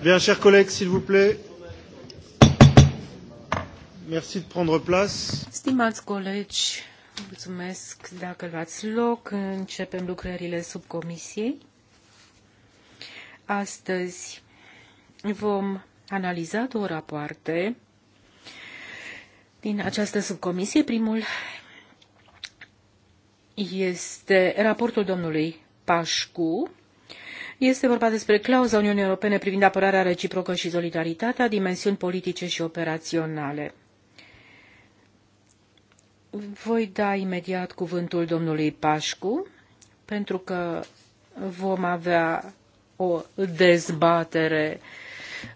Bien, chers collègues, s'il vous plaît. Merci de prendre place. Stimați colegi, mulțumesc dacă luați loc. Începem lucrările subcomisiei. Astăzi vom analiza două rapoarte din această subcomisie. Primul este raportul domnului Pașcu este vorba despre clauza Uniunii Europene privind apărarea reciprocă și solidaritatea, dimensiuni politice și operaționale. Voi da imediat cuvântul domnului Pașcu, pentru că vom avea o dezbatere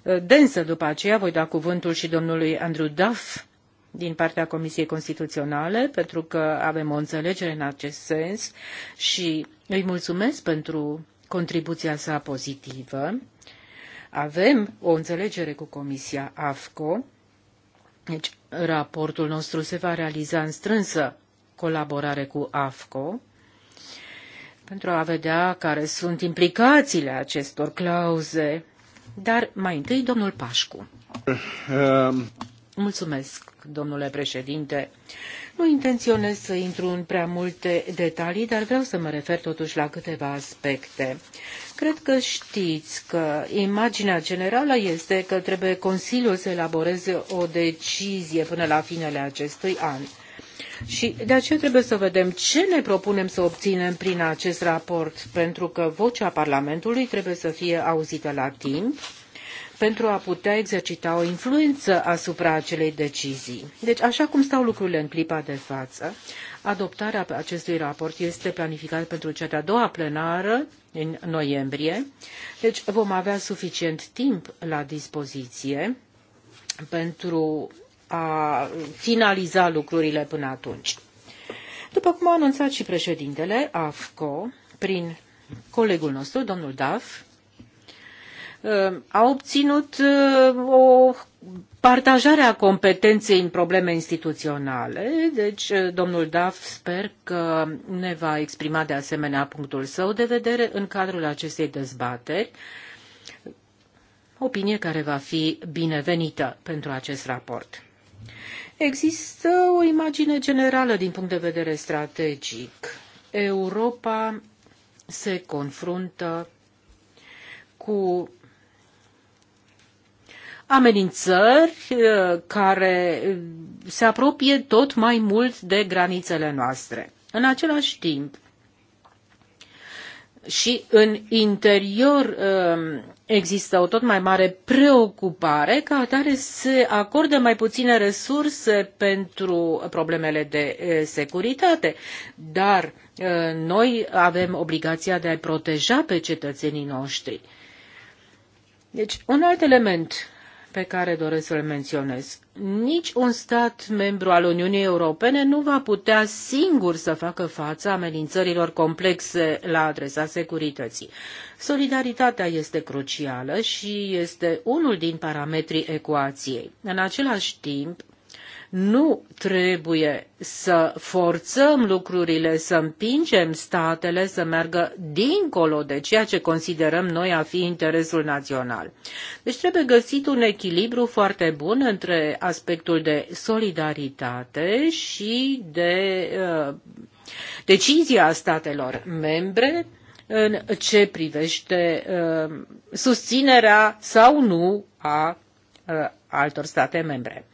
uh, densă după aceea. Voi da cuvântul și domnului Andrew Duff din partea Comisiei Constituționale, pentru că avem o înțelegere în acest sens și îi mulțumesc pentru contribuția sa pozitivă. Avem o înțelegere cu Comisia AFCO, deci raportul nostru se va realiza în strânsă colaborare cu AFCO pentru a vedea care sunt implicațiile acestor clauze. Dar mai întâi, domnul Pașcu. Uh, Mulțumesc, domnule președinte. Nu intenționez să intru în prea multe detalii, dar vreau să mă refer totuși la câteva aspecte. Cred că știți că imaginea generală este că trebuie Consiliul să elaboreze o decizie până la finele acestui an. Și de aceea trebuie să vedem ce ne propunem să obținem prin acest raport, pentru că vocea Parlamentului trebuie să fie auzită la timp pentru a putea exercita o influență asupra acelei decizii. Deci, așa cum stau lucrurile în clipa de față, adoptarea acestui raport este planificată pentru cea de-a doua plenară în noiembrie, deci vom avea suficient timp la dispoziție pentru a finaliza lucrurile până atunci. După cum a anunțat și președintele AFCO, prin colegul nostru, domnul Daf, Uh, a obținut uh, o partajare a competenței în probleme instituționale, deci uh, domnul Daf sper că ne va exprima de asemenea punctul său de vedere în cadrul acestei dezbateri, opinie care va fi binevenită pentru acest raport. Există o imagine generală din punct de vedere strategic. Europa se confruntă cu amenințări uh, care se apropie tot mai mult de granițele noastre. În același timp, și în interior um, există o tot mai mare preocupare, ca atare se acorde mai puține resurse pentru problemele de uh, securitate, dar uh, noi avem obligația de a-i proteja pe cetățenii noștri. Deci, un alt element pe care doresc să le menționez. Nici un stat membru al Uniunii Europene nu va putea singur să facă față amenințărilor complexe la adresa securității. Solidaritatea este crucială și este unul din parametrii ecuației. În același timp, nu trebuie să forțăm lucrurile, să împingem statele să meargă dincolo de ceea ce considerăm noi a fi interesul național. Deci trebuie găsit un echilibru foarte bun între aspectul de solidaritate și de uh, decizia statelor membre în ce privește uh, susținerea sau nu a uh, altor state membre.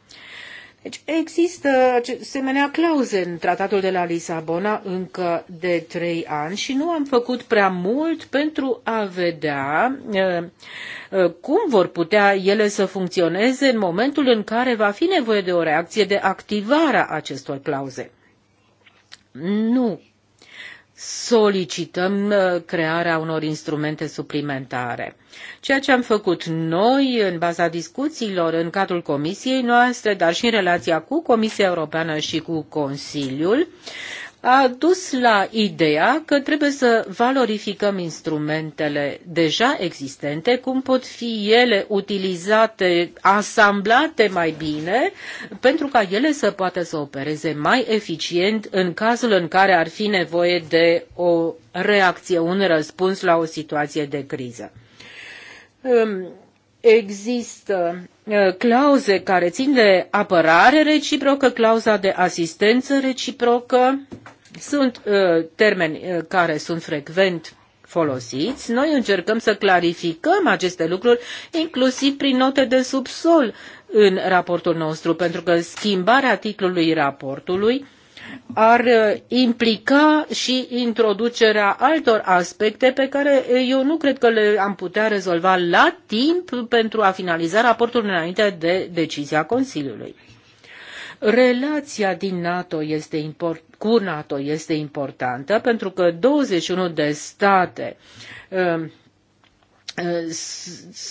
Deci există semenea clauze în tratatul de la Lisabona încă de trei ani și nu am făcut prea mult pentru a vedea eh, eh, cum vor putea ele să funcționeze în momentul în care va fi nevoie de o reacție de activare a acestor clauze. Nu solicităm uh, crearea unor instrumente suplimentare. Ceea ce am făcut noi în baza discuțiilor în cadrul comisiei noastre, dar și în relația cu Comisia Europeană și cu Consiliul, a dus la ideea că trebuie să valorificăm instrumentele deja existente, cum pot fi ele utilizate, asamblate mai bine, pentru ca ele să poată să opereze mai eficient în cazul în care ar fi nevoie de o reacție, un răspuns la o situație de criză există uh, clauze care țin de apărare reciprocă, clauza de asistență reciprocă, sunt uh, termeni uh, care sunt frecvent folosiți. Noi încercăm să clarificăm aceste lucruri, inclusiv prin note de subsol în raportul nostru, pentru că schimbarea titlului raportului ar uh, implica și introducerea altor aspecte pe care uh, eu nu cred că le am putea rezolva la timp pentru a finaliza raportul înainte de decizia Consiliului. Relația din NATO este import, cu NATO este importantă pentru că 21 de state uh,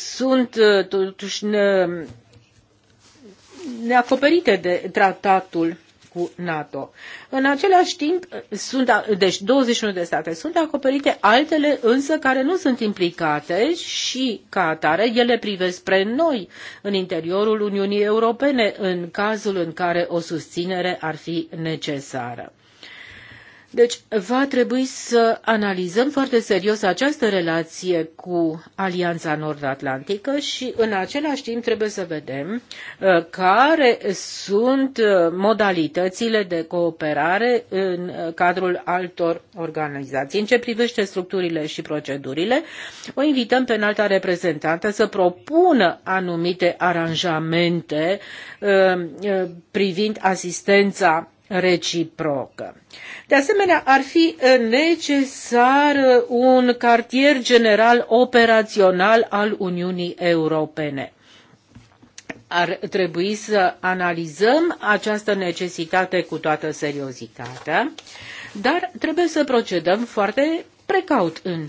sunt totuși neacoperite de tratatul cu NATO. În același timp, sunt, deci 21 de state sunt acoperite, altele însă care nu sunt implicate și, ca atare, ele privesc spre noi în interiorul Uniunii Europene în cazul în care o susținere ar fi necesară. Deci va trebui să analizăm foarte serios această relație cu Alianța Nord-Atlantică și în același timp trebuie să vedem uh, care sunt uh, modalitățile de cooperare în uh, cadrul altor organizații. În ce privește structurile și procedurile, o invităm pe înalta reprezentantă să propună anumite aranjamente privind asistența reciprocă. De asemenea, ar fi uh, necesar uh, un cartier general operațional al Uniunii Europene ar trebui să analizăm această necesitate cu toată seriozitatea, dar trebuie să procedăm foarte precaut în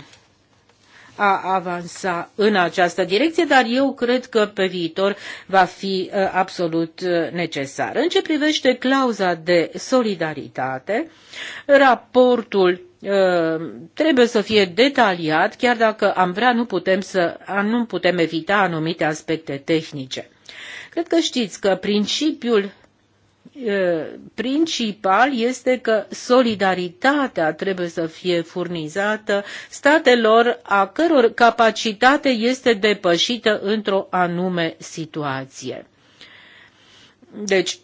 a avansa în această direcție, dar eu cred că pe viitor va fi uh, absolut uh, necesar. În ce privește clauza de solidaritate, raportul uh, trebuie să fie detaliat, chiar dacă am vrea, nu putem, să, nu putem evita anumite aspecte tehnice. Cred că știți că principiul principal este că solidaritatea trebuie să fie furnizată statelor a căror capacitate este depășită într-o anume situație. Deci,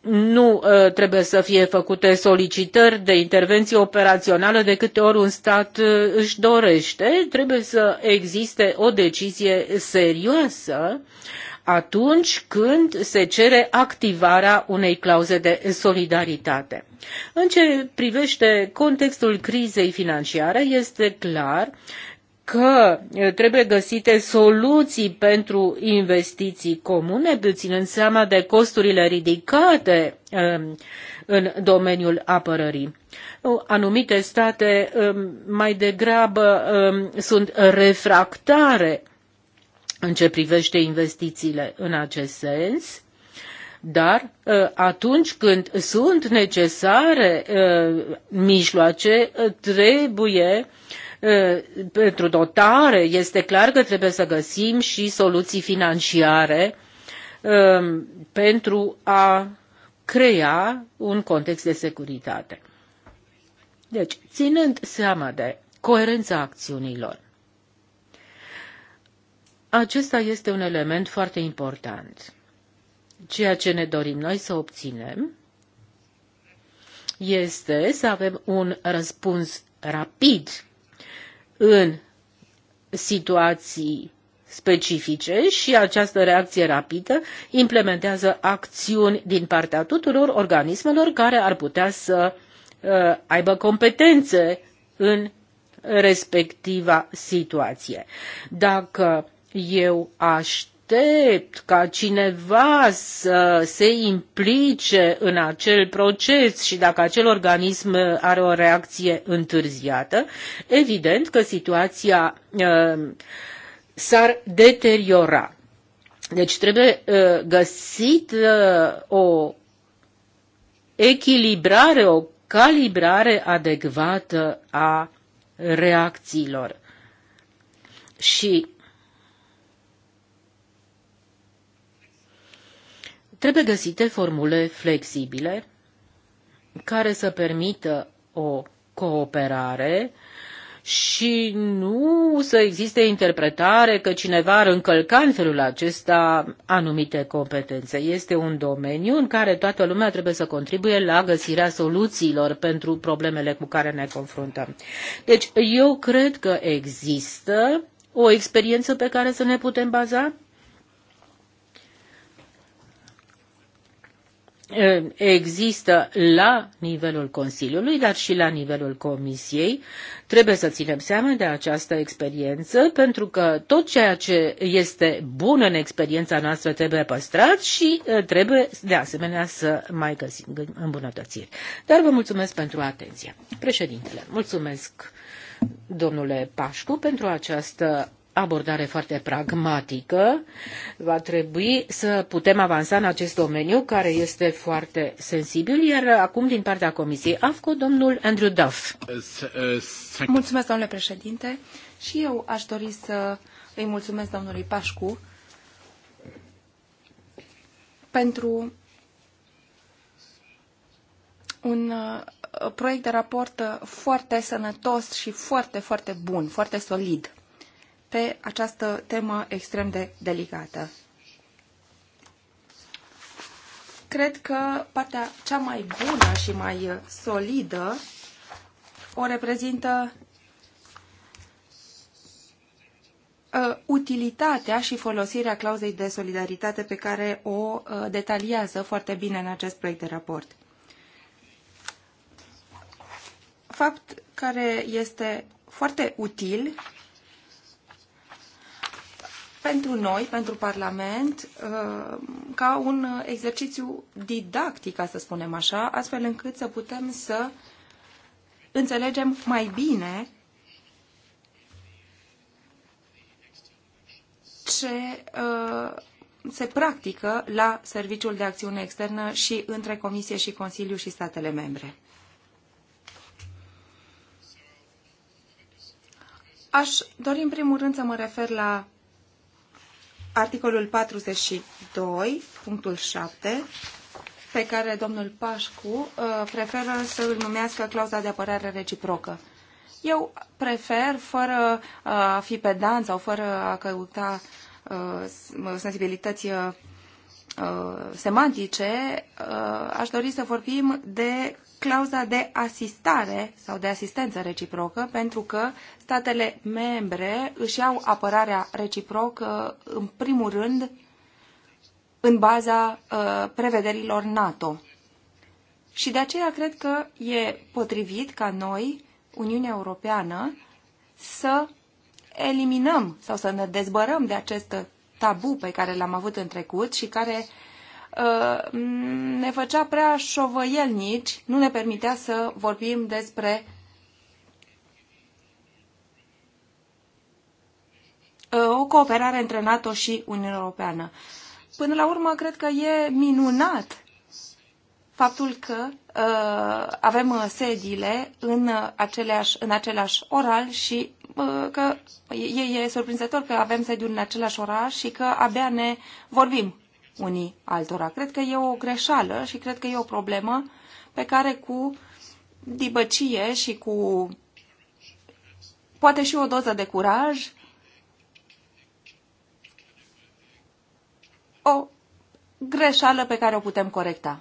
nu trebuie să fie făcute solicitări de intervenție operațională de câte ori un stat își dorește, trebuie să existe o decizie serioasă uh, atunci când se cere activarea unei clauze de solidaritate. În ce privește contextul crizei financiare, este clar că trebuie găsite soluții pentru investiții comune, ținând seama de costurile ridicate în domeniul apărării. Anumite state mai degrabă sunt refractare în ce privește investițiile în acest sens, dar uh, atunci când sunt necesare uh, mijloace, uh, trebuie pentru dotare, este clar că trebuie să găsim și soluții financiare um, pentru a crea un context de securitate. Deci, ținând seama de coerența acțiunilor, acesta este un element foarte important. Ceea ce ne dorim noi să obținem este să avem un răspuns rapid în situații specifice și această reacție rapidă implementează acțiuni din partea tuturor organismelor care ar putea să uh, aibă competențe în respectiva situație. Dacă eu aștept ca cineva să se implice în acel proces și dacă acel organism are o reacție întârziată, evident că situația uh, s-ar deteriora. Deci trebuie uh, găsit uh, o echilibrare, o calibrare adecvată a reacțiilor. Și Trebuie găsite formule flexibile care să permită o cooperare și nu să existe interpretare că cineva ar încălca în felul acesta anumite competențe. Este un domeniu în care toată lumea trebuie să contribuie la găsirea soluțiilor pentru problemele cu care ne confruntăm. Deci eu cred că există o experiență pe care să ne putem baza Eh, există la nivelul Consiliului, dar și la nivelul Comisiei. Trebuie să ținem seama de această experiență, pentru că tot ceea ce este bun în experiența noastră trebuie păstrat și eh, trebuie, de asemenea, să mai găsim îmbunătățiri. Dar vă mulțumesc pentru atenție. Președintele, mulțumesc domnule Pașcu pentru această abordare foarte pragmatică. Va trebui să putem avansa în acest domeniu care este foarte sensibil, iar acum din partea Comisiei AFCO, domnul Andrew Duff. Mulțumesc, domnule președinte, și eu aș dori să îi mulțumesc domnului Pașcu pentru un uh, proiect de raport foarte sănătos și foarte, foarte bun, foarte solid pe această temă extrem de delicată. Cred că partea cea mai bună și mai solidă o reprezintă ă, utilitatea și folosirea clauzei de solidaritate pe care o ă, detaliază foarte bine în acest proiect de raport. Fapt care este foarte util pentru noi, pentru Parlament, uh, ca un exercițiu didactic, ca să spunem așa, astfel încât să putem să înțelegem mai bine ce uh, se practică la Serviciul de Acțiune Externă și între Comisie și Consiliu și statele membre. Aș dori în primul rând să mă refer la articolul 42, punctul 7, pe care domnul Pașcu uh, preferă să îl numească clauza de apărare reciprocă. Eu prefer, fără uh, a fi pedant sau fără a căuta uh, sensibilități semantice, aș dori să vorbim de clauza de asistare sau de asistență reciprocă, pentru că statele membre își iau apărarea reciprocă, în primul rând, în baza uh, prevederilor NATO. Și de aceea cred că e potrivit ca noi, Uniunea Europeană, să eliminăm sau să ne dezbărăm de acest tabu pe care l-am avut în trecut și care Uh, ne făcea prea șovăielnici, nu ne permitea să vorbim despre uh, o cooperare între NATO și Uniunea Europeană. Până la urmă, cred că e minunat faptul că uh, avem uh, sediile în, aceleași, în același oral și uh, că e, e surprinzător că avem sediul în același oraș și că abia ne vorbim unii altora. Cred că e o greșeală și cred că e o problemă pe care cu dibăcie și cu poate și o doză de curaj o greșeală pe care o putem corecta.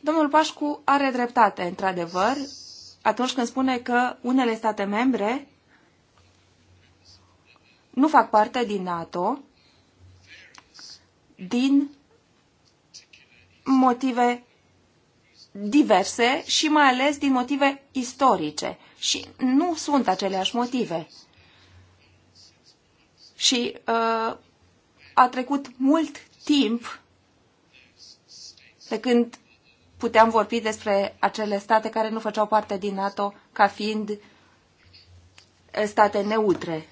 Domnul Pașcu are dreptate, într-adevăr, atunci când spune că unele state membre nu fac parte din NATO din motive diverse și mai ales din motive istorice. Și nu sunt aceleași motive. Și uh, a trecut mult timp de când puteam vorbi despre acele state care nu făceau parte din NATO ca fiind uh, state neutre.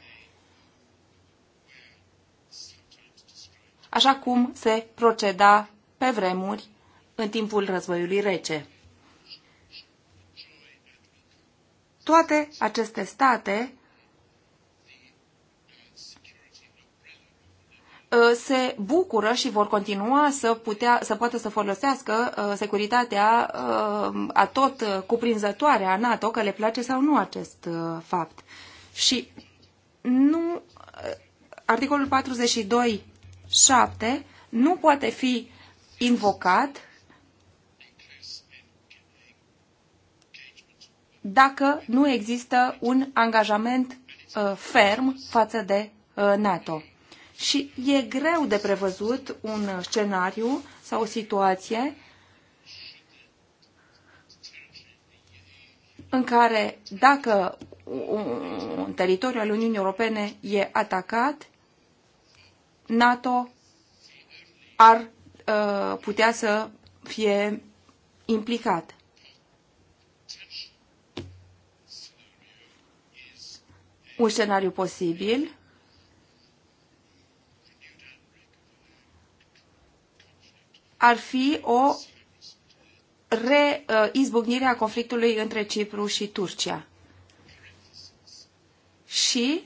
așa cum se proceda pe vremuri în timpul războiului rece. Toate aceste state ă, se bucură și vor continua să, putea, să poată să folosească ă, securitatea ă, a tot cuprinzătoare a NATO, că le place sau nu acest fapt. Și nu articolul 42 7 nu poate fi invocat dacă nu există un angajament uh, ferm față de uh, NATO. Și e greu de prevăzut un scenariu sau o situație în care dacă un teritoriu al Uniunii Europene e atacat, NATO ar uh, putea să fie implicat. Un scenariu posibil ar fi o reizbucnire uh, a conflictului între Cipru și Turcia. Și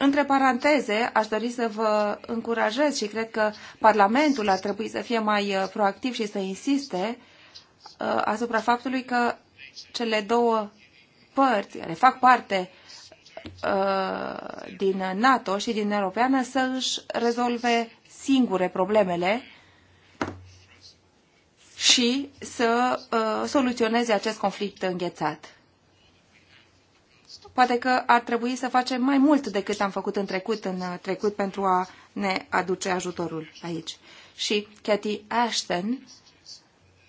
între paranteze, aș dori să vă încurajez și cred că Parlamentul ar trebui să fie mai uh, proactiv și să insiste uh, asupra faptului că cele două părți care fac parte uh, din NATO și din Europeană să își rezolve singure problemele și să soluționeze acest conflict înghețat. Poate că ar trebui să facem mai mult decât am făcut în trecut, în uh, trecut pentru a ne aduce ajutorul aici. Și Cathy Ashton,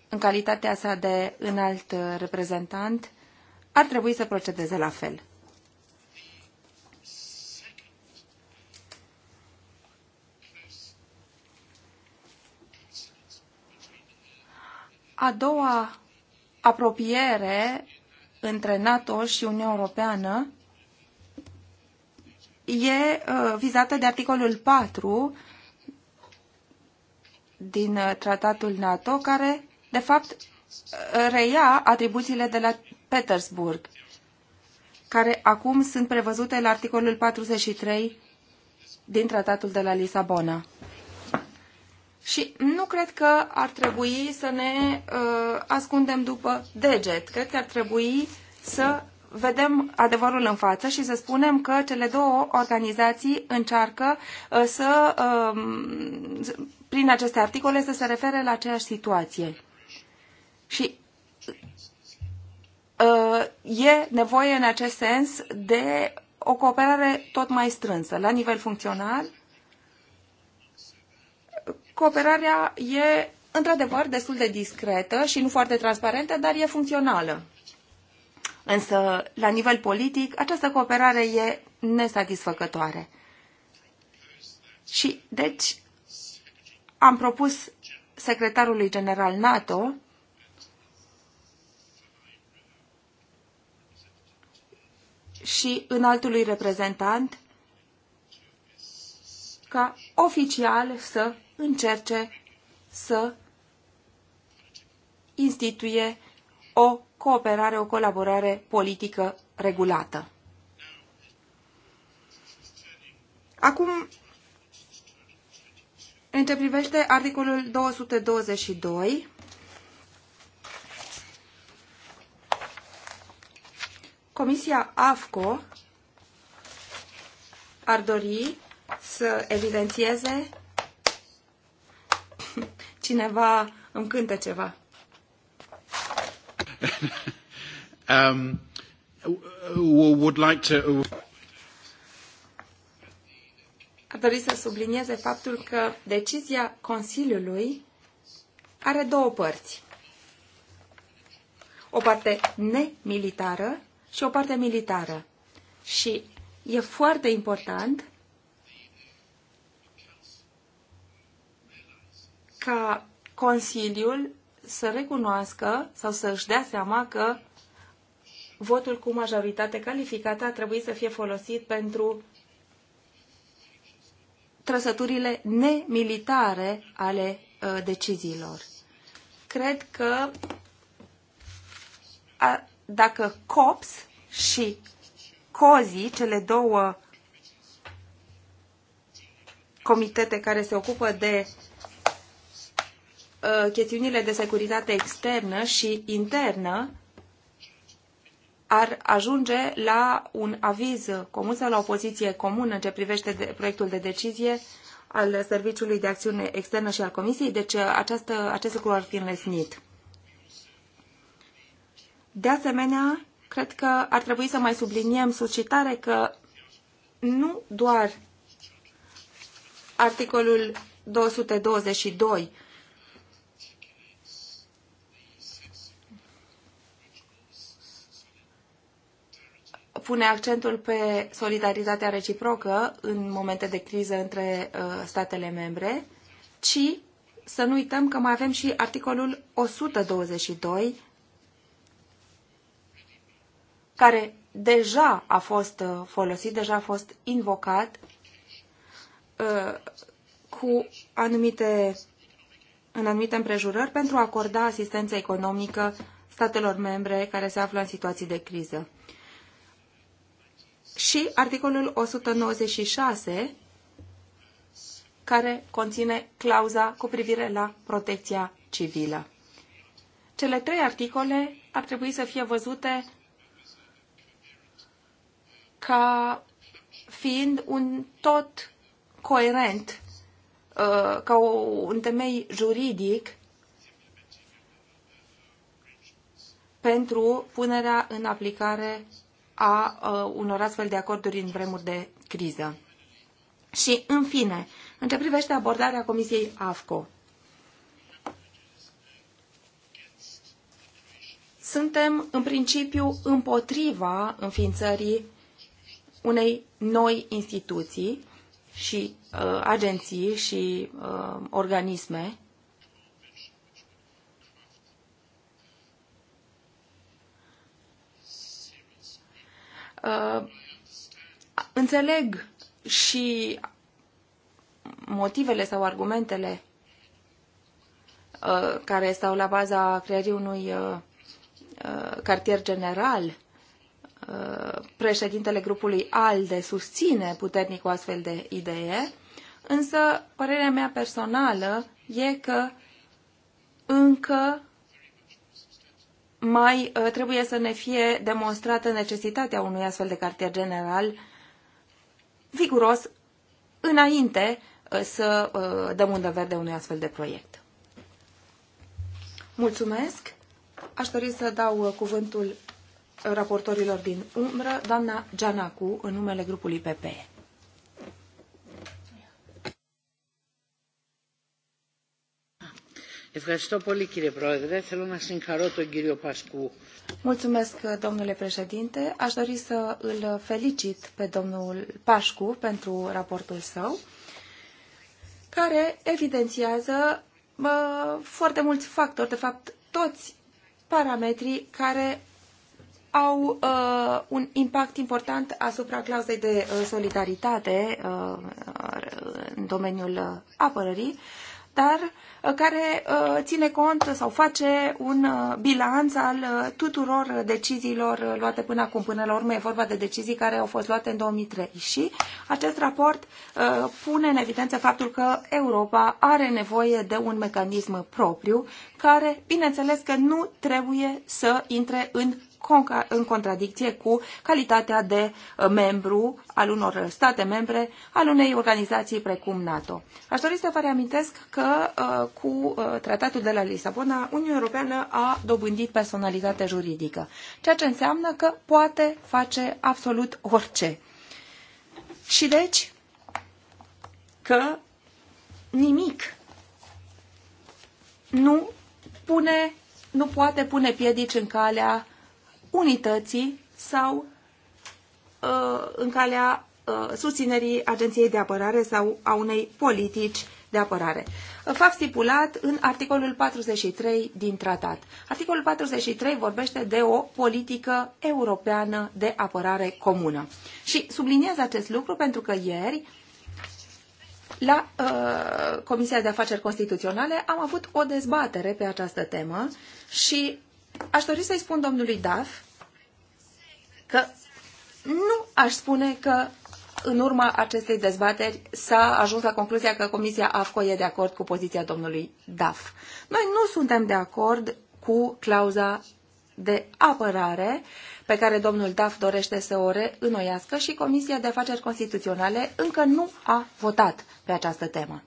în calitatea sa de înalt uh, reprezentant, ar trebui să procedeze la fel. A doua apropiere între NATO și Uniunea Europeană e uh, vizată de articolul 4 din uh, tratatul NATO, care, de fapt, uh, reia atribuțiile de la Petersburg, care acum sunt prevăzute la articolul 43 din tratatul de la Lisabona. Și nu cred că ar trebui să ne uh, ascundem după deget. Cred că ar trebui să vedem adevărul în față și să spunem că cele două organizații încearcă uh, să, uh, prin aceste articole, să se refere la aceeași situație. Și uh, e nevoie în acest sens de o cooperare tot mai strânsă, la nivel funcțional, cooperarea e într-adevăr destul de discretă și nu foarte transparentă, dar e funcțională. Însă, la nivel politic, această cooperare e nesatisfăcătoare. Și, deci, am propus secretarului general NATO și înaltului reprezentant ca oficial să încerce să instituie o cooperare, o colaborare politică regulată. Acum, în ce privește articolul 222, Comisia AFCO ar dori să evidențieze Cineva îmi cântă ceva. um, would like to... Uh, A dorit să sublinieze faptul că decizia Consiliului are două părți. O parte nemilitară și o parte militară. Și e foarte important ca Consiliul să recunoască sau să-și dea seama că votul cu majoritate calificată a trebuit să fie folosit pentru trăsăturile nemilitare ale uh, deciziilor. Cred că a, dacă COPS și COZI, cele două comitete care se ocupă de Uh, chestiunile de securitate externă și internă ar ajunge la un aviz comun sau la o poziție comună în ce privește de, proiectul de decizie al Serviciului de Acțiune Externă și al Comisiei, deci uh, această, acest lucru ar fi înlesnit. De asemenea, cred că ar trebui să mai subliniem suscitare că nu doar articolul 222 pune accentul pe solidaritatea reciprocă în momente de criză între uh, statele membre, ci să nu uităm că mai avem și articolul 122, care deja a fost uh, folosit, deja a fost invocat uh, cu anumite, în anumite împrejurări pentru a acorda asistență economică statelor membre care se află în situații de criză și articolul 196, care conține clauza cu privire la protecția civilă. Cele trei articole ar trebui să fie văzute ca fiind un tot coerent, uh, ca un temei juridic pentru punerea în aplicare a uh, unor astfel de acorduri în vremuri de criză. Și, în fine, în ce privește abordarea Comisiei AFCO, suntem, în principiu, împotriva înființării unei noi instituții și uh, agenții și uh, organisme Uh, înțeleg și motivele sau argumentele uh, care stau la baza creării unui uh, uh, cartier general. Uh, președintele grupului ALDE susține puternic o astfel de idee, însă părerea mea personală e că încă mai uh, trebuie să ne fie demonstrată necesitatea unui astfel de cartier general viguros înainte uh, să uh, dăm undă verde unui astfel de proiect. Mulțumesc! Aș dori să dau cuvântul raportorilor din umbră, doamna Gianacu, în numele grupului PPE. Mulțumesc, domnule președinte. Aș dori să îl felicit pe domnul Pașcu pentru raportul său, care evidențiază foarte mulți factori, de fapt toți parametrii care au uh, un impact important asupra clauzei de uh, solidaritate uh, în domeniul apărării. Uh, dar uh, care uh, ține cont sau face un uh, bilanț al tuturor deciziilor luate până acum. Până la urmă e vorba de decizii care au fost luate în 2003 și acest raport pune în evidență faptul că Europa are nevoie de un mecanism propriu care, bineînțeles că nu trebuie să intre în în contradicție cu calitatea de uh, membru al unor state membre al unei organizații precum NATO. Aș dori să vă reamintesc că uh, cu uh, tratatul de la Lisabona, Uniunea Europeană a dobândit personalitate juridică, ceea ce înseamnă că poate face absolut orice. Și deci că nimic nu pune, nu poate pune piedici în calea unității sau uh, în calea uh, susținerii Agenției de Apărare sau a unei politici de apărare. Uh, Fapt stipulat în articolul 43 din tratat. Articolul 43 vorbește de o politică europeană de apărare comună. Și subliniez acest lucru pentru că ieri, la uh, Comisia de Afaceri Constituționale, am avut o dezbatere pe această temă și aș dori să-i spun domnului Daf că nu aș spune că în urma acestei dezbateri s-a ajuns la concluzia că Comisia AFCO e de acord cu poziția domnului Daf. Noi nu suntem de acord cu clauza de apărare pe care domnul Daf dorește să o reînnoiască și Comisia de Afaceri Constituționale încă nu a votat pe această temă.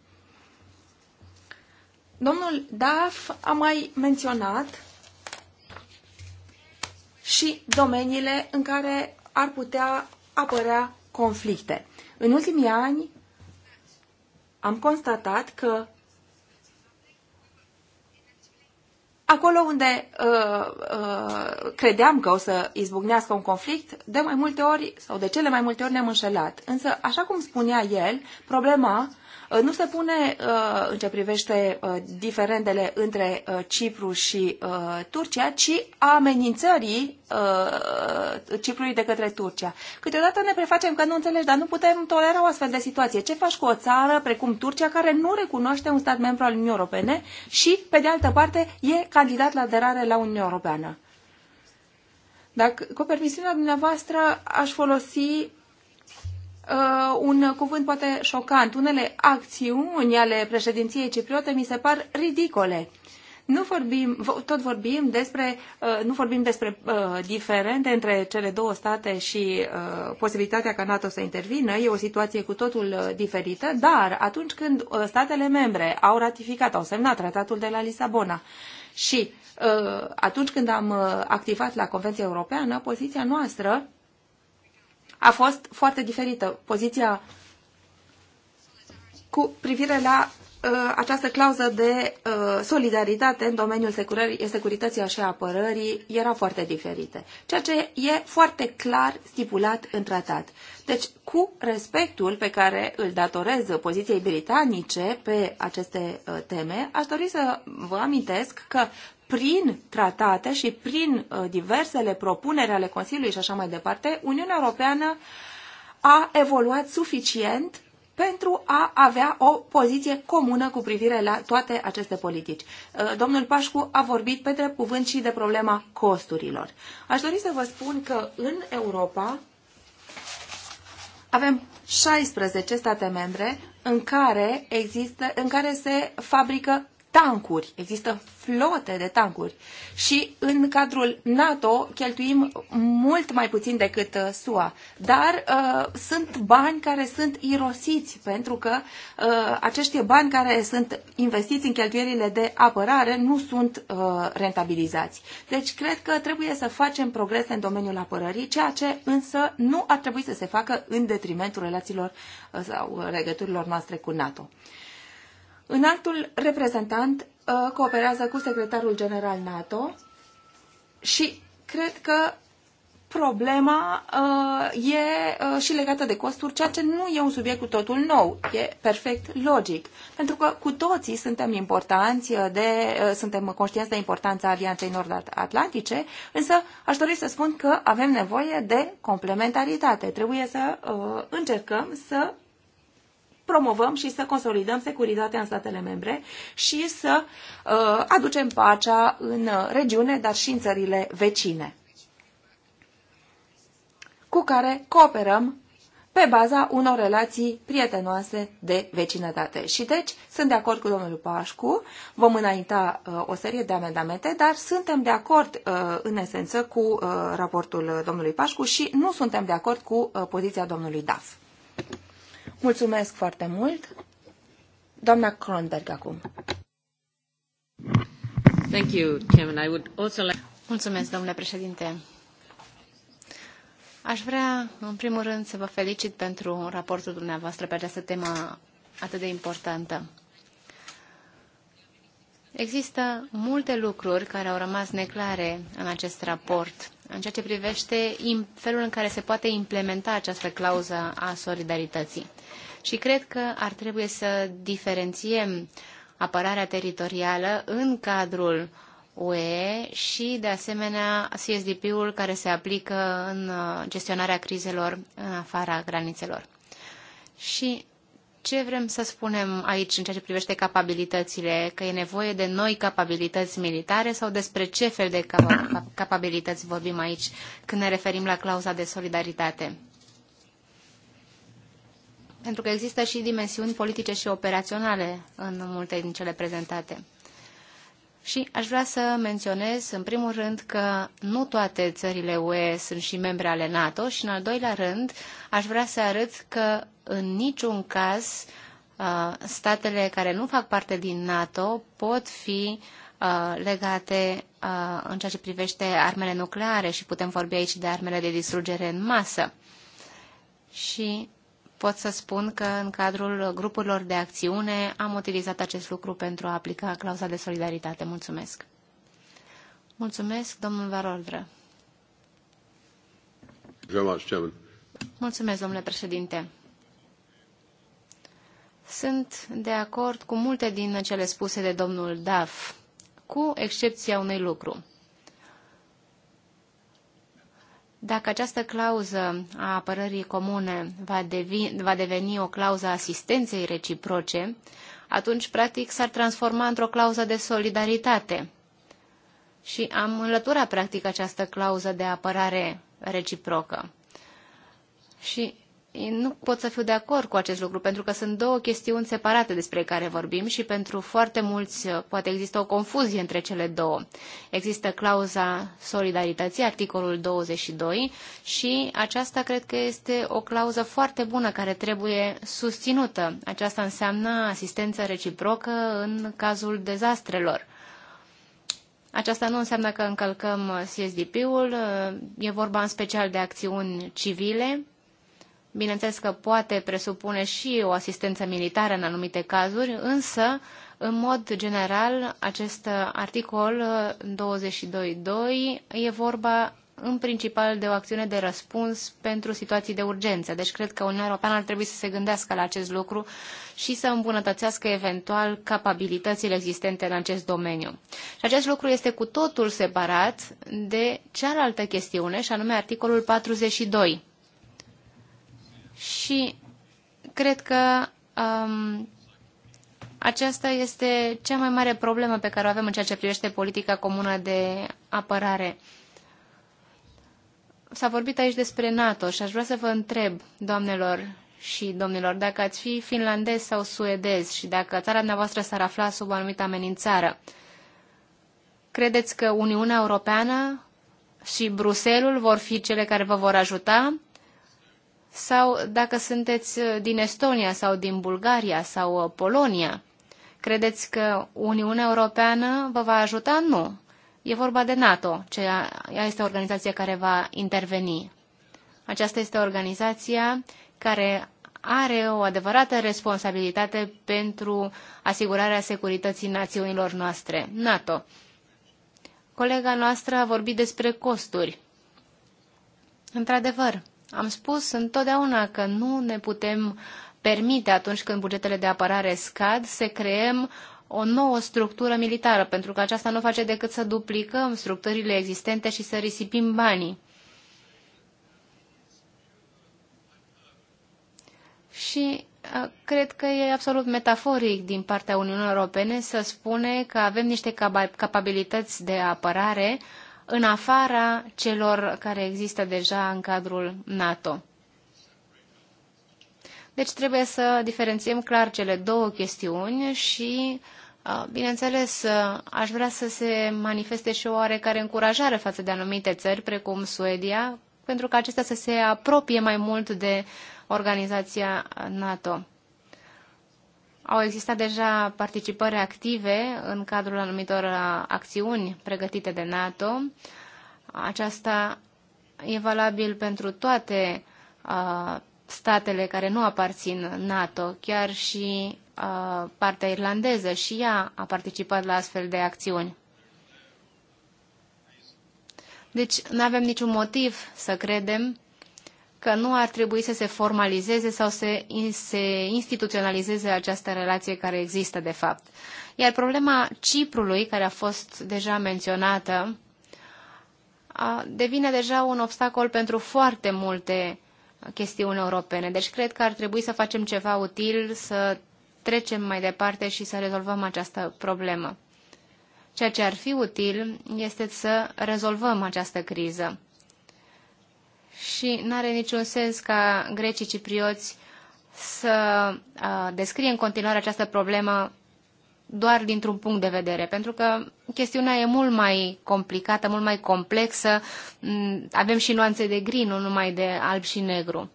Domnul Daf a mai menționat și domeniile în care ar putea apărea conflicte. În ultimii ani am constatat că acolo unde uh, uh, credeam că o să izbucnească un conflict, de mai multe ori sau de cele mai multe ori ne-am înșelat. Însă, așa cum spunea el, problema Uh, nu se pune uh, în ce privește uh, diferendele între Cipru și Turcia, ci amenințării Ciprului de către Turcia. Câteodată ne prefacem că nu înțelegi, dar nu putem tolera o astfel de situație. Ce faci cu o țară precum Turcia, care nu recunoaște un stat membru al Uniunii Europene și, pe de altă parte, e candidat la aderare la Uniunea Europeană? Dacă, cu permisiunea dumneavoastră, aș folosi uh, un cuvânt poate șocant. Unele acțiuni ale președinției cipriote mi se par ridicole. Nu vorbim, tot vorbim despre, uh, nu vorbim despre uh, diferente între cele două state și uh, posibilitatea ca NATO să intervină. E o situație cu totul uh, diferită, dar atunci când uh, statele membre au ratificat, au semnat tratatul de la Lisabona și uh, atunci când am activat la Convenția Europeană, poziția noastră a fost foarte diferită. Poziția cu privire la uh, această clauză de uh, solidaritate în domeniul securității și apărării era foarte diferită, ceea ce e foarte clar stipulat în tratat. Deci, cu respectul pe care îl datorez poziției britanice pe aceste uh, teme, aș dori să vă amintesc că prin tratate și prin uh, diversele propuneri ale Consiliului și așa mai departe, Uniunea Europeană a evoluat suficient pentru a avea o poziție comună cu privire la toate aceste politici. Uh, domnul Pașcu a vorbit pe drept cuvânt și de problema costurilor. Aș dori să vă spun că în Europa avem 16 state membre în care, există, în care se fabrică tancuri, există flote de tancuri și în cadrul NATO cheltuim mult mai puțin decât uh, SUA, dar uh, sunt bani care sunt irosiți pentru că uh, acești bani care sunt investiți în cheltuielile de apărare nu sunt uh, rentabilizați. Deci cred că trebuie să facem progrese în domeniul apărării, ceea ce însă nu ar trebui să se facă în detrimentul relațiilor uh, sau uh, legăturilor noastre cu NATO actul reprezentant uh, cooperează cu secretarul general NATO și cred că problema uh, e uh, și legată de costuri, ceea ce nu e un subiect cu totul nou, e perfect logic. Pentru că cu toții suntem importanți, de, suntem conștienți de importanța Alianței Nord-Atlantice, însă aș dori să spun că avem nevoie de complementaritate. Trebuie să încercăm să promovăm și să consolidăm securitatea în statele membre și să uh, aducem pacea în uh, regiune, dar și în țările vecine, cu care cooperăm pe baza unor relații prietenoase de vecinătate. Și deci sunt de acord cu domnul Pașcu, vom înainta uh, o serie de amendamente, dar suntem de acord uh, în esență cu uh, raportul domnului Pașcu și nu suntem de acord cu uh, poziția domnului Daf. Mulțumesc foarte mult. Doamna Kronberg acum. Thank you, Chairman. I would also like... Mulțumesc, domnule președinte. Aș vrea, în primul rând, să vă felicit pentru raportul dumneavoastră pe această temă atât de importantă. Există multe lucruri care au rămas neclare în acest raport, în ceea ce privește felul în care se poate implementa această clauză a solidarității. Și cred că ar trebui să diferențiem apărarea teritorială în cadrul UE și, de asemenea, CSDP-ul care se aplică în uh, gestionarea crizelor în afara granițelor. Și ce vrem să spunem aici în ceea ce privește capabilitățile? Că e nevoie de noi capabilități militare sau despre ce fel de cap capabilități vorbim aici când ne referim la clauza de solidaritate? Pentru că există și dimensiuni politice și operaționale în multe din cele prezentate. Și aș vrea să menționez, în primul rând, că nu toate țările UE sunt și membre ale NATO și, în al doilea rând, aș vrea să arăt că în niciun caz uh, statele care nu fac parte din NATO pot fi uh, legate uh, în ceea ce privește armele nucleare și putem vorbi aici de armele de distrugere în masă. Și pot să spun că în cadrul grupurilor de acțiune am utilizat acest lucru pentru a aplica clauza de solidaritate. Mulțumesc. Mulțumesc, domnul Varoldră. Mulțumesc, domnule președinte. Sunt de acord cu multe din cele spuse de domnul Daf, cu excepția unui lucru. Dacă această clauză a apărării comune va, devi, va deveni o clauză a asistenței reciproce, atunci, practic, s-ar transforma într-o clauză de solidaritate. Și am înlăturat, practic, această clauză de apărare reciprocă. Și nu pot să fiu de acord cu acest lucru, pentru că sunt două chestiuni separate despre care vorbim și pentru foarte mulți uh, poate există o confuzie între cele două. Există clauza solidarității, articolul 22, și aceasta cred că este o clauză foarte bună care trebuie susținută. Aceasta înseamnă asistență reciprocă în cazul dezastrelor. Aceasta nu înseamnă că încălcăm CSDP-ul, uh, e vorba în special de acțiuni civile, Bineînțeles că poate presupune și o asistență militară în anumite cazuri, însă, în mod general, acest articol 22.2 uh, e vorba în principal de o acțiune de răspuns pentru situații de urgență. Deci cred că Uniunea Europeană ar trebui să se gândească la acest lucru și să îmbunătățească eventual capabilitățile existente în acest domeniu. Și acest lucru este cu totul separat de cealaltă chestiune, și anume articolul 42 și cred că um, aceasta este cea mai mare problemă pe care o avem în ceea ce privește politica comună de apărare. S-a vorbit aici despre NATO și aș vrea să vă întreb, doamnelor și domnilor, dacă ați fi finlandez sau suedez și dacă țara dumneavoastră s-ar afla sub o anumită amenințare, credeți că Uniunea Europeană și Bruselul vor fi cele care vă vor ajuta sau dacă sunteți uh, din Estonia sau din Bulgaria sau uh, Polonia. Credeți că Uniunea Europeană vă va ajuta? Nu. E vorba de NATO, ceea este organizația care va interveni. Aceasta este organizația care are o adevărată responsabilitate pentru asigurarea securității națiunilor noastre, NATO. Colega noastră a vorbit despre costuri. Într-adevăr, am spus întotdeauna că nu ne putem permite atunci când bugetele de apărare scad să creăm o nouă structură militară, pentru că aceasta nu face decât să duplicăm structurile existente și să risipim banii. Și cred că e absolut metaforic din partea Uniunii Europene să spune că avem niște capabilități de apărare în afara celor care există deja în cadrul NATO. Deci trebuie să diferențiem clar cele două chestiuni și, bineînțeles, aș vrea să se manifeste și o oarecare încurajare față de anumite țări, precum Suedia, pentru că acestea să se apropie mai mult de organizația NATO. Au existat deja participări active în cadrul anumitor uh, acțiuni pregătite de NATO. Aceasta e valabil pentru toate uh, statele care nu aparțin NATO, chiar și uh, partea irlandeză și ea a participat la astfel de acțiuni. Deci nu avem niciun motiv să credem că nu ar trebui să se formalizeze sau să se instituționalizeze această relație care există de fapt. Iar problema Ciprului, care a fost deja menționată, devine deja un obstacol pentru foarte multe chestiuni europene. Deci cred că ar trebui să facem ceva util, să trecem mai departe și să rezolvăm această problemă. Ceea ce ar fi util este să rezolvăm această criză și nu are niciun sens ca grecii ciprioți să descrie în continuare această problemă doar dintr-un punct de vedere, pentru că chestiunea e mult mai complicată, mult mai complexă. Mm, avem și nuanțe de gri, nu numai de alb și negru.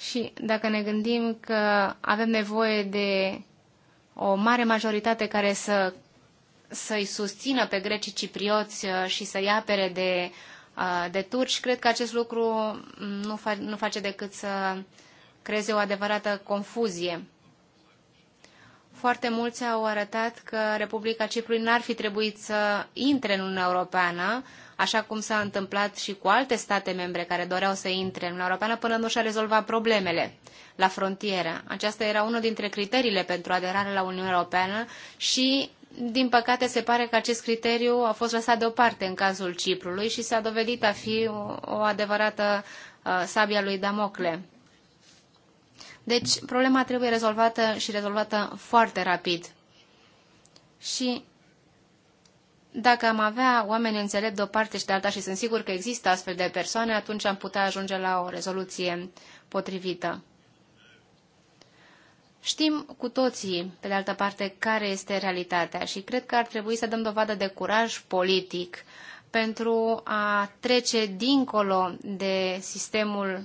Și dacă ne gândim că avem nevoie de o mare majoritate care să, să-i susțină pe grecii ciprioți uh, și să-i apere de uh, de turci. Cred că acest lucru nu, fa- nu face decât să creeze o adevărată confuzie. Foarte mulți au arătat că Republica Ciprului n-ar fi trebuit să intre în Uniunea Europeană, așa cum s-a întâmplat și cu alte state membre care doreau să intre în Uniunea Europeană până nu și-a rezolvat problemele la frontieră. Aceasta era unul dintre criteriile pentru aderarea la Uniunea Europeană și din păcate, se pare că acest criteriu a fost lăsat deoparte în cazul Ciprului și s-a dovedit a fi o, adevărată uh, sabia lui Damocle. Deci, problema trebuie rezolvată și rezolvată foarte rapid. Și dacă am avea oameni înțelept de o parte și de alta și sunt sigur că există astfel de persoane, atunci am putea ajunge la o rezoluție potrivită. Știm cu toții, pe de altă parte, care este realitatea și cred că ar trebui să dăm dovadă de curaj politic pentru a trece dincolo de sistemul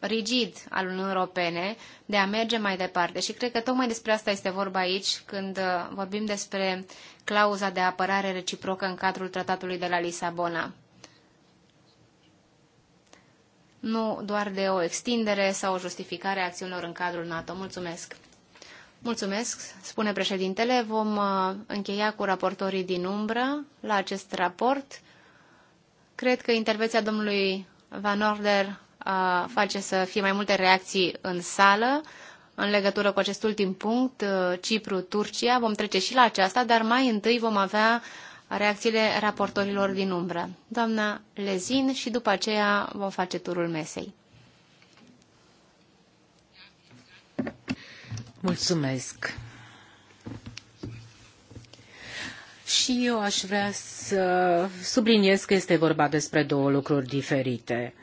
rigid al Uniunii Europene, de a merge mai departe. Și cred că tocmai despre asta este vorba aici când uh, vorbim despre clauza de apărare reciprocă în cadrul tratatului de la Lisabona nu doar de o extindere sau o justificare a acțiunilor în cadrul NATO. Mulțumesc! Mulțumesc, spune președintele. Vom uh, încheia cu raportorii din umbră la acest raport. Cred că intervenția domnului Van Order uh, face să fie mai multe reacții în sală în legătură cu acest ultim punct, uh, Cipru-Turcia. Vom trece și la aceasta, dar mai întâi vom avea reacțiile raportorilor din umbră. Doamna Lezin și după aceea vom face turul mesei. Și eu aș vrea să subliniez că este vorba despre două lucruri diferite.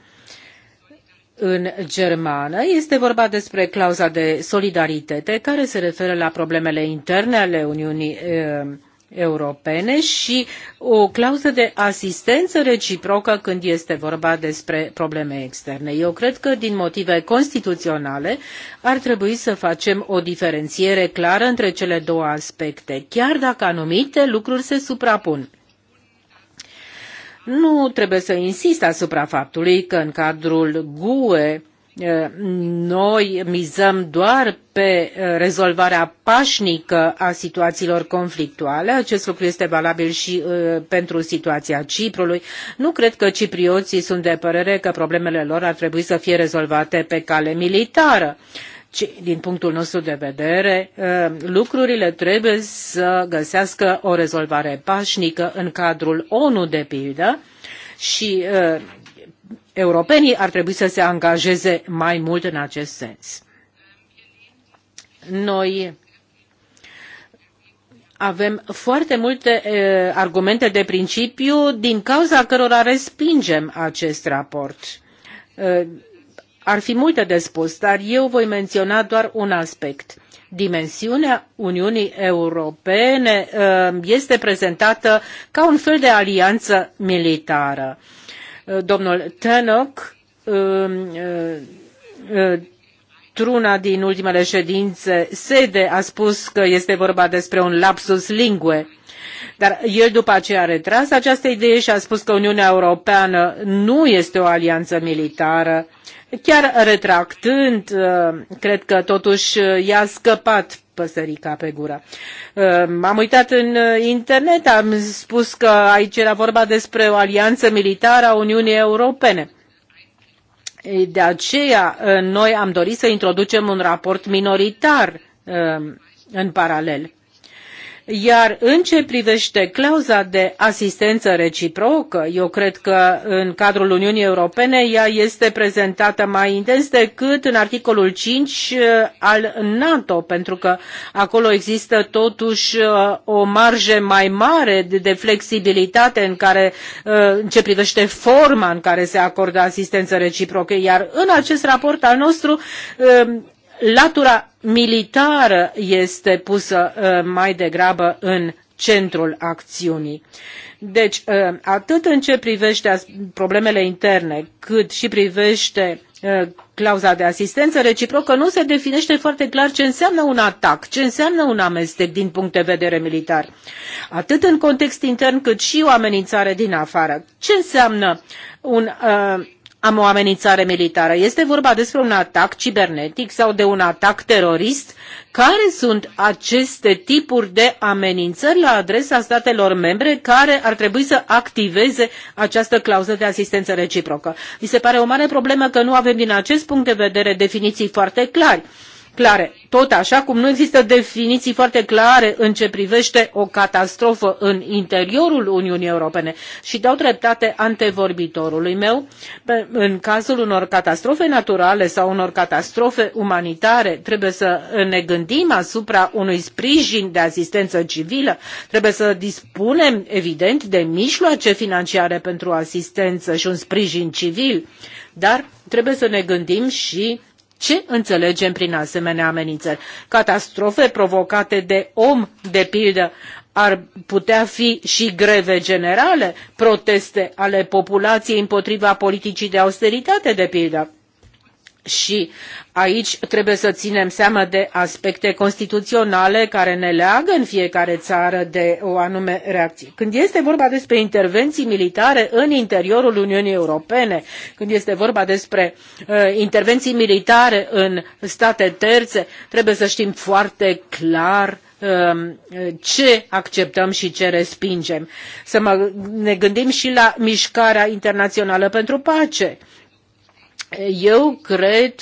În germană este vorba despre clauza de solidaritate care se referă la problemele interne ale Uniunii Europene eh, europene și o clauză de asistență reciprocă când este vorba despre probleme externe. Eu cred că din motive constituționale ar trebui să facem o diferențiere clară între cele două aspecte, chiar dacă anumite lucruri se suprapun. Nu trebuie să insist asupra faptului că în cadrul GUE noi mizăm doar pe rezolvarea pașnică a situațiilor conflictuale. Acest lucru este valabil și uh, pentru situația Ciprului. Nu cred că ciprioții sunt de părere că problemele lor ar trebui să fie rezolvate pe cale militară. Ci, din punctul nostru de vedere, uh, lucrurile trebuie să găsească o rezolvare pașnică în cadrul ONU, de pildă, și uh, europenii ar trebui să se angajeze mai mult în acest sens. Noi avem foarte multe argumente de principiu din cauza cărora respingem acest raport. ar fi multe de spus, dar eu voi menționa doar un aspect. Dimensiunea Uniunii Europene este prezentată ca un fel de alianță militară domnul Tannock um, uh, uh, într-una din ultimele ședințe sede a spus că este vorba despre un lapsus linguae. Dar el după aceea a retras această idee și a spus că Uniunea Europeană nu este o alianță militară, chiar retractând, uh, cred că totuși i-a scăpat păsărica pe gură. M-am ehm, uitat în eh, internet, am spus că aici era vorba despre o alianță militară a Uniunii Europene. De aceea, eh, noi am dorit să introducem un raport minoritar ehm, în paralel. Iar în ce privește clauza de asistență reciprocă, eu cred că în cadrul Uniunii Europene ea este prezentată mai intens decât în articolul 5 uh, al NATO, pentru că acolo există totuși uh, o marjă mai mare de flexibilitate în care uh, în ce privește forma în care se acordă asistență reciprocă, iar în acest raport al nostru latura militară este pusă uh, mai degrabă în centrul acțiunii. Deci, uh, atât în ce privește problemele interne, cât și privește uh, clauza de asistență reciprocă, nu se definește foarte clar ce înseamnă un atac, ce înseamnă un amestec din punct de vedere militar. Atât în context intern, cât și o amenințare din afară. Ce înseamnă un uh, am o amenințare militară. Este vorba despre un atac cibernetic sau de un atac terorist? Care sunt aceste tipuri de amenințări la adresa statelor membre care ar trebui să activeze această clauză de asistență reciprocă? Mi se pare o mare problemă că nu avem din acest punct de vedere definiții foarte clare clare. Tot așa cum nu există definiții foarte clare în ce privește o catastrofă în interiorul Uniunii Europene și dau dreptate antevorbitorului meu, în cazul unor catastrofe naturale sau unor catastrofe umanitare, trebuie să ne gândim asupra unui sprijin de asistență civilă, trebuie să dispunem, evident, de mijloace financiare pentru asistență și un sprijin civil, dar trebuie să ne gândim și ce înțelegem prin asemenea amenințări? Catastrofe provocate de om, de pildă, ar putea fi și greve generale, proteste ale populației împotriva politicii de austeritate, de pildă și aici trebuie să ținem seama de aspecte constituționale care ne leagă în fiecare țară de o anume reacție. Când este vorba despre intervenții militare în interiorul Uniunii Europene, când este vorba despre uh, intervenții militare în state terțe, trebuie să știm foarte clar um, ce acceptăm și ce respingem. Să mă, ne gândim și la mișcarea internațională pentru pace eu cred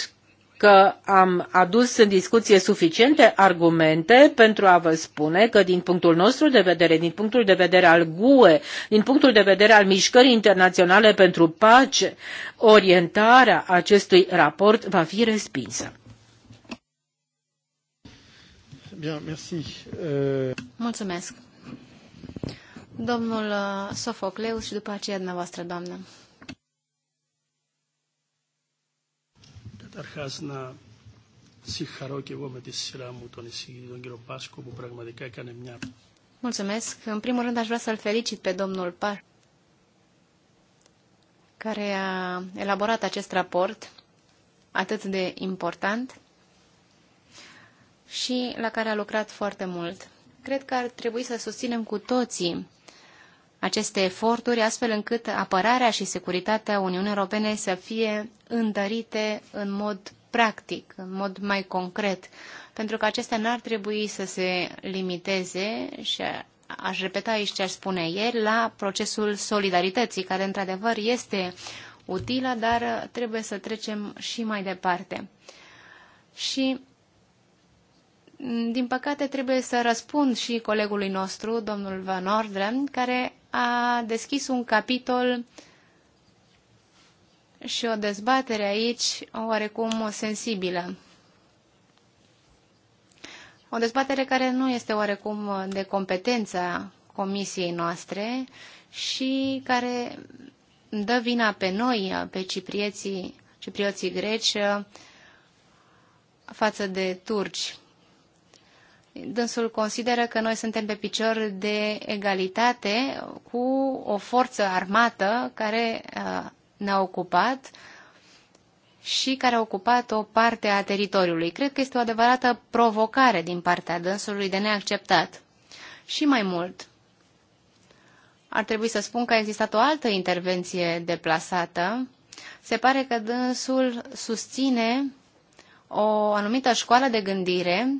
că am adus în discuție suficiente argumente pentru a vă spune că din punctul nostru de vedere, din punctul de vedere al GUE, din punctul de vedere al mișcării internaționale pentru pace, orientarea acestui raport va fi respinsă. Bien, uh... Mulțumesc. Domnul uh, Sofocleus și după aceea dumneavoastră, doamnă. Καταρχάς να συγχαρώ και εγώ με τη σειρά μου τον εισηγητή, τον κύριο Πάσκο, που πραγματικά έκανε μια... Mulțumesc. În primul rând aș vrea să-l felicit pe domnul Par, care a elaborat acest raport atât de important și la care a lucrat foarte mult. Cred că ar trebui să susținem cu toții aceste eforturi, astfel încât apărarea și securitatea Uniunii Europene să fie întărite în mod practic, în mod mai concret, pentru că acestea n-ar trebui să se limiteze și aș repeta aici ce aș spune ieri, la procesul solidarității, care într-adevăr este utilă, dar trebuie să trecem și mai departe. Și din păcate, trebuie să răspund și colegului nostru, domnul Van Ordren, care a deschis un capitol și o dezbatere aici oarecum sensibilă. O dezbatere care nu este oarecum de competența comisiei noastre și care dă vina pe noi, pe ciprieții, ciprioții greci, față de turci. Dânsul consideră că noi suntem pe picior de egalitate cu o forță armată care uh, ne-a ocupat și care a ocupat o parte a teritoriului. Cred că este o adevărată provocare din partea dânsului de neacceptat. Și mai mult, ar trebui să spun că a existat o altă intervenție deplasată. Se pare că dânsul susține o anumită școală de gândire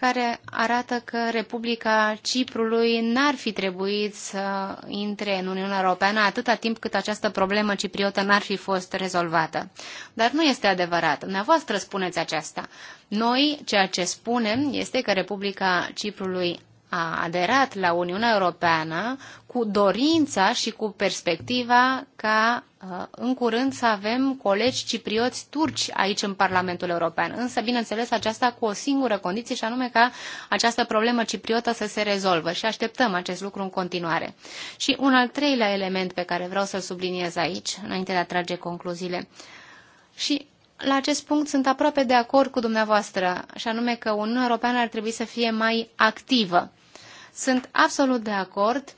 care arată că Republica Ciprului n-ar fi trebuit să intre în Uniunea Europeană atâta timp cât această problemă cipriotă n-ar fi fost rezolvată. Dar nu este adevărat. Dumneavoastră spuneți aceasta. Noi, ceea ce spunem este că Republica Ciprului a aderat la Uniunea Europeană cu dorința și cu perspectiva ca Uh, în curând să avem colegi ciprioți turci aici în Parlamentul European. Însă, bineînțeles, aceasta cu o singură condiție și anume ca această problemă cipriotă să se rezolvă și așteptăm acest lucru în continuare. Și un al treilea element pe care vreau să-l subliniez aici, înainte de a trage concluziile. Și la acest punct sunt aproape de acord cu dumneavoastră, și anume că Uniunea Europeană ar trebui să fie mai activă. Sunt absolut de acord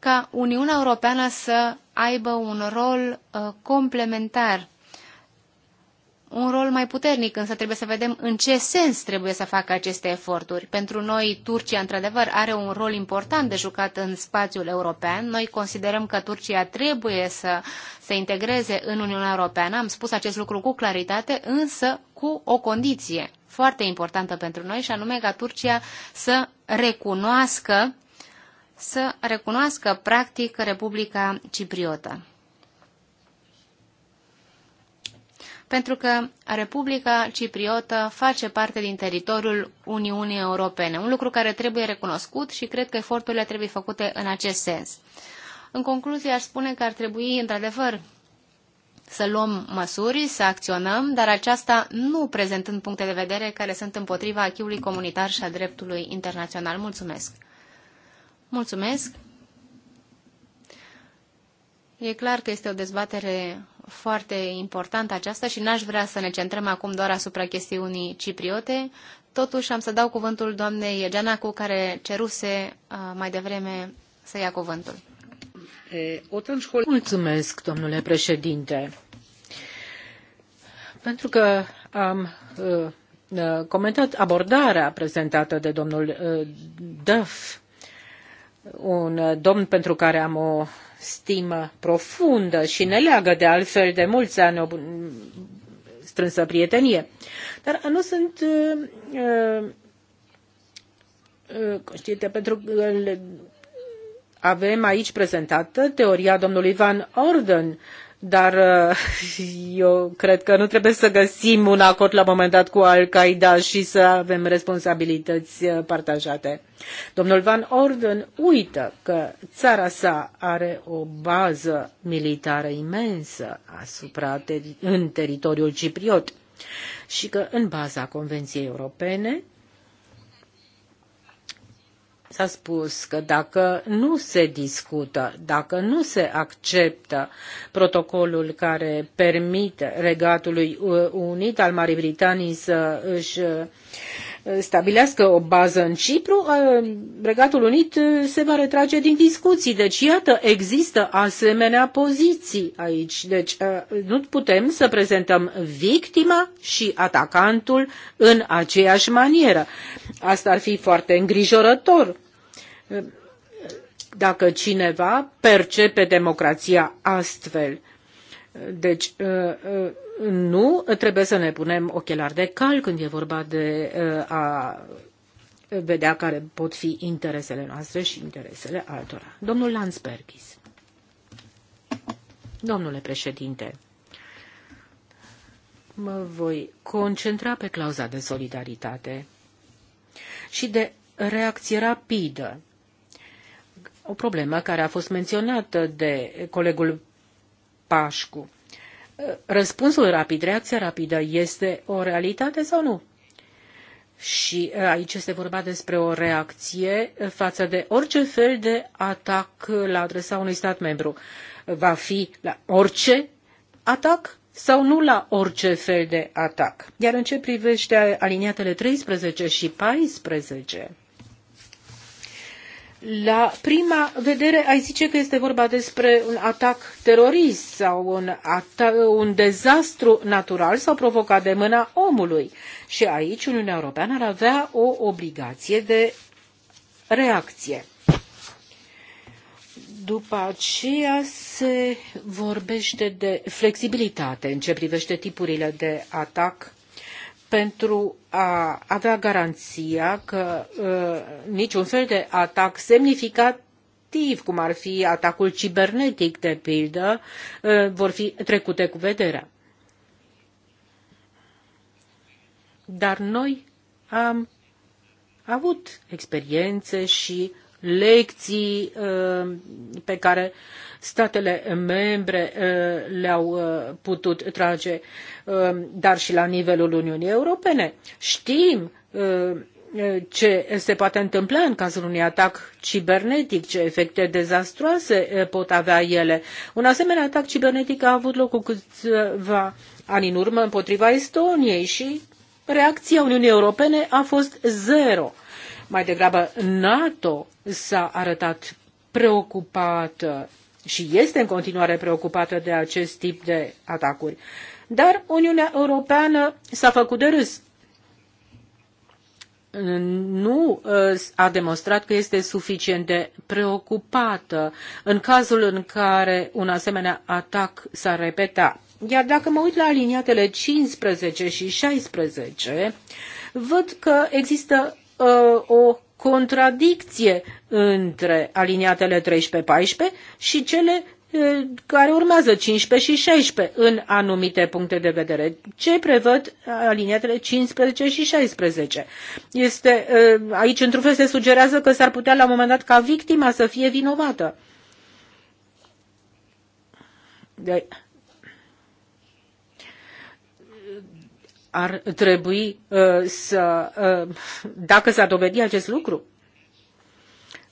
ca Uniunea Europeană să aibă un rol uh, complementar, un rol mai puternic, însă trebuie să vedem în ce sens trebuie să facă aceste eforturi. Pentru noi, Turcia, într-adevăr, are un rol important de jucat în spațiul european. Noi considerăm că Turcia trebuie să se integreze în Uniunea Europeană. Am spus acest lucru cu claritate, însă cu o condiție foarte importantă pentru noi, și anume ca Turcia să recunoască uh, să recunoască practic Republica Cipriotă. Pentru că Republica Cipriotă face parte din teritoriul Uniunii Europene, un lucru care trebuie recunoscut și cred că eforturile trebuie făcute în acest sens. În concluzie, aș spune că ar trebui, într-adevăr, să luăm măsuri, să acționăm, dar aceasta nu prezentând puncte de vedere care sunt împotriva achiului comunitar și a dreptului internațional. Mulțumesc! Mulțumesc! E clar că este o dezbatere foarte importantă aceasta și n-aș vrea să ne centrăm acum doar asupra chestiunii cipriote. Totuși am să dau cuvântul doamnei cu care ceruse uh, mai devreme să ia cuvântul. Eh, Mulțumesc, domnule președinte, pentru că am uh, uh, comentat abordarea prezentată de domnul Duff un uh, domn pentru care am o stimă profundă și ne leagă de altfel de mulți ani o strânsă prietenie. Dar nu sunt uh, uh, uh conștientă pentru că avem aici prezentată teoria domnului Van Orden dar uh, eu cred că nu trebuie să găsim un acord la un moment dat cu Al-Qaeda și să avem responsabilități uh, partajate. Domnul Van Orden uită că țara sa are o bază militară imensă asupra teri- în teritoriul cipriot și că în baza Convenției Europene S-a spus că dacă nu se discută, dacă nu se acceptă protocolul care permite Regatului uh, Unit al Marii Britanii să își uh, stabilească o bază în Cipru, Regatul Unit se va retrage din discuții. Deci, iată, există asemenea poziții aici. Deci, nu putem să prezentăm victima și atacantul în aceeași manieră. Asta ar fi foarte îngrijorător dacă cineva percepe democrația astfel. Deci, nu trebuie să ne punem ochelari de cal când e vorba de uh, a vedea care pot fi interesele noastre și interesele altora. Domnul Landsbergis. Domnule președinte, mă voi concentra pe clauza de solidaritate și de reacție rapidă. O problemă care a fost menționată de colegul Pașcu răspunsul rapid, reacția rapidă este o realitate sau nu? Și uh, aici este vorba despre o reacție față de orice fel de atac la adresa unui stat membru. Va fi la orice atac sau nu la orice fel de atac. Iar în ce privește aliniatele 13 și 14, la prima vedere ai zice că este vorba despre un atac terorist sau un, un dezastru natural sau provocat de mâna omului. Și aici Uniunea Europeană ar avea o obligație de reacție. După aceea se vorbește de flexibilitate în ce privește tipurile de atac pentru a avea garanția că uh, niciun fel de atac semnificativ, cum ar fi atacul cibernetic, de pildă, uh, vor fi trecute cu vederea. Dar noi am avut experiențe și lecții uh, pe care statele membre uh, le-au uh, putut trage, um, dar și la nivelul Uniunii Europene. Știm uh, ce se poate întâmpla în cazul unui atac cibernetic, ce efecte dezastroase pot avea ele. Un asemenea atac cibernetic a avut loc cu câțiva ani în urmă împotriva Estoniei și reacția Uniunii Europene a fost zero. Mai degrabă, NATO s-a arătat preocupată și este în continuare preocupată de acest tip de atacuri. Dar Uniunea Europeană s-a făcut de râs. Nu ă, a demonstrat că este suficient de preocupată în cazul în care un asemenea atac s-ar repeta. Iar dacă mă uit la aliniatele 15 și 16, văd că există uh, o contradicție între aliniatele 13-14 și cele uh, care urmează 15 și 16 în anumite puncte de vedere. Ce prevăd aliniatele 15 și 16? Este, uh, aici, într-un fel, se sugerează că s-ar putea la un moment dat ca victima să fie vinovată. De ar trebui uh, să, uh, dacă s-a dovedit acest lucru,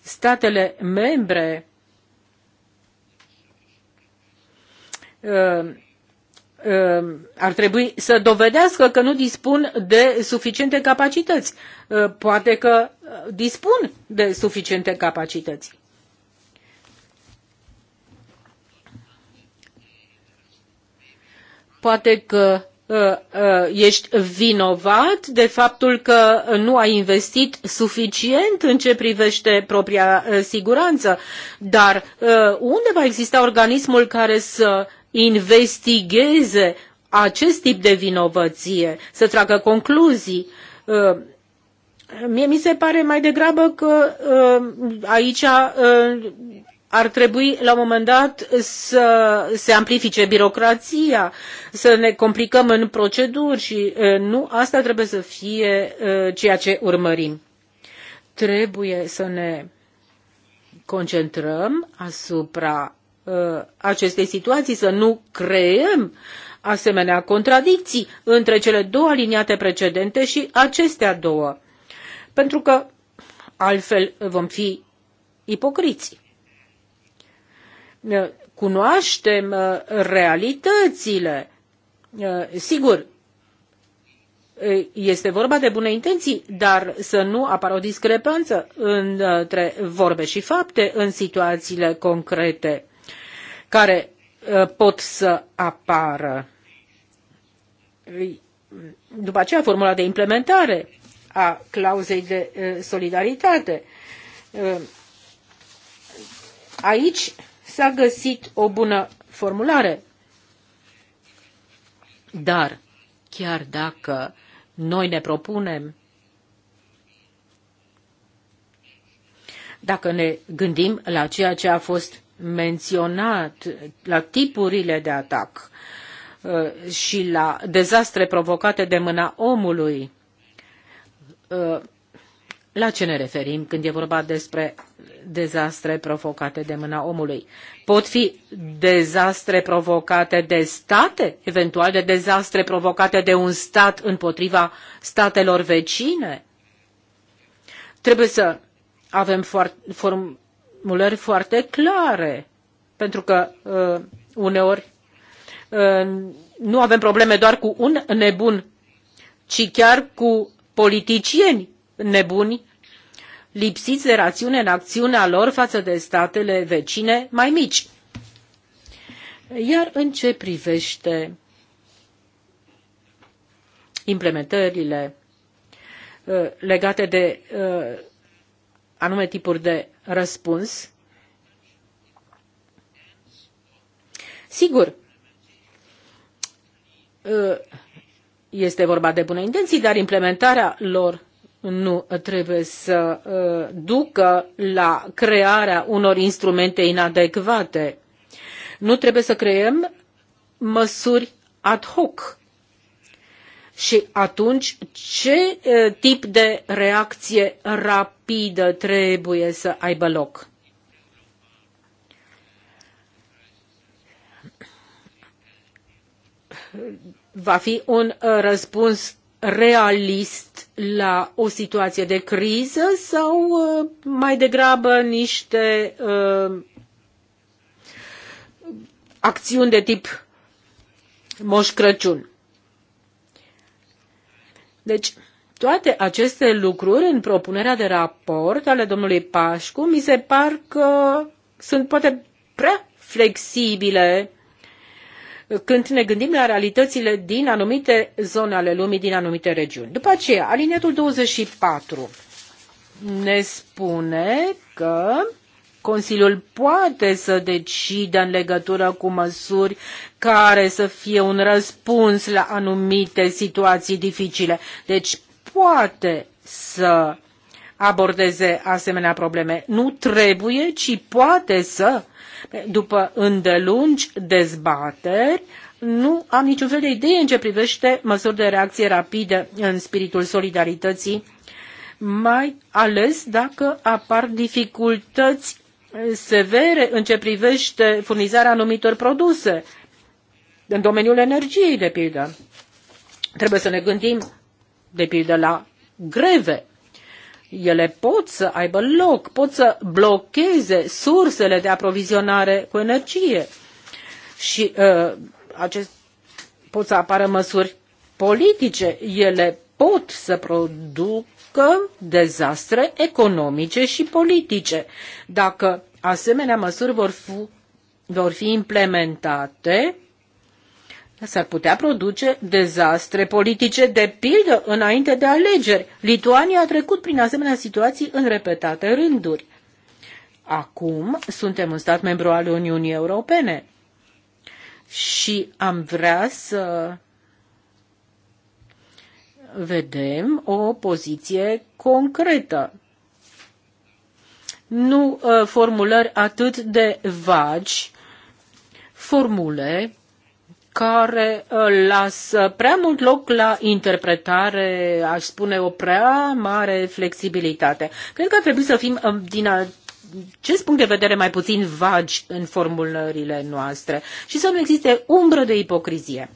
statele membre uh, ar trebui să dovedească că nu dispun de suficiente capacități. Poate că dispun de suficiente capacități. Poate că Uh, uh, ești vinovat de faptul că nu ai investit suficient în ce privește propria uh, siguranță, dar unde va exista organismul care să investigheze acest tip de vinovăție, să tragă concluzii? Mie mi se pare mai degrabă că aici ar trebui la un moment dat să se amplifice birocrația, să ne complicăm în proceduri și nu asta trebuie să fie ceea ce urmărim. Trebuie să ne concentrăm asupra acestei situații, să nu creăm asemenea contradicții între cele două aliniate precedente și acestea două. Pentru că altfel vom fi ipocriți cunoaștem uh, realitățile. Uh, sigur, uh, este vorba de bune intenții, dar să nu apară o discrepanță între vorbe și fapte în situațiile concrete care pot să apară. După aceea, formula de implementare a clauzei de solidaritate. Aici s-a găsit o bună formulare. Dar chiar dacă noi ne propunem, dacă ne gândim la ceea ce a fost menționat, la tipurile de atac uh, și la dezastre provocate de mâna omului, uh, la ce ne referim când e vorba despre dezastre provocate de mâna omului. Pot fi dezastre provocate de state, eventual de dezastre provocate de un stat împotriva statelor vecine. Trebuie să avem formulări foarte clare, pentru că uh, uneori uh, nu avem probleme doar cu un nebun, ci chiar cu politicieni nebuni lipsiți de rațiune în acțiunea lor față de statele vecine mai mici. Iar în ce privește implementările uh, legate de uh, anume tipuri de răspuns, sigur, uh, este vorba de bune intenții, dar implementarea lor nu trebuie să uh, ducă la crearea unor instrumente inadecvate. Nu trebuie să creăm măsuri ad hoc. Și atunci, ce uh, tip de reacție rapidă trebuie să aibă loc? Va fi un uh, răspuns realist la o situație de criză sau uh, mai degrabă niște uh, acțiuni de tip Moș Crăciun. Deci, toate aceste lucruri în propunerea de raport ale domnului Pașcu mi se par că sunt poate prea flexibile când ne gândim la realitățile din anumite zone ale lumii, din anumite regiuni. După aceea, aliniatul 24 ne spune că Consiliul poate să decidă în legătură cu măsuri care să fie un răspuns la anumite situații dificile. Deci poate să abordeze asemenea probleme. Nu trebuie, ci poate să uh, după îndelungi dezbateri, nu am niciun fel de idee în ce privește măsuri de reacție rapidă în spiritul solidarității, mai ales dacă apar dificultăți severe în ce privește furnizarea anumitor produse, în domeniul energiei, de pildă. Trebuie să ne gândim, de pildă, la greve ele pot să aibă loc, pot să blocheze sursele de aprovizionare cu energie și uh, acest, pot să apară măsuri politice, ele pot să producă dezastre economice și politice. Dacă asemenea măsuri vor fi, vor fi implementate, S-ar putea produce dezastre politice, de pildă, înainte de alegeri. Lituania a trecut prin asemenea situații în repetate rânduri. Acum suntem un stat membru al Uniunii Europene și am vrea să vedem o poziție concretă. Nu uh, formulări atât de vagi, formule care uh, lasă prea mult loc la interpretare, aș spune o prea mare flexibilitate. Cred că ar trebui să fim uh, din ce punct de vedere mai puțin vagi în formulările noastre și să nu existe umbră de ipocrizie.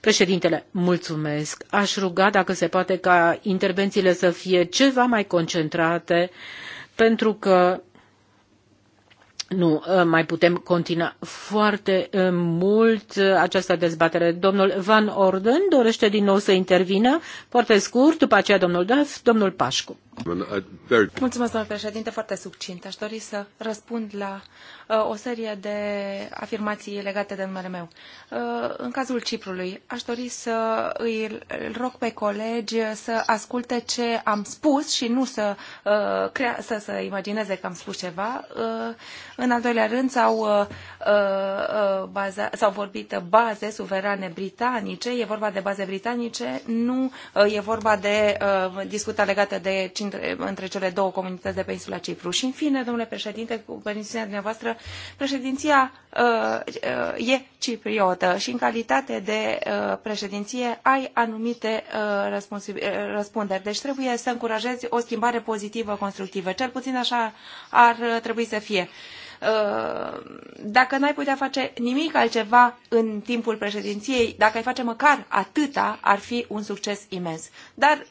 Președintele, mulțumesc. Aș ruga dacă se poate ca intervențiile să fie ceva mai concentrate, pentru că nu uh, mai putem continua foarte uh, mult uh, această dezbatere. Domnul Van Orden dorește din nou să intervină, foarte scurt, după aceea domnul Duff, domnul Pașcu. Uh, Mulțumesc, domnule președinte, foarte succint. Aș dori să răspund la uh, o serie de afirmații legate de numele meu. Uh, în cazul Ciprului, aș dori să îi rog pe colegi să asculte ce am spus și nu să, uh, crea, să, să imagineze că am spus ceva. Uh, în al doilea rând, s-au, uh, uh, uh vorbit baze suverane britanice, e vorba de baze britanice, nu uh, e vorba de uh, discuta legată de cine între, între cele două comunități de pe insula Cipru. Și în fine, domnule președinte, cu permisiunea dumneavoastră, președinția uh, uh e cipriotă și în calitate de uh, președinție ai anumite uh, uh, răspunderi. Deci trebuie să încurajezi o schimbare pozitivă, constructivă. Cel puțin așa ar uh, trebui să fie dacă n-ai putea face nimic altceva în timpul președinției, dacă ai face măcar atâta, ar fi un succes imens. Dar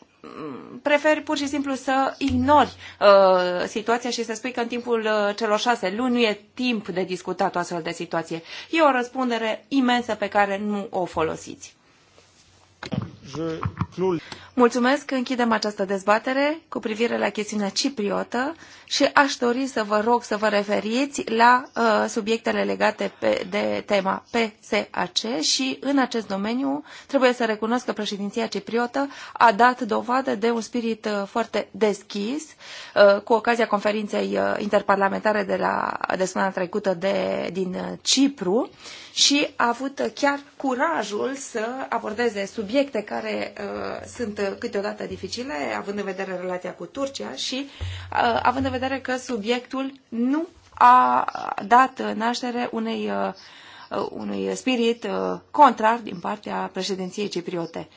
preferi pur și simplu să ignori uh, situația și să spui că în timpul uh, celor șase luni nu e timp de discutat o astfel de situație. E o răspundere imensă pe care nu o folosiți. Je clôt... Mulțumesc, închidem această dezbatere cu privire la chestiunea cipriotă și aș dori să vă rog să vă referiți la uh, subiectele legate pe, de tema PSAC și în acest domeniu trebuie să recunosc că președinția cipriotă a dat dovadă de un spirit uh, foarte deschis uh, cu ocazia conferinței uh, interparlamentare de la de săptămâna trecută de, din uh, Cipru. Uh, și a avut chiar curajul să abordeze subiecte care uh, sunt câteodată dificile, având în vedere relația cu Turcia și uh, având în vedere că subiectul nu a dat naștere unei, uh, uh, unui spirit uh, contrar din partea președinției cipriote.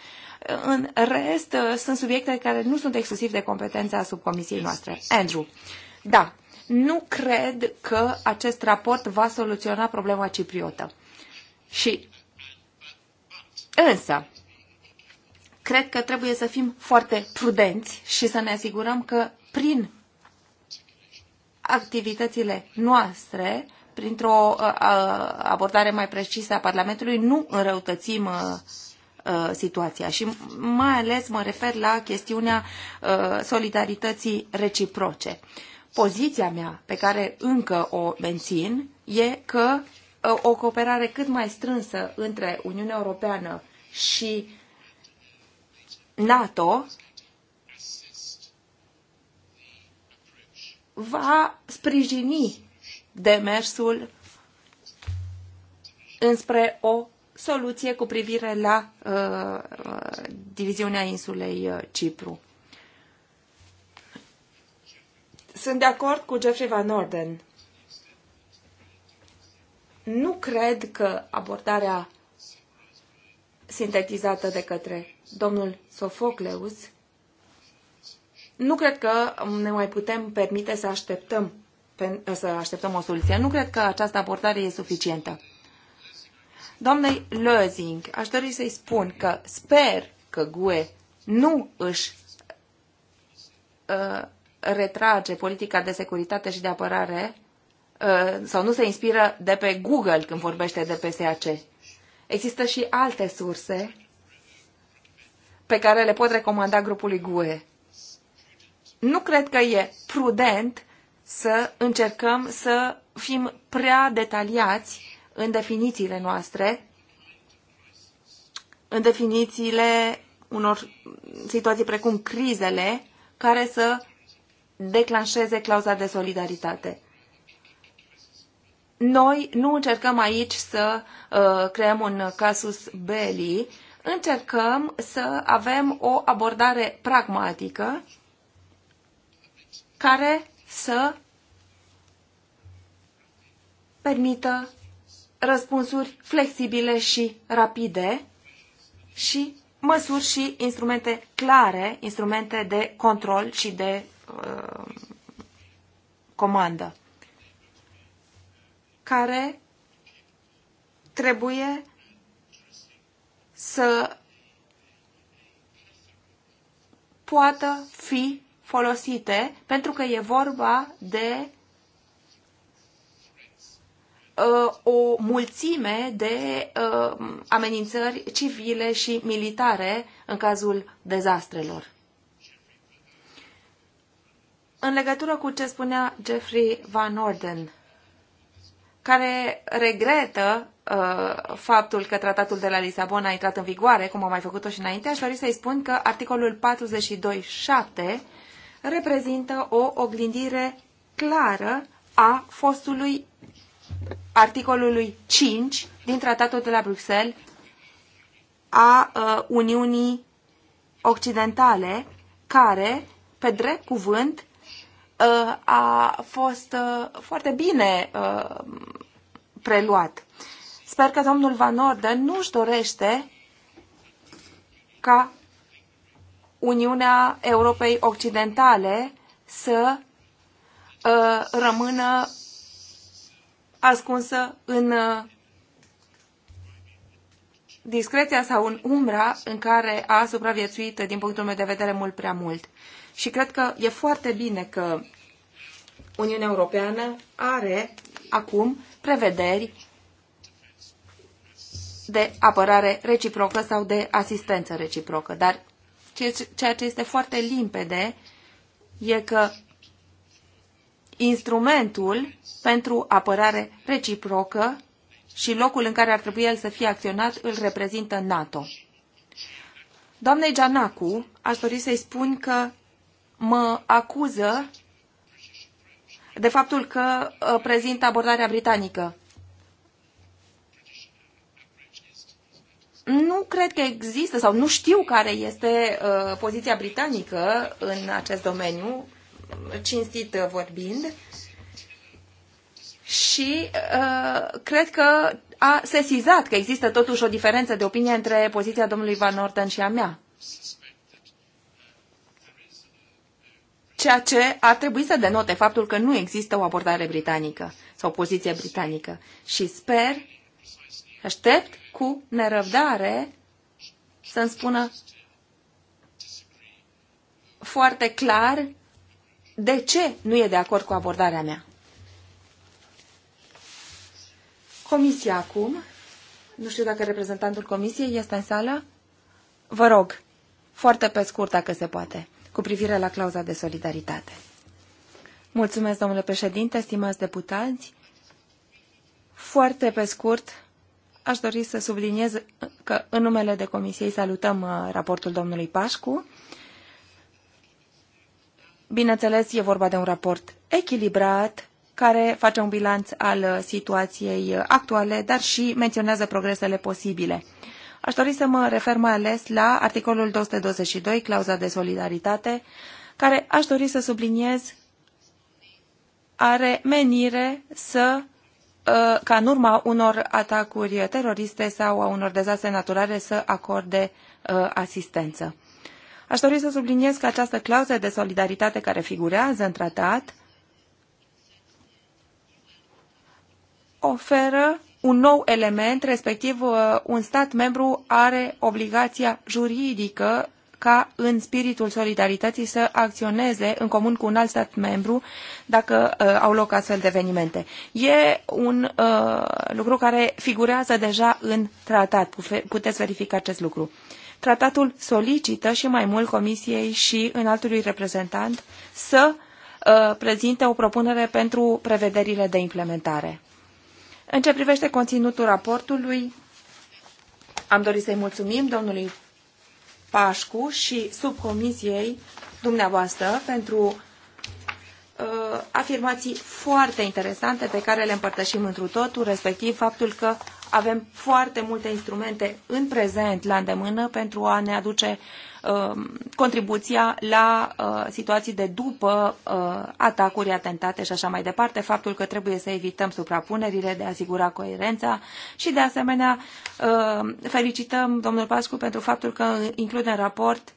În rest, uh, sunt subiecte care nu sunt exclusiv de competența subcomisiei noastre. Andrew, da, nu cred că acest raport va soluționa problema cipriotă. Și însă, cred că trebuie să fim foarte prudenți și să ne asigurăm că prin activitățile noastre, printr-o uh, uh, abordare mai precisă a Parlamentului, nu înrăutățim uh, situația și mai ales mă refer la chestiunea solidarității reciproce. Poziția mea pe care încă o mențin e că o cooperare cât mai strânsă între Uniunea Europeană și NATO va sprijini demersul înspre o soluție cu privire la uh, uh diviziunea insulei uh, Cipru. Sunt de acord cu Jeffrey Van Orden nu cred că abordarea sintetizată de către domnul Sofocleus, nu cred că ne mai putem permite să așteptăm, să așteptăm o soluție. Nu cred că această abordare e suficientă. Doamnei Lözing, aș dori să-i spun că sper că GUE nu își uh, retrage politica de securitate și de apărare Uh, sau nu se inspiră de pe Google când vorbește de PSAC. Există și alte surse pe care le pot recomanda grupului GUE. Nu cred că e prudent să încercăm să fim prea detaliați în definițiile noastre, în definițiile unor situații precum crizele care să declanșeze clauza de solidaritate noi nu încercăm aici să uh, creăm un casus belli, încercăm să avem o abordare pragmatică care să permită răspunsuri flexibile și rapide și măsuri și instrumente clare, instrumente de control și de uh, comandă care trebuie să poată fi folosite, pentru că e vorba de uh, o mulțime de uh, amenințări civile și militare în cazul dezastrelor. În legătură cu ce spunea Jeffrey Van Orden, care regretă uh, faptul că tratatul de la Lisabona a intrat în vigoare, cum am mai făcut-o și înainte, aș dori să-i spun că articolul 42.7 reprezintă o oglindire clară a fostului articolului 5 din tratatul de la Bruxelles a uh, Uniunii Occidentale, care, pe drept cuvânt, a fost uh, foarte bine uh, preluat. Sper că domnul Van Orden nu își dorește ca Uniunea Europei Occidentale să uh, rămână ascunsă în discreția sau în umbra în care a supraviețuit, din punctul meu de vedere, mult prea mult. Și cred că e foarte bine că Uniunea Europeană are acum prevederi de apărare reciprocă sau de asistență reciprocă. Dar ceea ce este foarte limpede e că instrumentul pentru apărare reciprocă și locul în care ar trebui el să fie acționat îl reprezintă NATO. Doamnei Gianacu, aș dori să-i spun că mă acuză de faptul că uh, prezint abordarea britanică. Nu cred că există sau nu știu care este uh, poziția britanică în acest domeniu, cinstit vorbind. Uh, și uh, cred că a sesizat că există totuși o diferență de opinie între poziția domnului Van Orden și a mea. Ceea ce ar trebui să denote faptul că nu există o abordare britanică sau poziție britanică. Și sper, aștept cu nerăbdare să-mi spună foarte clar de ce nu e de acord cu abordarea mea. Comisia acum. Nu știu dacă reprezentantul comisiei este în sală. Vă rog, foarte pe scurt, dacă se poate, cu privire la clauza de solidaritate. Mulțumesc, domnule președinte, stimați deputați. Foarte pe scurt, aș dori să subliniez că în numele de comisiei salutăm uh, raportul domnului Pașcu. Bineînțeles, e vorba de un raport echilibrat, care face un bilanț al uh, situației uh, actuale, dar și menționează progresele posibile. Aș dori să mă refer mai ales la articolul 222, clauza de solidaritate, care aș dori să subliniez are menire să uh, ca în urma unor atacuri teroriste sau a unor dezastre naturale să acorde asistență. Aș dori să subliniez că această clauză de solidaritate care figurează în tratat oferă un nou element, respectiv uh, un stat membru are obligația juridică ca în spiritul solidarității să acționeze în comun cu un alt stat membru dacă uh, au loc astfel de evenimente. E un uh, lucru care figurează deja în tratat. Puteți verifica acest lucru. Tratatul solicită și mai mult Comisiei și înaltului reprezentant să uh, prezinte o propunere pentru prevederile de implementare. În ce privește conținutul raportului, am dorit să-i mulțumim domnului Pașcu și subcomisiei dumneavoastră pentru uh, afirmații foarte interesante pe care le împărtășim întru totul, respectiv faptul că avem foarte multe instrumente în prezent la îndemână pentru a ne aduce uh, Um, contribuția la uh, situații de după uh, atacuri, atentate și așa mai departe, faptul că trebuie să evităm suprapunerile, de a asigura coerența și, de asemenea, um, felicităm domnul Pascu pentru faptul că include în raport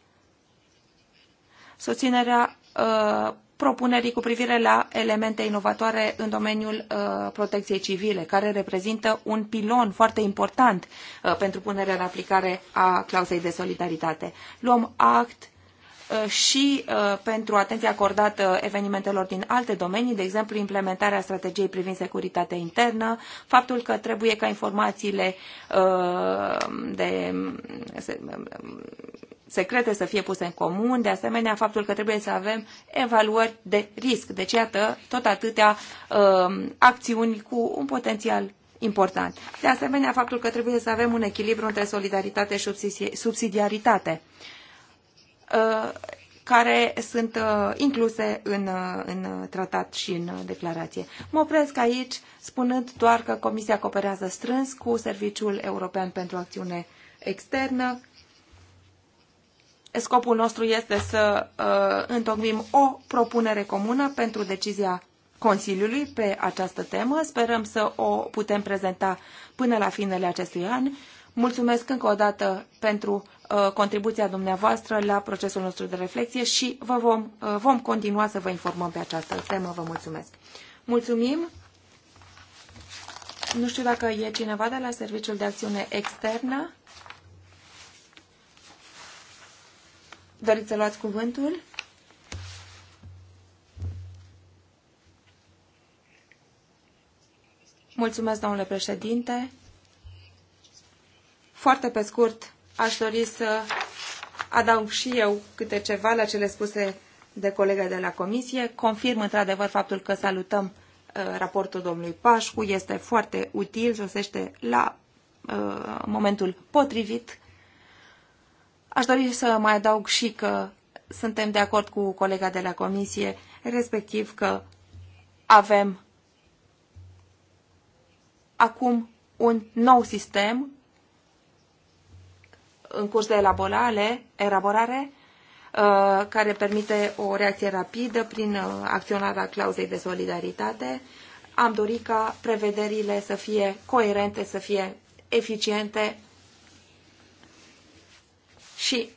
susținerea uh, propunerii cu privire la elemente inovatoare în domeniul uh, protecției civile, care reprezintă un pilon foarte important uh, pentru punerea în aplicare a clauzei de solidaritate. Luăm act uh, și pentru atenția acordată evenimentelor din alte domenii, de exemplu implementarea strategiei privind securitatea internă, faptul că trebuie ca informațiile de secrete să fie puse în comun, de asemenea faptul că trebuie să avem evaluări de risc. Deci, iată, tot atâtea uh, acțiuni cu un potențial important. De asemenea, faptul că trebuie să avem un echilibru între solidaritate și subsidiaritate, uh, care sunt uh, incluse în, uh, în tratat și în uh, declarație. Mă opresc aici spunând doar că Comisia cooperează strâns cu Serviciul European pentru Acțiune Externă, Scopul nostru este să uh, întocmim o propunere comună pentru decizia Consiliului pe această temă. Sperăm să o putem prezenta până la finele acestui an. Mulțumesc încă o dată pentru uh, contribuția dumneavoastră la procesul nostru de reflexie și vă vom, uh, vom continua să vă informăm pe această temă. Vă mulțumesc. Mulțumim. Nu știu dacă e cineva de la Serviciul de Acțiune Externă. Doriți să luați cuvântul? Mulțumesc, domnule președinte. Foarte pe scurt, aș dori să adaug și eu câte ceva la cele spuse de colega de la comisie. Confirm într-adevăr faptul că salutăm uh, raportul domnului Pașcu, este foarte util, josește la uh, momentul potrivit Aș dori să mai adaug și că suntem de acord cu colega de la comisie, respectiv că avem acum un nou sistem în curs de elaborare, elaborare uh, care permite o reacție rapidă prin uh, acționarea clauzei de solidaritate. Am dorit ca prevederile să fie coerente, să fie eficiente și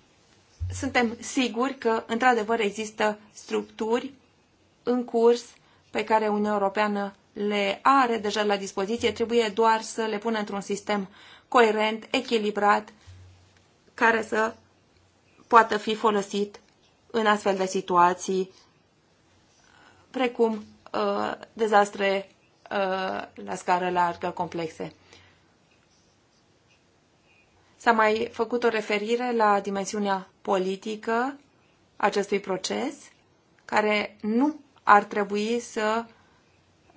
suntem siguri că, într-adevăr, există structuri în curs pe care Uniunea Europeană le are deja la dispoziție, trebuie doar să le pună într-un sistem coerent, echilibrat, care să poată fi folosit în astfel de situații, precum uh, dezastre uh, la scară largă complexe. S-a mai făcut o referire la dimensiunea politică acestui proces, care nu ar trebui să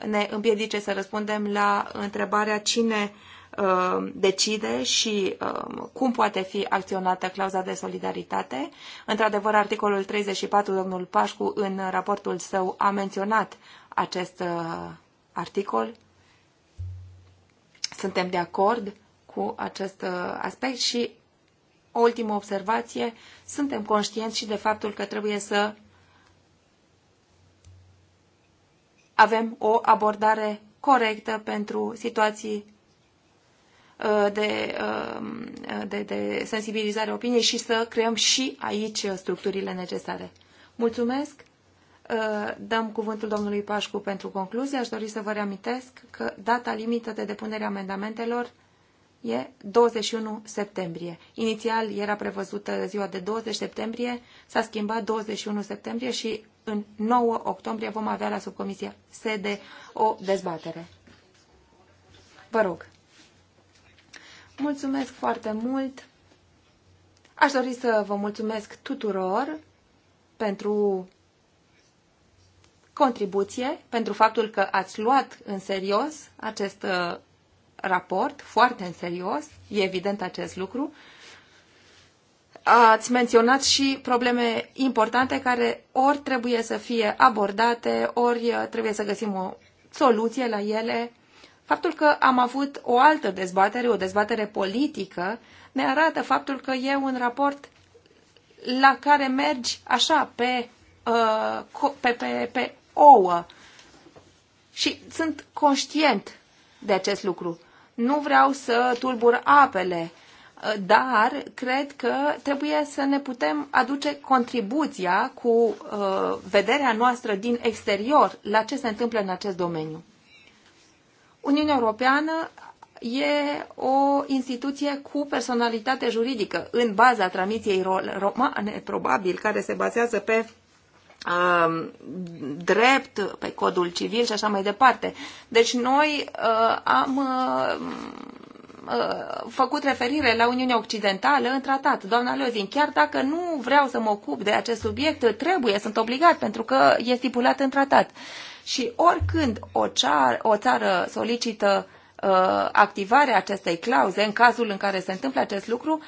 ne împiedice să răspundem la întrebarea cine uh, decide și uh, cum poate fi acționată clauza de solidaritate. Într-adevăr, articolul 34, domnul Pașcu, în raportul său, a menționat acest uh, articol. Suntem de acord cu acest uh, aspect și o ultimă observație, suntem conștienți și de faptul că trebuie să avem o abordare corectă pentru situații uh, de, um, de, de sensibilizare opiniei și să creăm și aici structurile necesare. Mulțumesc! Uh, dăm cuvântul domnului Pașcu pentru concluzie. Aș dori să vă reamintesc că data limită de depunere a amendamentelor e 21 septembrie. Inițial era prevăzută ziua de 20 septembrie, s-a schimbat 21 septembrie și în 9 octombrie vom avea la subcomisia sede o dezbatere. Vă rog. Mulțumesc foarte mult. Aș dori să vă mulțumesc tuturor pentru contribuție, pentru faptul că ați luat în serios acest uh, raport foarte în serios, e evident acest lucru. Ați menționat și probleme importante care ori trebuie să fie abordate, ori uh, trebuie să găsim o soluție la ele. Faptul că am avut o altă dezbatere, o dezbatere politică, ne arată faptul că e un raport la care mergi așa pe, uh, pe, pe, pe ouă. Și sunt conștient de acest lucru. Nu vreau să tulbur apele, dar cred că trebuie să ne putem aduce contribuția cu uh, vederea noastră din exterior la ce se întâmplă în acest domeniu. Uniunea Europeană e o instituție cu personalitate juridică în baza tramiției romane, probabil, care se bazează pe Um, drept, pe codul civil și așa mai departe. Deci noi uh, am uh, uh, făcut referire la Uniunea Occidentală în tratat. Doamna Lozin, chiar dacă nu vreau să mă ocup de acest subiect, trebuie, sunt obligat, pentru că e stipulat în tratat. Și oricând o, cear, o țară solicită uh, activarea acestei clauze, în cazul în care se întâmplă acest lucru,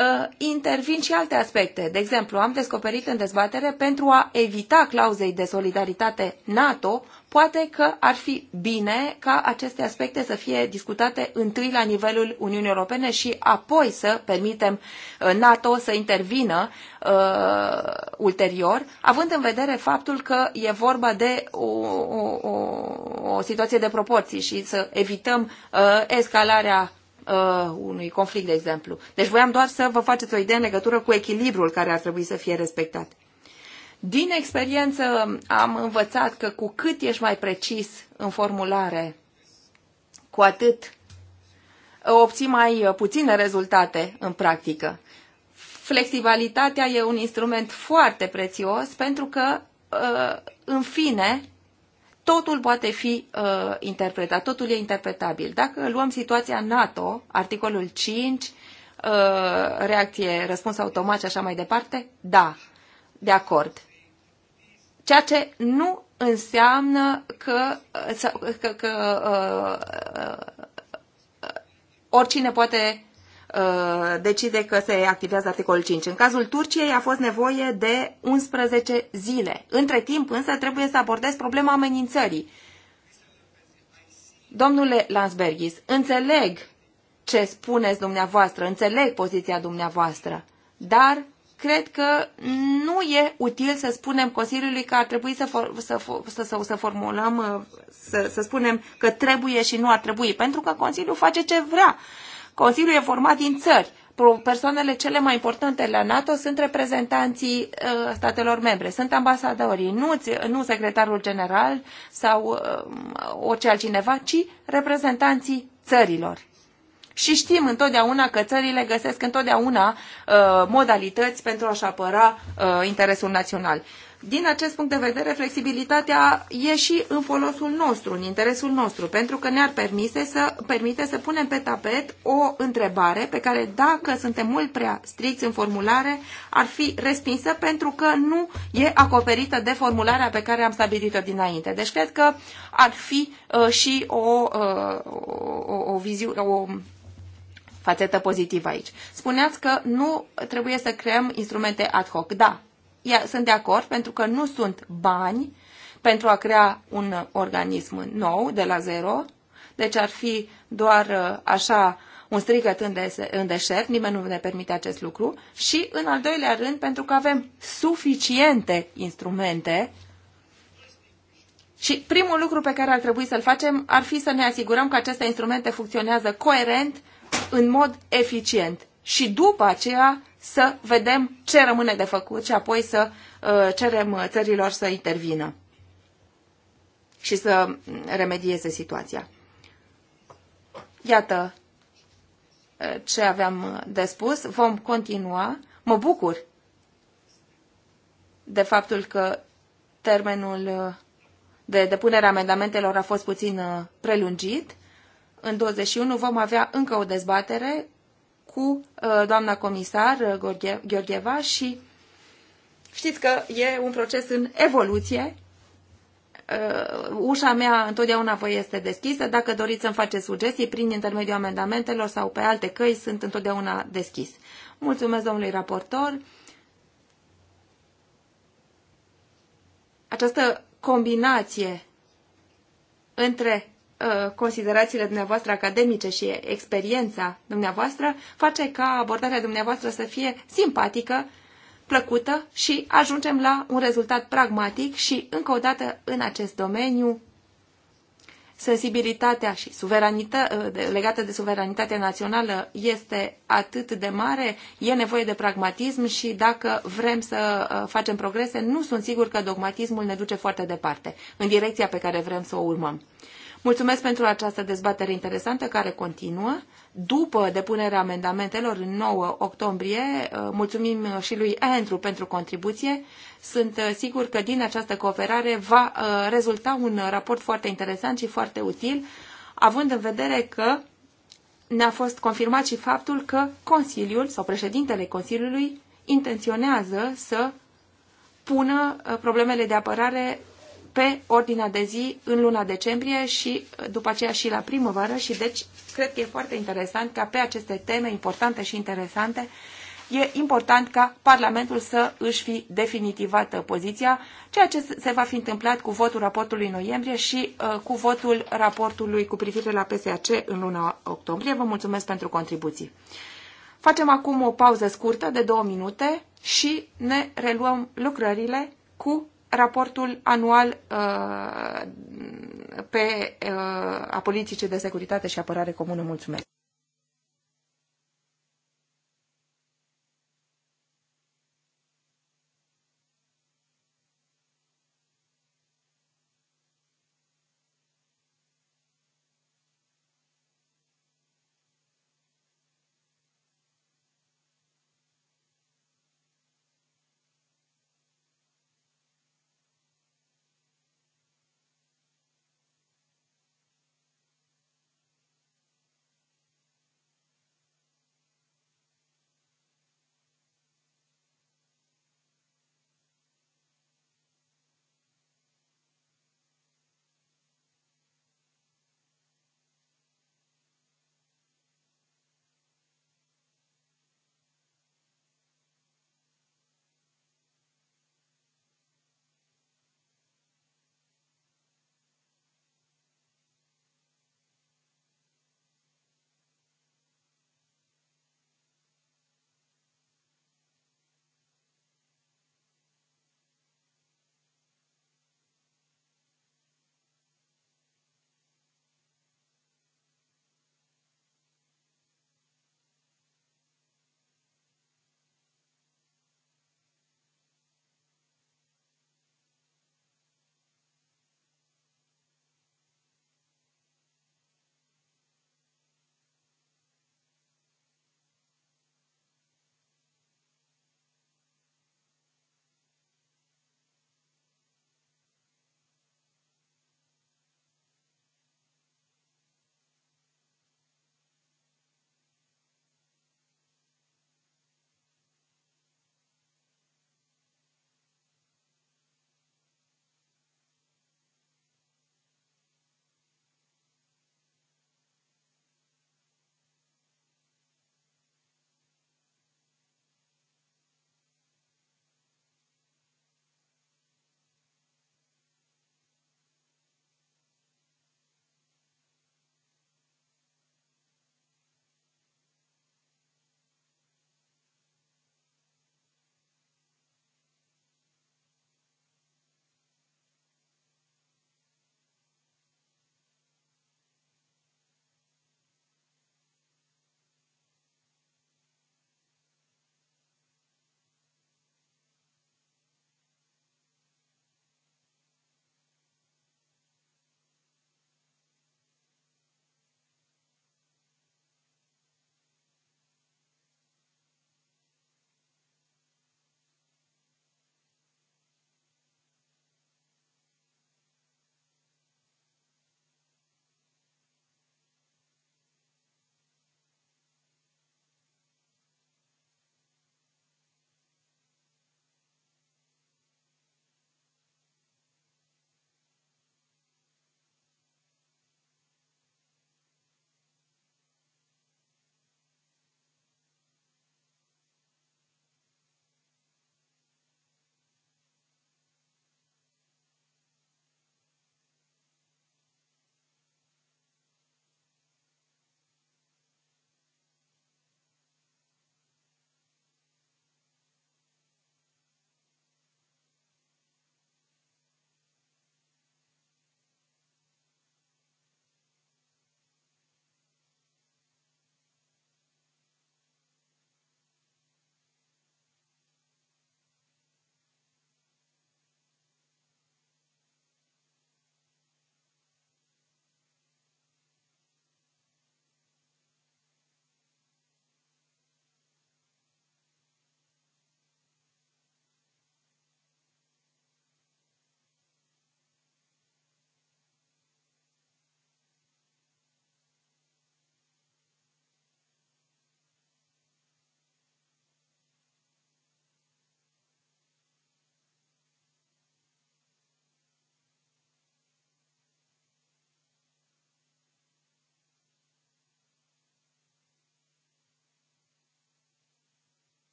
Uh, intervin și alte aspecte. De exemplu, am descoperit în dezbatere pentru a evita clauzei de solidaritate NATO, poate că ar fi bine ca aceste aspecte să fie discutate întâi la nivelul Uniunii Europene și apoi să permitem uh, NATO să intervină uh, ulterior, având în vedere faptul că e vorba de o, o, o, o situație de proporții și să evităm uh, escalarea uh, unui conflict, de exemplu. Deci voiam doar să vă faceți o idee în legătură cu echilibrul care ar trebui să fie respectat. Din experiență am învățat că cu cât ești mai precis în formulare, cu atât uh, obții mai uh, puține rezultate în practică. Flexibilitatea e un instrument foarte prețios pentru că, uh, în fine, totul poate fi uh, interpretat, totul e interpretabil. Dacă luăm situația NATO, articolul 5, uh, reacție, răspuns automat și așa mai departe, da, de acord. Ceea ce nu înseamnă că, uh, că, că uh, uh, uh oricine poate Uh, decide că se activează articolul 5. În cazul Turciei a fost nevoie de 11 zile. Între timp însă trebuie să abordez problema amenințării. Domnule Lansbergis, înțeleg ce spuneți dumneavoastră, înțeleg poziția dumneavoastră, dar cred că nu e util să spunem Consiliului că ar trebui să, for, să, să, să, să formulăm, uh, să, să spunem că trebuie și nu ar trebui, pentru că Consiliul face ce vrea. Consiliul e format din țări. Persoanele cele mai importante la NATO sunt reprezentanții uh, statelor membre, sunt ambasadorii, nu, nu secretarul general sau uh, orice altcineva, ci reprezentanții țărilor. Și știm întotdeauna că țările găsesc întotdeauna uh, modalități pentru a-și apăra uh, interesul național. Din acest punct de vedere, flexibilitatea e și în folosul nostru, în interesul nostru, pentru că ne-ar permite să, permite să punem pe tapet o întrebare pe care, dacă suntem mult prea stricți în formulare, ar fi respinsă pentru că nu e acoperită de formularea pe care am stabilit-o dinainte. Deci, cred că ar fi uh, și o, uh, o, o, viziune, o fațetă pozitivă aici. Spuneați că nu trebuie să creăm instrumente ad hoc. Da, sunt de acord pentru că nu sunt bani pentru a crea un organism nou de la zero, deci ar fi doar uh, așa un strigăt în, de- în deșert, nimeni nu ne permite acest lucru și în al doilea rând pentru că avem suficiente instrumente și primul lucru pe care ar trebui să-l facem ar fi să ne asigurăm că aceste instrumente funcționează coerent, în mod eficient și după aceea să vedem ce rămâne de făcut și apoi să uh, cerem țărilor să intervină și să mm, remedieze situația. Iată uh, ce aveam uh, de spus. Vom continua. Mă bucur de faptul că termenul de depunere a amendamentelor a fost puțin prelungit. În 21 vom avea încă o dezbatere cu uh, doamna comisar uh, Gheorgheva și știți că e un proces în evoluție. Uh, ușa mea întotdeauna vă este deschisă. Dacă doriți să-mi faceți sugestii prin intermediul amendamentelor sau pe alte căi, sunt întotdeauna deschis. Mulțumesc domnului raportor. Această combinație între Uh, considerațiile dumneavoastră academice și experiența dumneavoastră face ca abordarea dumneavoastră să fie simpatică, plăcută și ajungem la un rezultat pragmatic și, încă o dată, în acest domeniu, sensibilitatea și suveranită, uh, legată de suveranitatea națională este atât de mare, e nevoie de pragmatism și dacă vrem să uh, facem progrese, nu sunt sigur că dogmatismul ne duce foarte departe, în direcția pe care vrem să o urmăm. Mulțumesc pentru această dezbatere interesantă care continuă. După depunerea amendamentelor în 9 octombrie, uh, mulțumim și lui Andrew pentru contribuție. Sunt uh, sigur că din această cooperare va uh, rezulta un raport foarte interesant și foarte util, având în vedere că ne-a fost confirmat și faptul că Consiliul sau președintele Consiliului intenționează să pună problemele de apărare pe ordinea de zi în luna decembrie și uh, după aceea și la primăvară și deci cred că e foarte interesant ca pe aceste teme importante și interesante e important ca Parlamentul să își fi definitivată uh, poziția, ceea ce se va fi întâmplat cu votul raportului noiembrie și uh, cu votul raportului cu privire la PSAC în luna octombrie. Vă mulțumesc pentru contribuții. Facem acum o pauză scurtă de două minute și ne reluăm lucrările cu raportul anual uh, pe, uh, a politicii de securitate și apărare comună. Mulțumesc!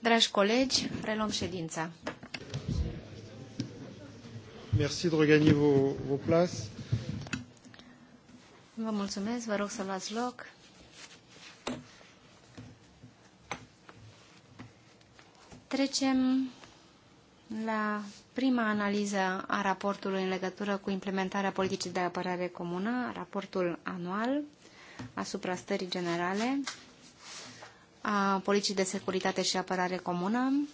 Dragi colegi, reluăm ședința. Merci de regagner vos, vos places. Vă mulțumesc, vă rog să luați loc. Trecem la prima analiză a raportului în legătură cu implementarea politicii de apărare comună, raportul anual asupra stării generale a poliției de securitate și apărare comună,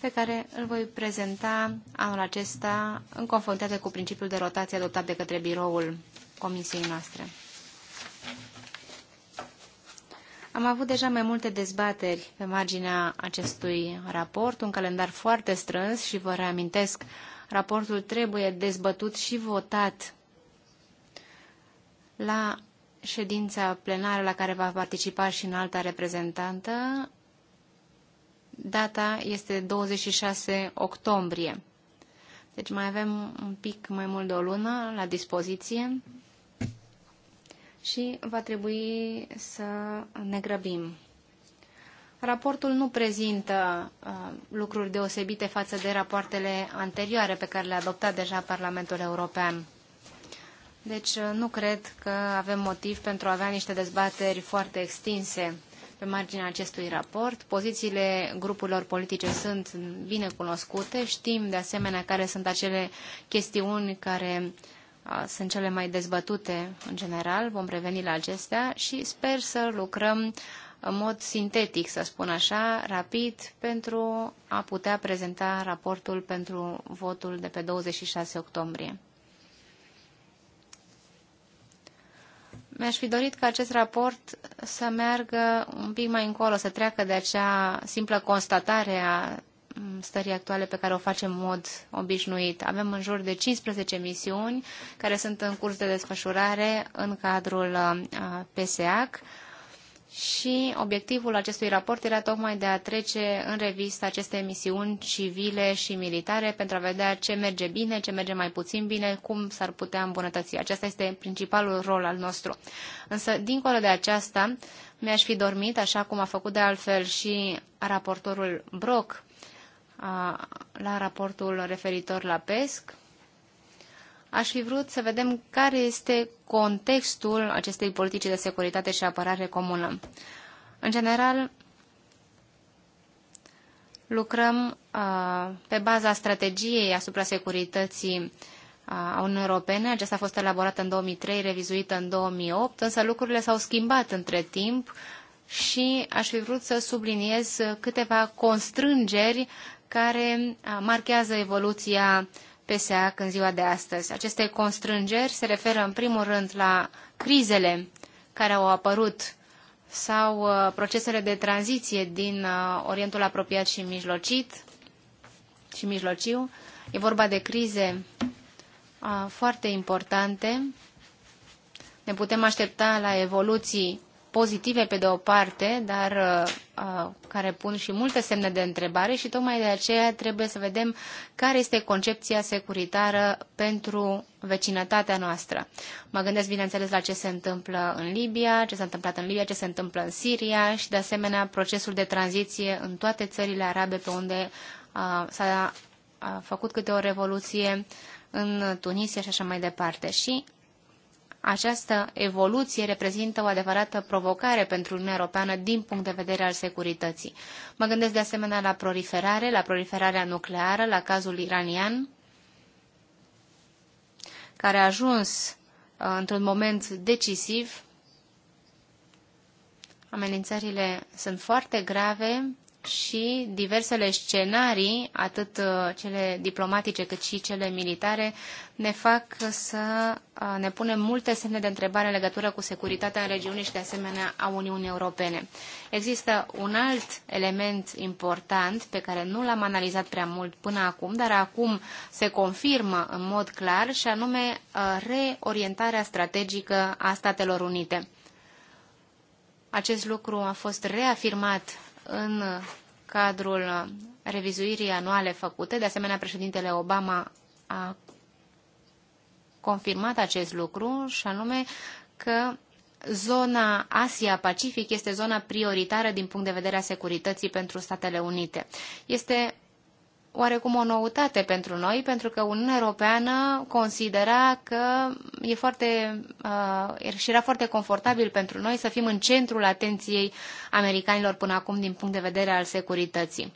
pe care îl voi prezenta anul acesta în confruntare cu principiul de rotație adoptat de către biroul comisiei noastre. Am avut deja mai multe dezbateri pe marginea acestui raport, un calendar foarte strâns și vă reamintesc, raportul trebuie dezbătut și votat la ședința plenară la care va participa și în alta reprezentantă. Data este 26 octombrie. Deci mai avem un pic mai mult de o lună la dispoziție și va trebui să ne grăbim. Raportul nu prezintă uh, lucruri deosebite față de rapoartele anterioare pe care le-a adoptat deja Parlamentul European. Deci uh, nu cred că avem motiv pentru a avea niște dezbateri foarte extinse pe marginea acestui raport. Pozițiile grupurilor politice sunt bine cunoscute. Știm de asemenea care sunt acele chestiuni care uh, sunt cele mai dezbătute în general. Vom reveni la acestea și sper să lucrăm în mod sintetic, să spun așa, rapid, pentru a putea prezenta raportul pentru votul de pe 26 octombrie. Mi-aș fi dorit ca acest raport să meargă un pic mai încolo, să treacă de acea simplă constatare a mm, stării actuale pe care o facem în mod obișnuit. Avem în jur de 15 misiuni care sunt în curs de desfășurare în cadrul uh, PSEAC și obiectivul acestui raport era tocmai de a trece în revistă aceste misiuni civile și militare pentru a vedea ce merge bine, ce merge mai puțin bine, cum s-ar putea îmbunătăți. Acesta este principalul rol al nostru. Însă, dincolo de aceasta, mi-aș fi dormit, așa cum a făcut de altfel și raportorul Brock la raportul referitor la PESC, Aș fi vrut să vedem care este contextul acestei politici de securitate și apărare comună. În general, lucrăm uh, pe baza strategiei asupra securității uh, a Uniunii Europene. Aceasta a fost elaborată în 2003, revizuită în 2008, însă lucrurile s-au schimbat între timp și aș fi vrut să subliniez câteva constrângeri care uh, marchează evoluția uh, PSA în ziua de astăzi. Aceste constrângeri se referă în primul rând la crizele care au apărut sau uh, procesele de tranziție din uh, Orientul apropiat și mijlocit și mijlociu. E vorba de crize uh, foarte importante. Ne putem aștepta la evoluții pozitive pe de o parte, dar uh, uh, care pun și multe semne de întrebare și tocmai de aceea trebuie să vedem care este concepția securitară pentru vecinătatea noastră. Mă gândesc, bineînțeles, la ce se întâmplă în Libia, ce s-a întâmplat în Libia, ce se întâmplă în Siria și, de asemenea, procesul de tranziție în toate țările arabe pe unde uh, s-a făcut câte o revoluție în Tunisia și așa mai departe. Și această evoluție reprezintă o adevărată provocare pentru Uniunea Europeană din punct de vedere al securității. Mă gândesc de asemenea la proliferare, la proliferarea nucleară, la cazul iranian, care a ajuns uh, într-un moment decisiv. Amenințările sunt foarte grave și diversele scenarii, atât uh, cele diplomatice cât și cele militare, ne fac să uh, ne punem multe semne de întrebare în legătură cu securitatea în regiune și de asemenea a Uniunii Europene. Există un alt element important pe care nu l-am analizat prea mult până acum, dar acum se confirmă în mod clar și anume uh, reorientarea strategică a Statelor Unite. Acest lucru a fost reafirmat în cadrul revizuirii anuale făcute. De asemenea, președintele Obama a confirmat acest lucru și anume că zona Asia-Pacific este zona prioritară din punct de vedere a securității pentru Statele Unite. Este oarecum o noutate pentru noi, pentru că Uniunea Europeană considera că e foarte, uh, și era foarte confortabil pentru noi să fim în centrul atenției americanilor până acum din punct de vedere al securității.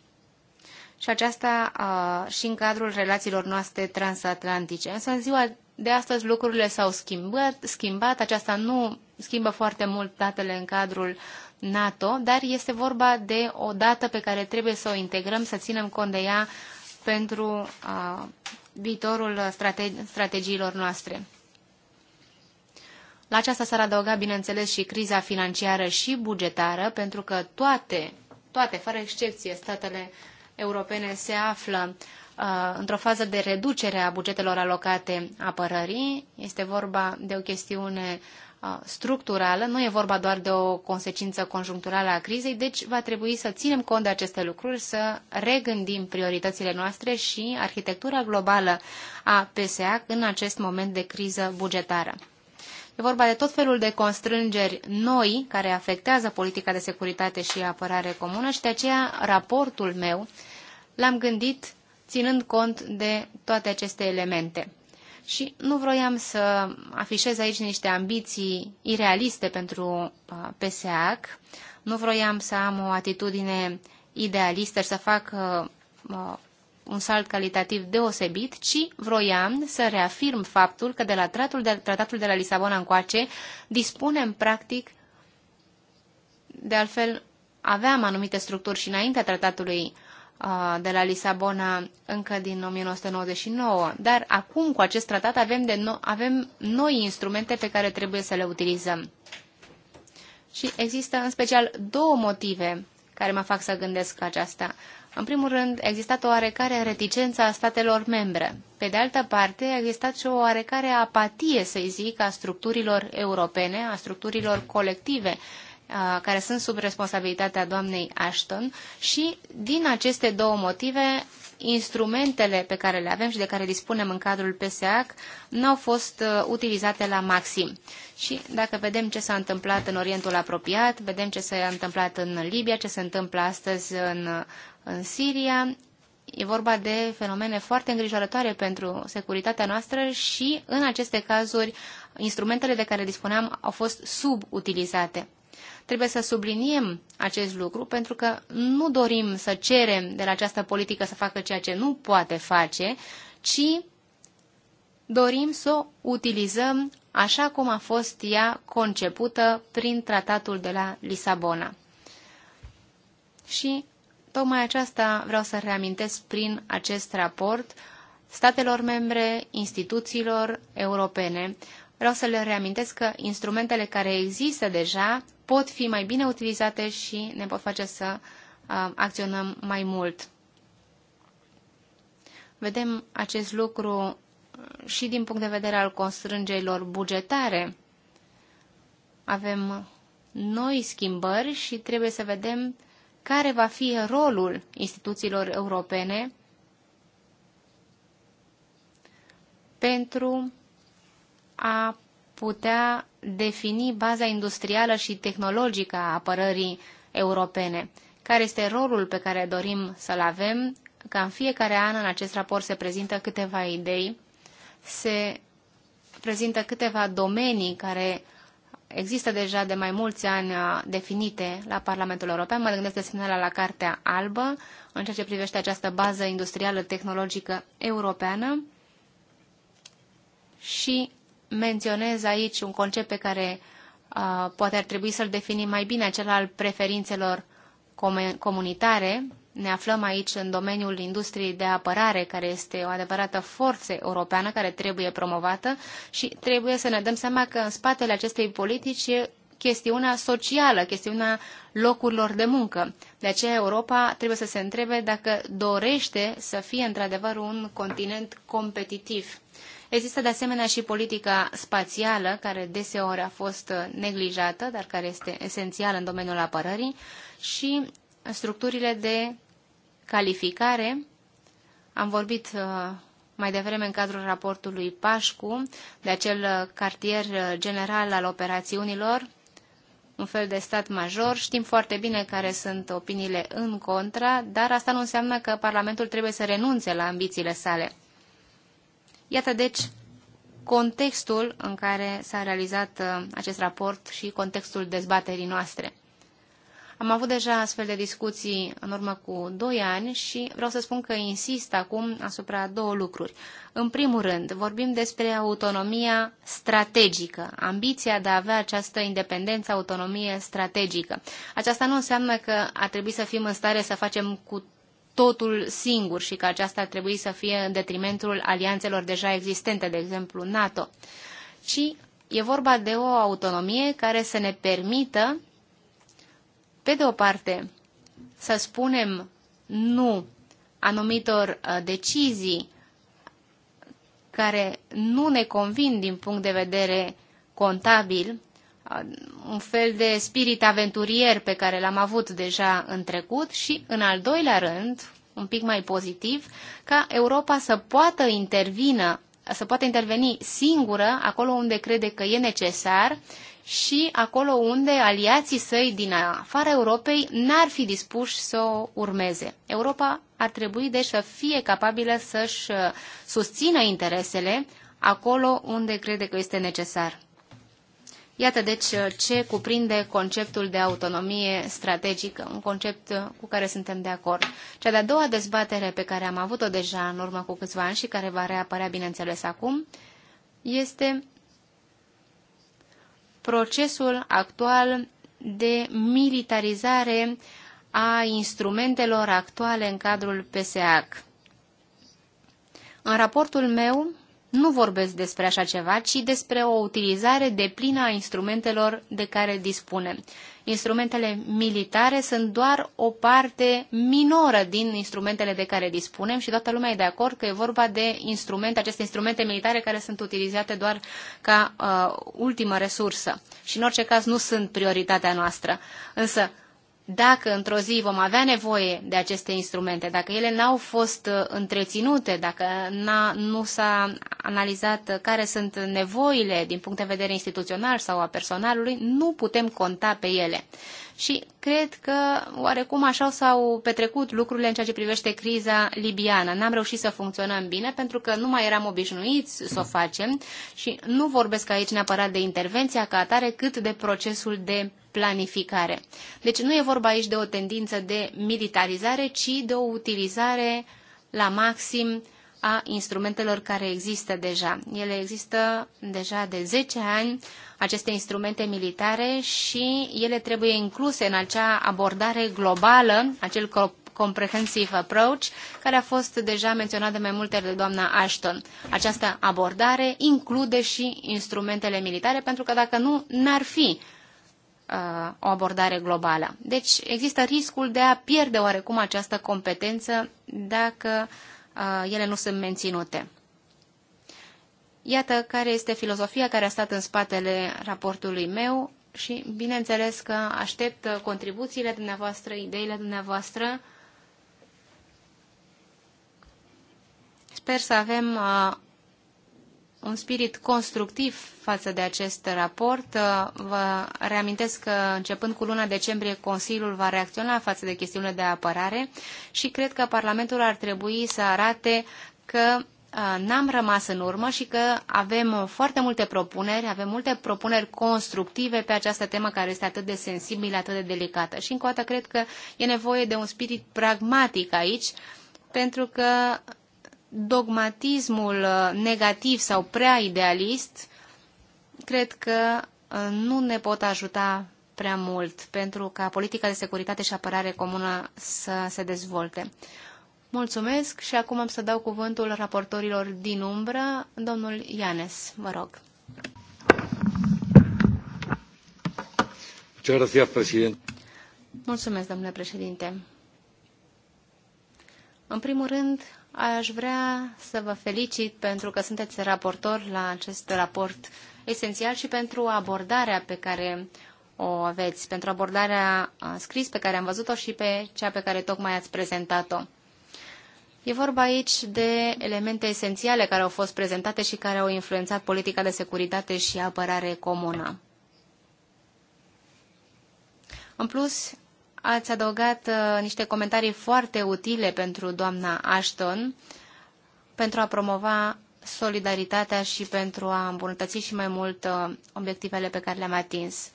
Și aceasta uh, și în cadrul relațiilor noastre transatlantice. Însă în ziua de astăzi lucrurile s-au schimbat, schimbat, aceasta nu schimbă foarte mult datele în cadrul NATO, dar este vorba de o dată pe care trebuie să o integrăm, să ținem cont de ea pentru uh, viitorul strate strategiilor noastre. La aceasta s-ar adăuga, bineînțeles, și criza financiară și bugetară, pentru că toate, toate, fără excepție, statele europene se află uh, într-o fază de reducere a bugetelor alocate apărării. Este vorba de o chestiune uh, structurală, nu e vorba doar de o consecință conjuncturală a crizei, deci va trebui să ținem cont de aceste lucruri, să regândim prioritățile noastre și arhitectura globală a PSA în acest moment de criză bugetară. E vorba de tot felul de constrângeri noi care afectează politica de securitate și apărare comună și de aceea raportul meu l-am gândit ținând cont de toate aceste elemente. Și nu vroiam să afișez aici niște ambiții irealiste pentru uh, PSAC, nu vroiam să am o atitudine idealistă și să fac uh, uh, un salt calitativ deosebit, ci vroiam să reafirm faptul că de la tratatul de, tratatul de la Lisabona încoace dispunem practic, de altfel aveam anumite structuri și înaintea tratatului uh, de la Lisabona încă din 1999, dar acum cu acest tratat avem, de no avem noi instrumente pe care trebuie să le utilizăm. Și există în special două motive care mă fac să gândesc aceasta. În primul rând, a existat o oarecare reticență a statelor membre. Pe de altă parte, a existat și o oarecare apatie, să zic, a structurilor europene, a structurilor colective, care sunt sub responsabilitatea doamnei Ashton și din aceste două motive instrumentele pe care le avem și de care dispunem în cadrul PSAC nu au fost utilizate la maxim. Și dacă vedem ce s-a întâmplat în Orientul apropiat, vedem ce s-a întâmplat în Libia, ce se întâmplă astăzi în, în Siria, e vorba de fenomene foarte îngrijorătoare pentru securitatea noastră și în aceste cazuri instrumentele de care dispuneam au fost subutilizate. Trebuie să subliniem acest lucru pentru că nu dorim să cerem de la această politică să facă ceea ce nu poate face, ci dorim să o utilizăm așa cum a fost ea concepută prin tratatul de la Lisabona. Și tocmai aceasta vreau să reamintesc prin acest raport statelor membre, instituțiilor europene. Vreau să le reamintesc că instrumentele care există deja pot fi mai bine utilizate și ne pot face să uh, acționăm mai mult. Vedem acest lucru uh, și din punct de vedere al constrângerilor bugetare. Avem noi schimbări și trebuie să vedem care va fi rolul instituțiilor europene pentru a putea defini baza industrială și tehnologică a apărării europene, care este rolul pe care dorim să-l avem, ca în fiecare an în acest raport se prezintă câteva idei, se prezintă câteva domenii care există deja de mai mulți ani uh, definite la Parlamentul European. Mă gândesc de asemenea la Cartea Albă, în ceea ce privește această bază industrială tehnologică europeană și menționez aici un concept pe care uh, poate ar trebui să-l definim mai bine, acela al preferințelor comunitare. Ne aflăm aici în domeniul industriei de apărare, care este o adevărată forță europeană care trebuie promovată și trebuie să ne dăm seama că în spatele acestei politici e chestiunea socială, chestiunea locurilor de muncă. De aceea Europa trebuie să se întrebe dacă dorește să fie într-adevăr un continent competitiv. Există de asemenea și politica spațială, care deseori a fost uh, neglijată, dar care este esențială în domeniul apărării, și structurile de calificare. Am vorbit uh, mai devreme în cadrul raportului Pașcu, de acel uh, cartier general al operațiunilor, un fel de stat major. Știm foarte bine care sunt opiniile în contra, dar asta nu înseamnă că Parlamentul trebuie să renunțe la ambițiile sale. Iată deci contextul în care s-a realizat uh, acest raport și contextul dezbaterii noastre. Am avut deja astfel de discuții în urmă cu doi ani și vreau să spun că insist acum asupra două lucruri. În primul rând, vorbim despre autonomia strategică, ambiția de a avea această independență, autonomie strategică. Aceasta nu înseamnă că ar trebui să fim în stare să facem cu totul singur și că aceasta ar trebui să fie în detrimentul alianțelor deja existente, de exemplu NATO, ci e vorba de o autonomie care să ne permită, pe de o parte, să spunem nu anumitor uh, decizii care nu ne convin din punct de vedere contabil, un fel de spirit aventurier pe care l-am avut deja în trecut și, în al doilea rând, un pic mai pozitiv, ca Europa să poată intervină, să poată interveni singură acolo unde crede că e necesar și acolo unde aliații săi din afara Europei n-ar fi dispuși să o urmeze. Europa ar trebui deci să fie capabilă să-și susțină interesele acolo unde crede că este necesar. Iată deci ce cuprinde conceptul de autonomie strategică, un concept cu care suntem de acord. Cea de-a doua dezbatere pe care am avut-o deja în urmă cu câțiva ani și care va reapărea, bineînțeles, acum, este procesul actual de militarizare a instrumentelor actuale în cadrul PSAC. În raportul meu nu vorbesc despre așa ceva, ci despre o utilizare deplină a instrumentelor de care dispunem. Instrumentele militare sunt doar o parte minoră din instrumentele de care dispunem și toată lumea e de acord că e vorba de instrumente, aceste instrumente militare care sunt utilizate doar ca uh, ultimă resursă și în orice caz nu sunt prioritatea noastră. Însă dacă într-o zi vom avea nevoie de aceste instrumente, dacă ele n-au fost uh, întreținute, dacă nu s-a analizat care sunt nevoile din punct de vedere instituțional sau a personalului, nu putem conta pe ele. Și cred că oarecum așa s-au petrecut lucrurile în ceea ce privește criza libiană. N-am reușit să funcționăm bine pentru că nu mai eram obișnuiți să o facem și nu vorbesc aici neapărat de intervenția ca atare, cât de procesul de planificare. Deci nu e vorba aici de o tendință de militarizare, ci de o utilizare la maxim a instrumentelor care există deja. Ele există deja de 10 ani, aceste instrumente militare, și ele trebuie incluse în acea abordare globală, acel comprehensive approach, care a fost deja menționat de mai multe ori de doamna Ashton. Această abordare include și instrumentele militare, pentru că dacă nu, n-ar fi uh, o abordare globală. Deci există riscul de a pierde oarecum această competență dacă uh, ele nu sunt menținute. Iată care este filozofia care a stat în spatele raportului meu și bineînțeles că aștept contribuțiile dumneavoastră, ideile dumneavoastră. Sper să avem uh, un spirit constructiv față de acest raport. Uh, vă reamintesc că începând cu luna decembrie Consiliul va reacționa față de chestiunile de apărare și cred că Parlamentul ar trebui să arate că uh, n-am rămas în urmă și că avem foarte multe propuneri, avem multe propuneri constructive pe această temă care este atât de sensibilă, atât de delicată. Și încă o dată cred că e nevoie de un spirit pragmatic aici, pentru că dogmatismul uh, negativ sau prea idealist, cred că uh, nu ne pot ajuta prea mult pentru ca politica de securitate și apărare comună să se dezvolte. Mulțumesc și acum am să dau cuvântul raportorilor din umbră. Domnul Ianes, vă rog. Mulțumesc, domnule președinte. În primul rând, Aș vrea să vă felicit pentru că sunteți raportor la acest raport esențial și pentru abordarea pe care o aveți, pentru abordarea scris pe care am văzut-o și pe cea pe care tocmai ați prezentat-o. E vorba aici de elemente esențiale care au fost prezentate și care au influențat politica de securitate și apărare comună. În plus, Ați adăugat uh, niște comentarii foarte utile pentru doamna Ashton pentru a promova solidaritatea și pentru a îmbunătăți și mai mult uh, obiectivele pe care le-am atins.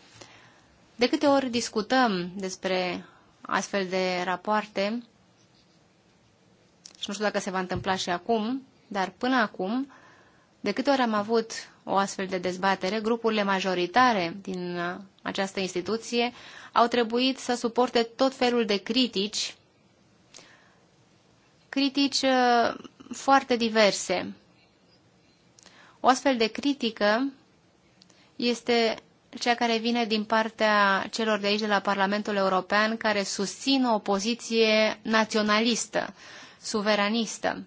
De câte ori discutăm despre astfel de rapoarte, și nu știu dacă se va întâmpla și acum, dar până acum, de câte ori am avut o astfel de dezbatere, grupurile majoritare din această instituție au trebuit să suporte tot felul de critici, critici uh, foarte diverse. O astfel de critică este cea care vine din partea celor de aici de la Parlamentul European care susțin o poziție naționalistă, suveranistă.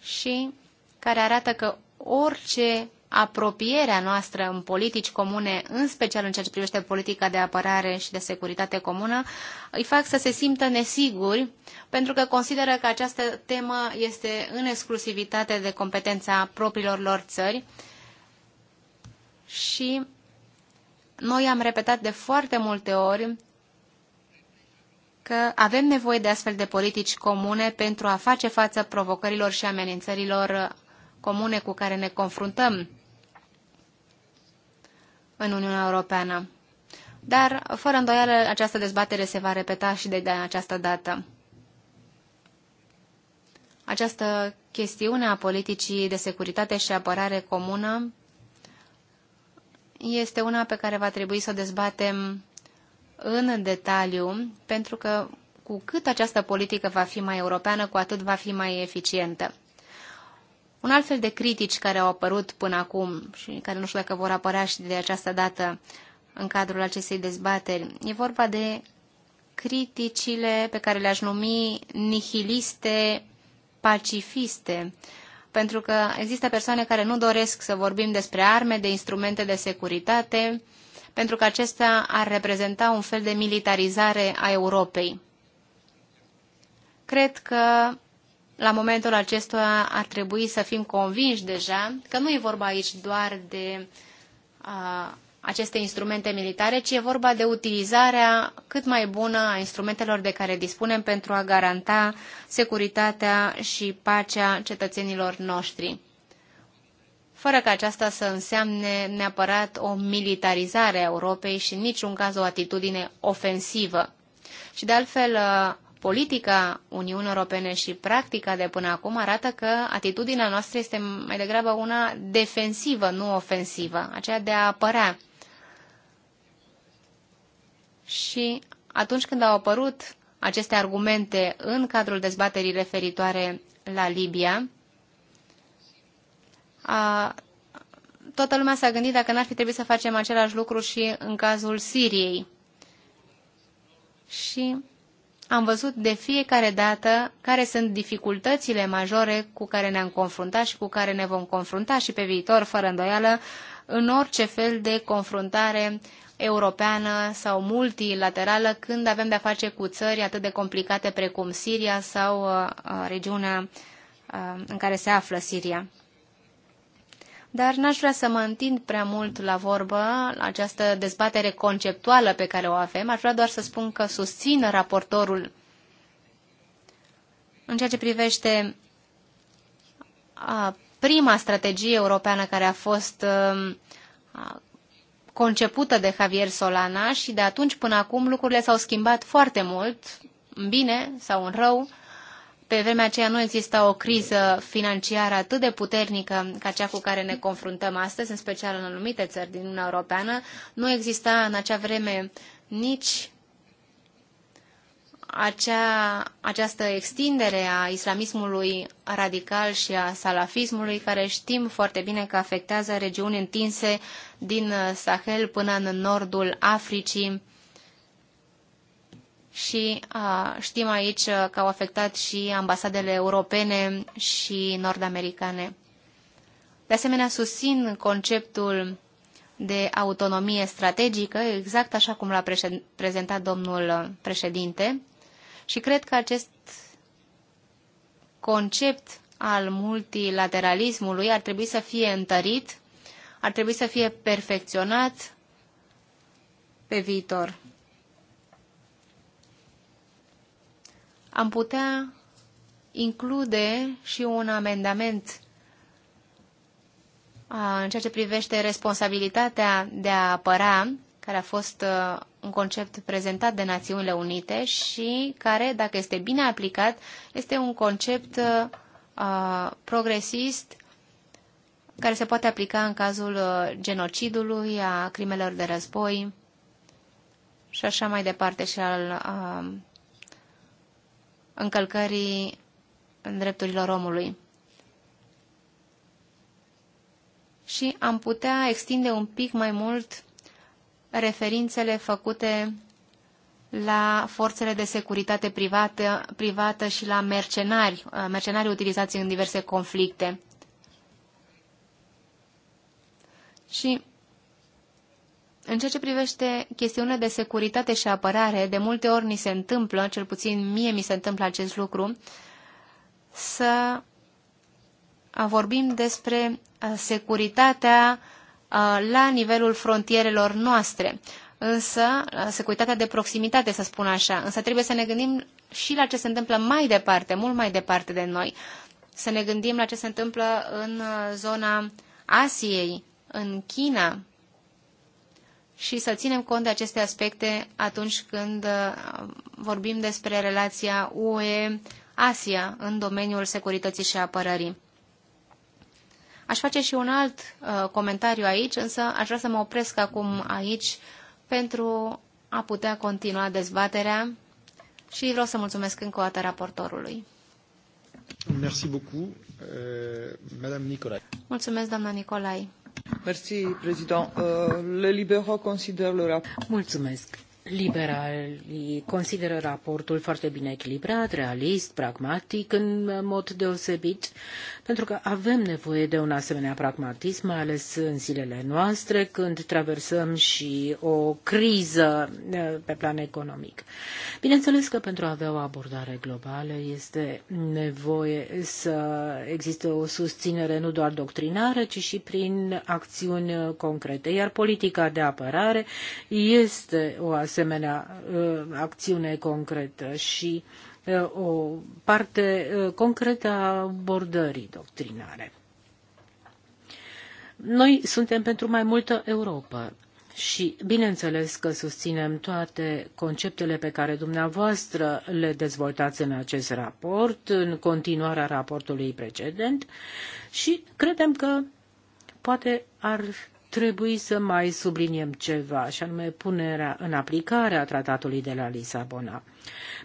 Și care arată că orice apropierea noastră în politici comune, în special în ceea ce privește politica de apărare și de securitate comună, îi fac să se simtă nesiguri, pentru că consideră că această temă este în exclusivitate de competența propriilor lor țări și noi am repetat de foarte multe ori că avem nevoie de astfel de politici comune pentru a face față provocărilor și amenințărilor comune cu care ne confruntăm în Uniunea Europeană. Dar, fără îndoială, această dezbatere se va repeta și de, această dată. Această chestiune a politicii de securitate și apărare comună este una pe care va trebui să o dezbatem în detaliu, pentru că cu cât această politică va fi mai europeană, cu atât va fi mai eficientă. Un alt fel de critici care au apărut până acum și care nu știu dacă vor apărea și de această dată în cadrul acestei dezbateri, e vorba de criticile pe care le-aș numi nihiliste, pacifiste, pentru că există persoane care nu doresc să vorbim despre arme, de instrumente de securitate, pentru că acesta ar reprezenta un fel de militarizare a Europei. Cred că la momentul acesta ar trebui să fim convinși deja că nu e vorba aici doar de a, aceste instrumente militare, ci e vorba de utilizarea cât mai bună a instrumentelor de care dispunem pentru a garanta securitatea și pacea cetățenilor noștri. Fără ca aceasta să înseamne neapărat o militarizare a Europei și în niciun caz o atitudine ofensivă. Și de altfel, politica Uniunii Europene și practica de până acum arată că atitudinea noastră este mai degrabă una defensivă, nu ofensivă, aceea de a apărea. Și atunci când au apărut aceste argumente în cadrul dezbaterii referitoare la Libia, a, toată lumea s-a gândit dacă n-ar fi trebuit să facem același lucru și în cazul Siriei. Și am văzut de fiecare dată care sunt dificultățile majore cu care ne-am confruntat și cu care ne vom confrunta și pe viitor, fără îndoială, în orice fel de confruntare europeană sau multilaterală când avem de-a face cu țări atât de complicate precum Siria sau uh, uh regiunea uh, în care se află Siria. Dar n-aș vrea să mă întind prea mult la vorbă, la această dezbatere conceptuală pe care o avem. Aș vrea doar să spun că susțin raportorul în ceea ce privește a, prima strategie europeană care a fost um, concepută de Javier Solana și de atunci până acum lucrurile s-au schimbat foarte mult, în bine sau în rău, pe vremea aceea nu exista o criză financiară atât de puternică ca cea cu care ne confruntăm astăzi, în special în anumite țări din Uniunea Europeană. Nu exista în acea vreme nici acea, această extindere a islamismului radical și a salafismului, care știm foarte bine că afectează regiuni întinse din Sahel până în nordul Africii și a, știm aici că au afectat și ambasadele europene și nord-americane. De asemenea, susțin conceptul de autonomie strategică, exact așa cum l-a prezentat domnul președinte, și cred că acest concept al multilateralismului ar trebui să fie întărit, ar trebui să fie perfecționat pe viitor. am putea include și un amendament în ceea ce privește responsabilitatea de a apăra, care a fost un concept prezentat de Națiunile Unite și care, dacă este bine aplicat, este un concept progresist care se poate aplica în cazul genocidului, a crimelor de război și așa mai departe și al încălcării drepturilor omului. Și am putea extinde un pic mai mult referințele făcute la forțele de securitate privată, privată și la mercenari, uh, mercenari utilizați în diverse conflicte. Și în ceea ce privește chestiunea de securitate și apărare, de multe ori ni se întâmplă, cel puțin mie mi se întâmplă acest lucru, să vorbim despre securitatea la nivelul frontierelor noastre, însă securitatea de proximitate, să spun așa, însă trebuie să ne gândim și la ce se întâmplă mai departe, mult mai departe de noi, să ne gândim la ce se întâmplă în zona Asiei, în China, și să ținem cont de aceste aspecte atunci când uh, vorbim despre relația UE-Asia în domeniul securității și apărării. Aș face și un alt uh, comentariu aici, însă aș vrea să mă opresc acum aici pentru a putea continua dezbaterea și vreau să mulțumesc încă o dată raportorului. Merci beaucoup, euh, Madame Nicolai. Mulțumesc, doamna Nicolai. Uh, Mulțumesc. Liberalii consideră raportul foarte bine echilibrat, realist, pragmatic în mod deosebit pentru că avem nevoie de un asemenea pragmatism, mai ales în zilele noastre, când traversăm și o criză eh, pe plan economic. Bineînțeles că pentru a avea o abordare globală este nevoie să existe o susținere nu doar doctrinară, ci și prin acțiuni concrete, iar politica de apărare este o asemenea eh, acțiune concretă și Uh, o parte uh, concretă a abordării doctrinare. Noi suntem pentru mai multă Europa și bineînțeles că susținem toate conceptele pe care dumneavoastră le dezvoltați în acest raport, în continuarea raportului precedent și credem că poate ar trebui să mai subliniem ceva, și anume punerea în aplicare a tratatului de la Lisabona,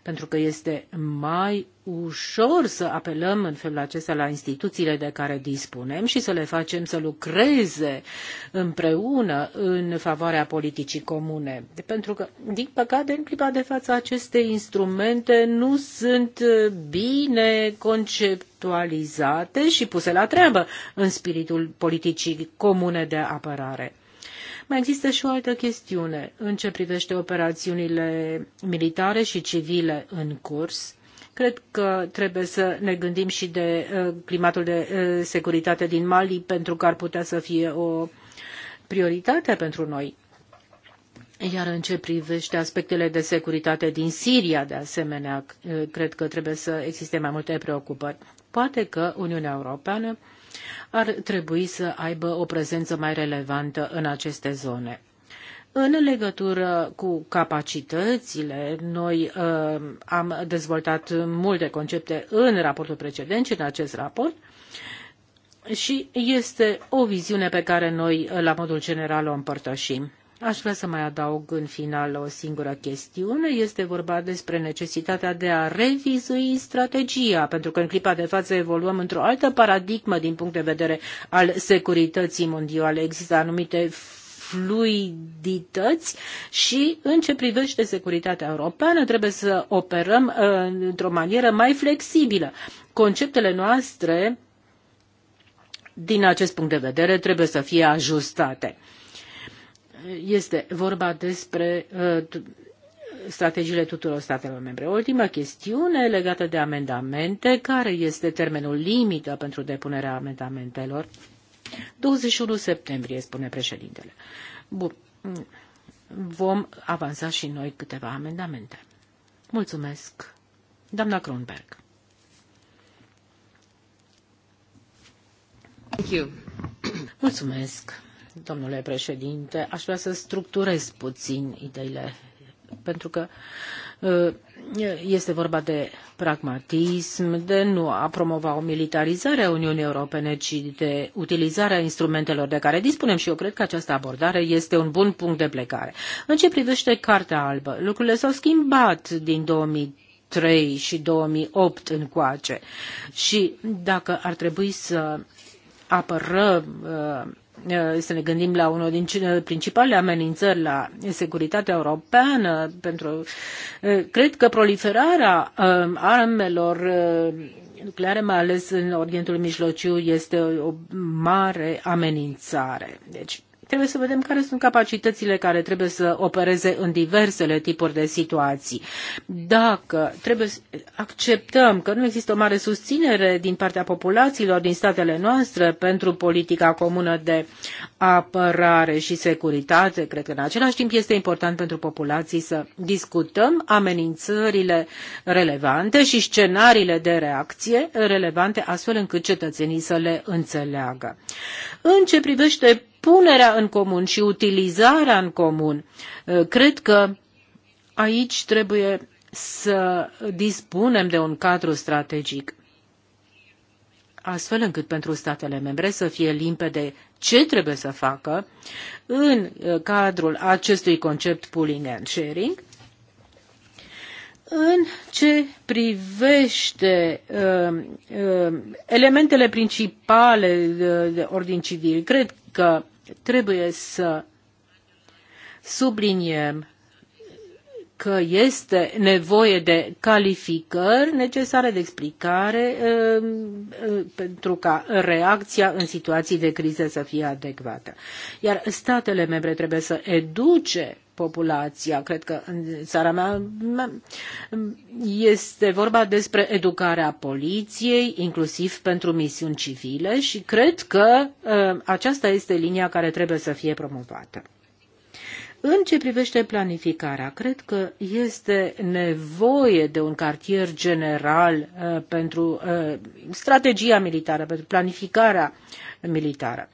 pentru că este mai ușor să apelăm în felul acesta la instituțiile de care dispunem și să le facem să lucreze împreună în favoarea politicii comune. Pentru că, din păcate, în clipa de față, aceste instrumente nu sunt bine conceptualizate și puse la treabă în spiritul politicii comune de apărare. Mai există și o altă chestiune în ce privește operațiunile militare și civile în curs Cred că trebuie să ne gândim și de uh, climatul de uh, securitate din Mali, pentru că ar putea să fie o prioritate pentru noi. Iar în ce privește aspectele de securitate din Siria, de asemenea, uh, cred că trebuie să existe mai multe preocupări. Poate că Uniunea Europeană ar trebui să aibă o prezență mai relevantă în aceste zone. În legătură cu capacitățile, noi uh, am dezvoltat multe concepte în raportul precedent și în acest raport și este o viziune pe care noi, uh, la modul general, o împărtășim. Aș vrea să mai adaug în final o singură chestiune. Este vorba despre necesitatea de a revizui strategia, pentru că în clipa de față evoluăm într-o altă paradigmă din punct de vedere al securității mondiale. Există anumite fluidități și în ce privește securitatea europeană trebuie să operăm uh, într-o manieră mai flexibilă. Conceptele noastre din acest punct de vedere trebuie să fie ajustate. Este vorba despre uh, strategiile tuturor statelor membre. O ultimă chestiune legată de amendamente. Care este termenul limită pentru depunerea amendamentelor? 21 septembrie, spune președintele. Bun. Vom avansa și noi câteva amendamente. Mulțumesc. Doamna Kronberg. Thank you. Mulțumesc, domnule președinte. Aș vrea să structurez puțin ideile, pentru că uh, este vorba de pragmatism, de nu a promova o militarizare a Uniunii Europene, ci de utilizarea instrumentelor de care dispunem și eu cred că această abordare este un bun punct de plecare. În ce privește Cartea Albă, lucrurile s-au schimbat din 2003 și 2008 încoace și dacă ar trebui să apărăm uh, Eh, să ne gândim la unul din principalele amenințări la securitatea europeană, pentru, eh, cred că proliferarea eh, armelor nucleare, mai ales în Orientul Mijlociu, este o mare amenințare. Deci Trebuie să vedem care sunt capacitățile care trebuie să opereze în diversele tipuri de situații. Dacă trebuie să acceptăm că nu există o mare susținere din partea populațiilor din statele noastre pentru politica comună de apărare și securitate, cred că în același timp este important pentru populații să discutăm amenințările relevante și scenariile de reacție relevante, astfel încât cetățenii să le înțeleagă. În ce privește punerea în comun și utilizarea în comun. Uh, cred că aici trebuie să dispunem de un cadru strategic astfel încât pentru statele membre să fie limpede ce trebuie să facă în uh, cadrul acestui concept pooling and sharing. În ce privește uh, uh, elementele principale de, de ordin civil, cred că Trebuie să subliniem că este nevoie de calificări necesare de explicare uh, uh, pentru ca reacția în situații de criză să fie adecvată. Iar statele membre trebuie să educe populația. Cred că în țara mea este vorba despre educarea poliției, inclusiv pentru misiuni civile și cred că uh, aceasta este linia care trebuie să fie promovată. În ce privește planificarea, cred că este nevoie de un cartier general uh, pentru uh, strategia militară, pentru planificarea militară.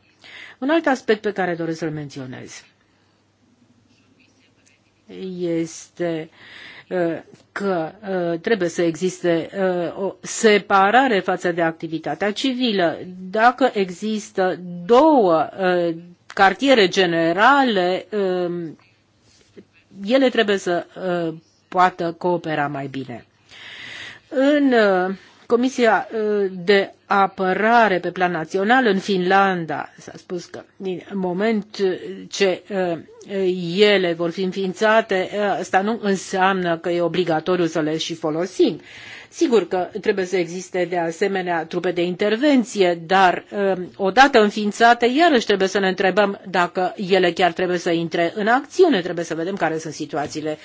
Un alt aspect pe care doresc să-l menționez este uh, că uh, trebuie să existe uh, o separare față de activitatea civilă. Dacă există două cartiere generale, um, ele trebuie să uh, poată coopera mai bine. În uh, Comisia uh, de Apărare pe plan național în Finlanda s-a spus că din moment ce ele vor fi înființate, asta nu înseamnă că e obligatoriu să le și folosim. Sigur că trebuie să existe de asemenea trupe de intervenție, dar um, odată înființate, iarăși trebuie să ne întrebăm dacă ele chiar trebuie să intre în acțiune, trebuie să vedem care sunt situațiile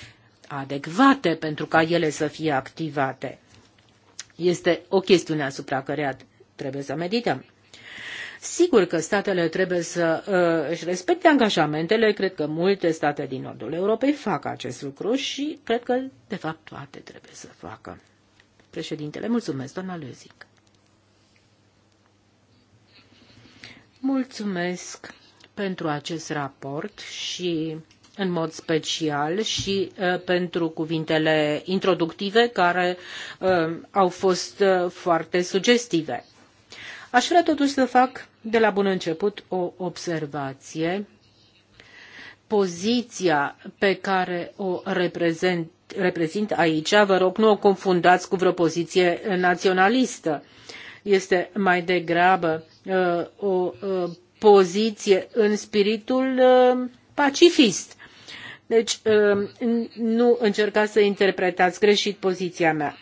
adecvate pentru ca ele să fie activate. Este o chestiune asupra căreia trebuie să medităm. Sigur că statele trebuie să uh, își respecte angajamentele, cred că multe state din nordul Europei fac acest lucru și cred că, de fapt, toate trebuie să facă. Președintele, mulțumesc, doamna Lezic. Mulțumesc pentru acest raport și în mod special și uh, pentru cuvintele introductive care uh, au fost uh, foarte sugestive. Aș vrea totuși să fac de la bun început o observație. Poziția pe care o reprezint reprezint aici, vă rog, nu o confundați cu vreo poziție naționalistă. Este mai degrabă uh, o uh, poziție în spiritul uh, pacifist. Deci nu încercați să interpretați greșit poziția mea.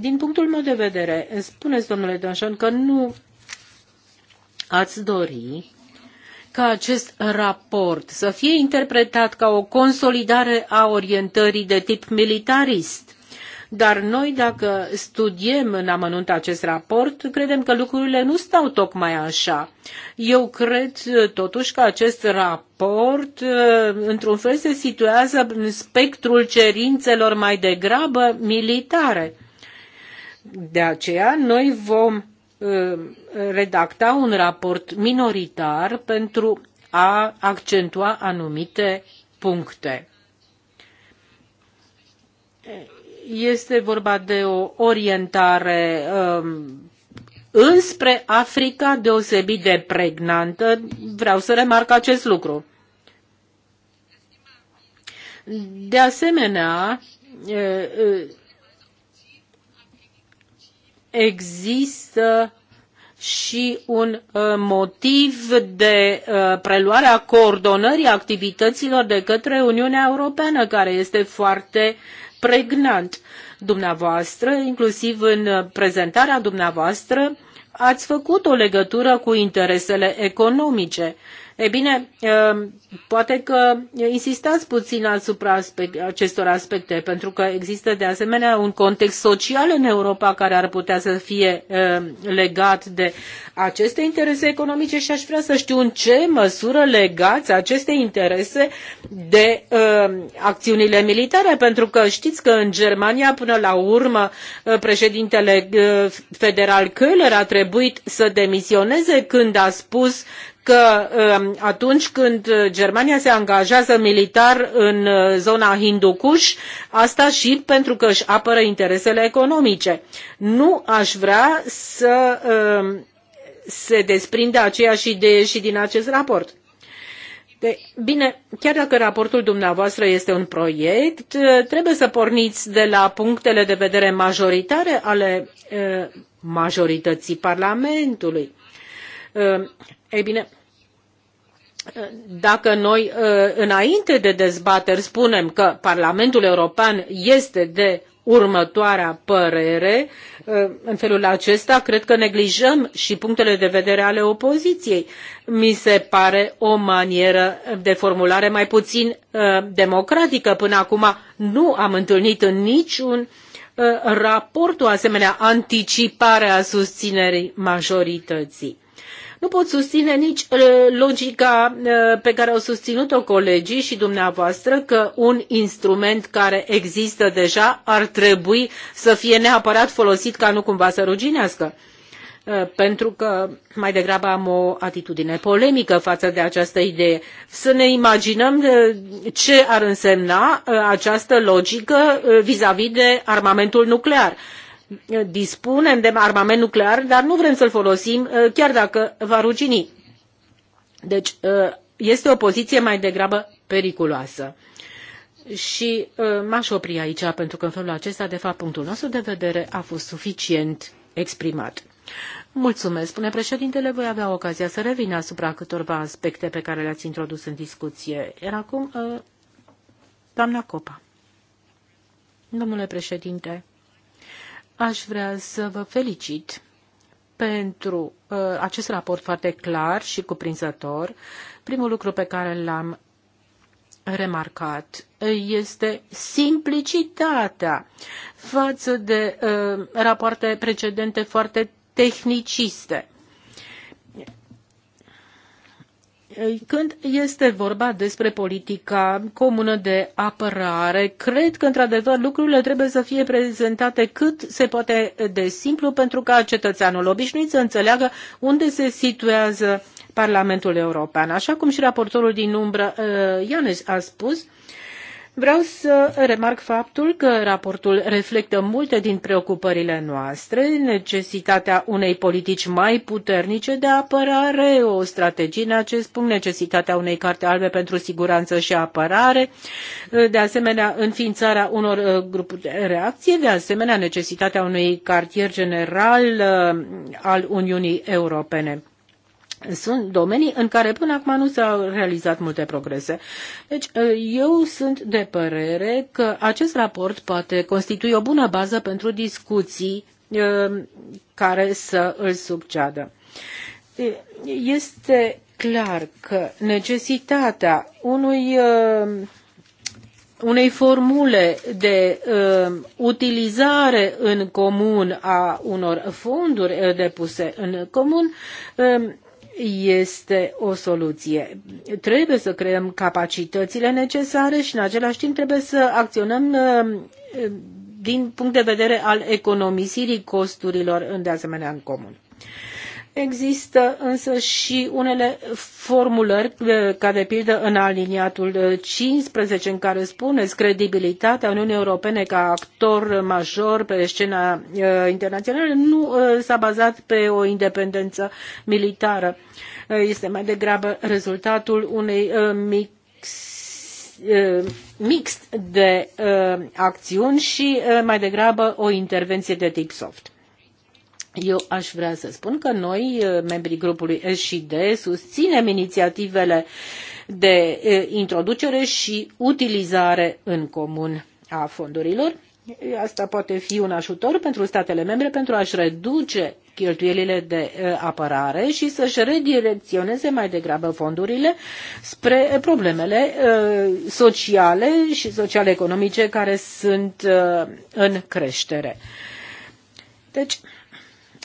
Din punctul meu de vedere, spuneți, domnule Danșan, că nu ați dori ca acest raport să fie interpretat ca o consolidare a orientării de tip militarist. Dar noi, dacă studiem în amănunt acest raport, credem că lucrurile nu stau tocmai așa. Eu cred totuși că acest raport, într-un fel, se situează în spectrul cerințelor mai degrabă militare. De aceea, noi vom Uh, redacta un raport minoritar pentru a accentua anumite puncte. Este vorba de o orientare um, înspre Africa deosebit de pregnantă. Vreau să remarc acest lucru. De asemenea, uh, uh, există și un uh, motiv de uh, preluare a coordonării activităților de către Uniunea Europeană, care este foarte pregnant. Dumneavoastră, inclusiv în prezentarea dumneavoastră, ați făcut o legătură cu interesele economice E bine, ehm, poate că insistați puțin asupra aspect, acestor aspecte, pentru că există de asemenea un context social în Europa care ar putea să fie ehm, legat de aceste interese economice și aș vrea să știu în ce măsură legați aceste interese de ehm, acțiunile militare, pentru că știți că în Germania, până la urmă, eh, președintele eh, federal Köhler a trebuit să demisioneze când a spus că um, atunci când uh, Germania se angajează militar în uh, zona Hindukush, asta și pentru că își apără interesele economice. Nu aș vrea să um, se desprinde aceeași idee și din acest raport. De, bine, chiar dacă raportul dumneavoastră este un proiect, uh, trebuie să porniți de la punctele de vedere majoritare ale majorității Parlamentului ei bine, dacă noi ă, înainte de dezbateri spunem că Parlamentul European este de următoarea părere, ă, în felul acesta cred că neglijăm și punctele de vedere ale opoziției. Mi se pare o manieră de formulare mai puțin ă, democratică. Până acum nu am întâlnit în niciun raport o asemenea anticipare a susținerii majorității. Nu pot susține nici uh, logica uh, pe care au susținut-o colegii și dumneavoastră că un instrument care există deja ar trebui să fie neapărat folosit ca nu cumva să ruginească uh, pentru că mai degrabă am o atitudine polemică față de această idee. Să ne imaginăm ce ar însemna această logică vis-a-vis -vis de armamentul nuclear dispunem de armament nuclear, dar nu vrem să-l folosim uh, chiar dacă va rugini. Deci uh, este o poziție mai degrabă periculoasă. Și uh, m-aș opri aici, pentru că în felul acesta, de fapt, punctul nostru de vedere a fost suficient exprimat. Mulțumesc, spune președintele, voi avea ocazia să revin asupra câtorva aspecte pe care le-ați introdus în discuție. Iar acum, doamna Copa. Domnule președinte, Aș vrea să vă felicit pentru uh, acest raport foarte clar și cuprinzător. Primul lucru pe care l-am remarcat este simplicitatea față de uh, rapoarte precedente foarte tehniciste. Când este vorba despre politica comună de apărare, cred că, într-adevăr, lucrurile trebuie să fie prezentate cât se poate de simplu pentru ca cetățeanul obișnuit să înțeleagă unde se situează Parlamentul European. Așa cum și raportorul din umbră, eh, Ianes, a spus, Vreau să remarc faptul că raportul reflectă multe din preocupările noastre, necesitatea unei politici mai puternice de apărare, o strategie în acest punct, necesitatea unei carte albe pentru siguranță și apărare, de asemenea înființarea unor uh, grupuri de reacție, de asemenea necesitatea unui cartier general uh, al Uniunii Europene sunt domenii în care până acum nu s-au realizat multe progrese. Deci, ă, eu sunt de părere că acest raport poate constitui o bună bază pentru discuții ă, care să îl subceadă. Este clar că necesitatea unui, ă, unei formule de utilizare în comun a unor fonduri depuse în comun este o soluție. Trebuie să creăm capacitățile necesare și în același timp trebuie să acționăm uh, din punct de vedere al economisirii costurilor în de asemenea în comun. Există însă și unele formulări, eh, ca de pildă în aliniatul 15, eh, în care spuneți credibilitatea Uniunii Europene ca actor major pe scena eh, internațională nu s-a bazat pe o independență militară. este mai degrabă rezultatul unei mic mixt de acțiuni și mai degrabă o intervenție de tip soft. Eu aș vrea să spun că noi, eh, membrii grupului SD, susținem inițiativele de eh, introducere și utilizare în comun a fondurilor. Asta poate fi un ajutor pentru statele membre pentru a-și reduce cheltuielile de eh, apărare și să-și redirecționeze mai degrabă fondurile spre problemele sociale și sociale-economice care sunt în creștere. Deci,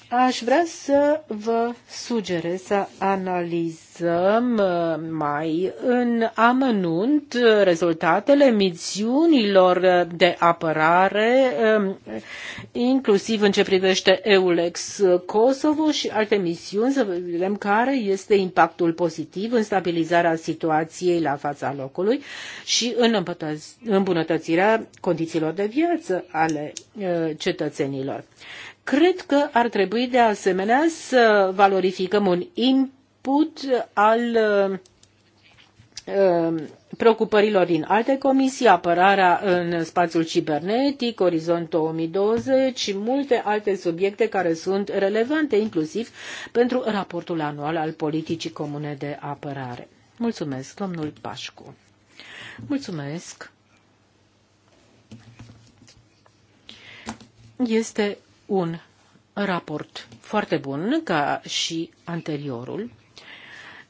Aș vrea să vă sugerez să analizăm uh, mai în amănunt uh, rezultatele misiunilor de apărare, um, inclusiv în ce privește EULEX Kosovo și alte misiuni, să vedem care este impactul pozitiv în stabilizarea situației la fața locului și în îmbunătățirea condițiilor de viață ale uh, cetățenilor. Cred că ar trebui de asemenea să valorificăm un input al uh, preocupărilor din alte comisii, apărarea în spațiul cibernetic, Orizont 2020 și multe alte subiecte care sunt relevante inclusiv pentru raportul anual al politicii comune de apărare. Mulțumesc, domnul Pașcu. Mulțumesc. Este un raport foarte bun, ca și anteriorul,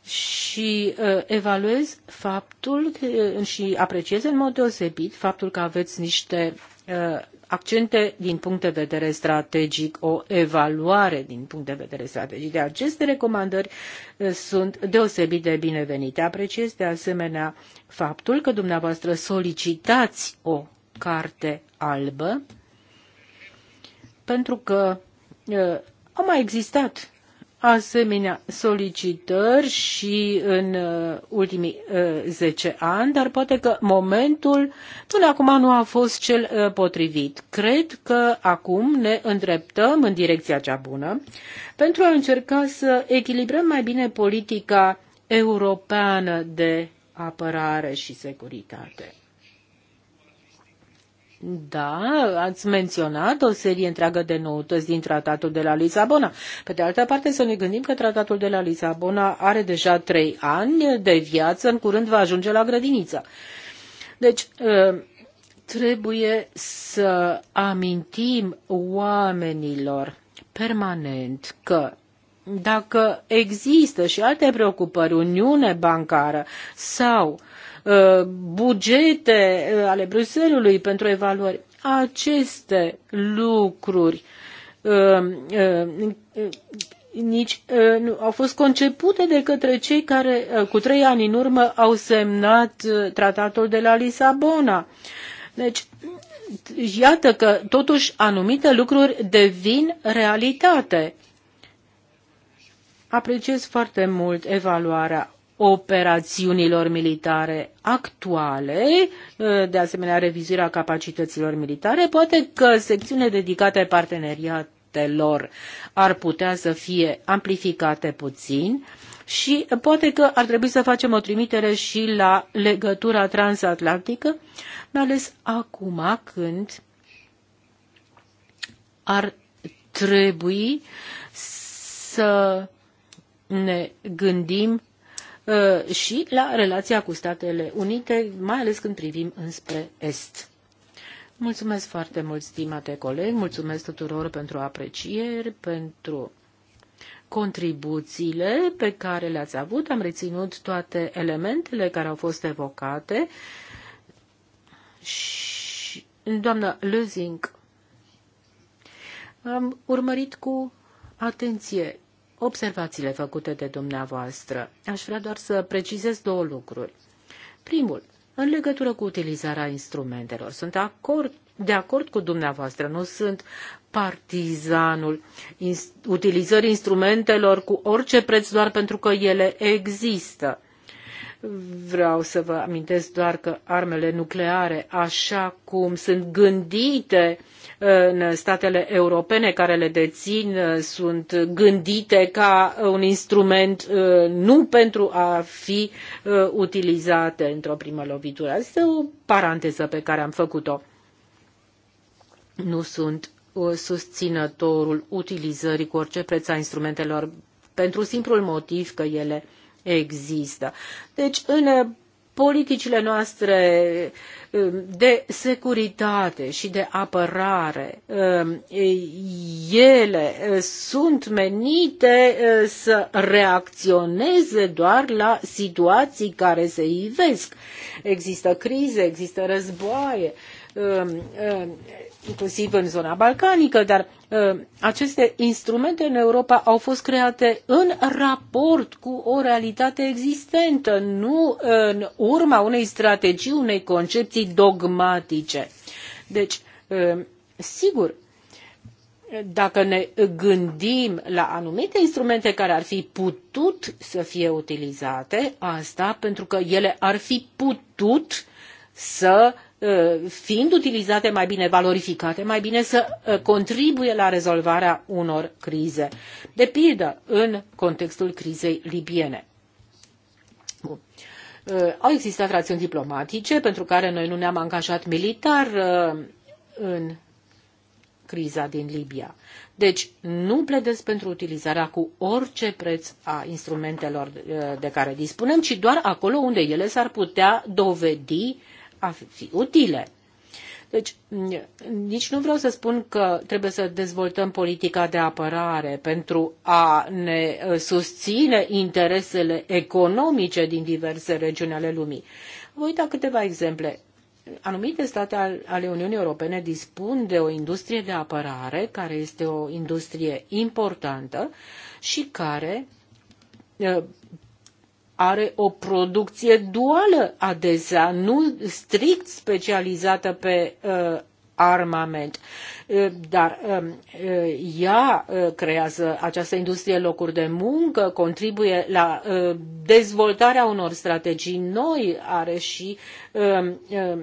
și uh, evaluez faptul uh, și apreciez în mod deosebit faptul că aveți niște uh, accente din punct de vedere strategic, o evaluare din punct de vedere strategic. De aceste recomandări uh, sunt deosebit de binevenite. Apreciez de asemenea faptul că dumneavoastră solicitați o carte albă pentru că au mai existat asemenea solicitări și în ultimii zece ani, dar poate că momentul până acum nu a fost cel potrivit. Cred că acum ne îndreptăm în direcția cea bună pentru a încerca să echilibrăm mai bine politica europeană de apărare și securitate. Da, ați menționat o serie întreagă de noutăți din tratatul de la Lisabona. Pe de altă parte, să ne gândim că tratatul de la Lisabona are deja trei ani de viață, în curând va ajunge la grădiniță. Deci, ă, trebuie să amintim oamenilor permanent că dacă există și alte preocupări, uniune bancară sau uh, Uh, bugete uh, ale Bruxellesului pentru evaluări. Aceste lucruri uh, nici nu au fost concepute de către cei care cu trei ani în urmă au semnat tratatul de la Lisabona. Deci, iată că totuși anumite lucruri devin realitate. Apreciez foarte mult evaluarea operațiunilor militare actuale, ă, de asemenea revizuirea capacităților militare, poate că secțiunile dedicate parteneriatelor ar putea să fie amplificate puțin și poate că ar trebui să facem o trimitere și la legătura transatlantică, mai ales acum când ar trebui să ne gândim Uh, și la relația cu Statele Unite, mai ales când privim înspre Est. Mulțumesc foarte mult, stimate coleg, mulțumesc tuturor pentru aprecieri, pentru contribuțiile pe care le-ați avut. Am reținut toate elementele care au fost evocate. Și, doamna Lözing, am urmărit cu atenție observațiile făcute de dumneavoastră. Aș vrea doar să precizez două lucruri. Primul, în legătură cu utilizarea instrumentelor, sunt acord, de acord cu dumneavoastră, nu sunt partizanul inst- utilizării instrumentelor cu orice preț doar pentru că ele există. Vreau să vă amintesc doar că armele nucleare, așa cum sunt gândite, uh, în statele europene care le dețin uh, sunt gândite ca un instrument uh, nu pentru a fi uh, utilizate într-o primă lovitură. Este o paranteză pe care am făcut-o. Nu sunt susținătorul utilizării cu orice preț a instrumentelor pentru simplul motiv că ele există. Deci, în politicile noastre um, de securitate și de apărare, um, ele uh, sunt menite uh, să reacționeze doar la situații care se ivesc. Există crize, există războaie, um, inclusiv în zona balcanică, dar Uh, aceste instrumente în Europa au fost create în raport cu o realitate existentă, nu în urma unei strategii, unei concepții dogmatice. Deci, uh, sigur, dacă ne gândim la anumite instrumente care ar fi putut să fie utilizate, asta pentru că ele ar fi putut să uh, Uh, fiind utilizate mai bine, valorificate mai bine, să uh, contribuie la rezolvarea unor crize, de pildă în contextul crizei libiene. Bun. Uh, au existat rațiuni diplomatice pentru care noi nu ne-am angajat militar în criza din Libia. Deci nu pledez pentru utilizarea cu orice preț a instrumentelor de care dispunem, ci doar acolo unde ele s-ar putea dovedi uh, a fi utile. Deci, nici nu vreau să spun că trebuie să dezvoltăm politica de apărare pentru a ne uh, susține interesele economice din diverse regiuni ale lumii. Voi da câteva exemple. Anumite state ale Uniunii Europene dispun de o industrie de apărare care este o industrie importantă și care uh, are o producție duală adesea, nu strict specializată pe uh, armament. Uh, dar um, uh, ea uh, creează această industrie locuri de muncă, contribuie la dezvoltarea unor strategii noi, are și um, um,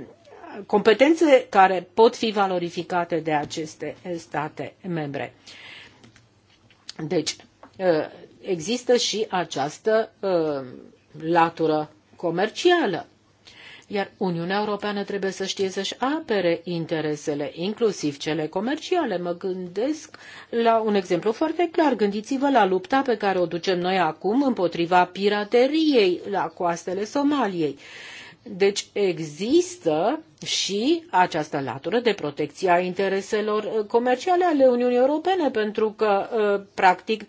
competențe care pot fi valorificate de aceste state membre. Deci, există și această uh, latură comercială. Iar Uniunea Europeană trebuie să știe să-și apere interesele, inclusiv cele comerciale. Mă gândesc la un exemplu foarte clar. Gândiți-vă la lupta pe care o ducem noi acum împotriva pirateriei la coastele Somaliei. Uh, deci există și această latură de protecție a intereselor uh, comerciale ale Uniunii Europene, pentru că uh, practic 30%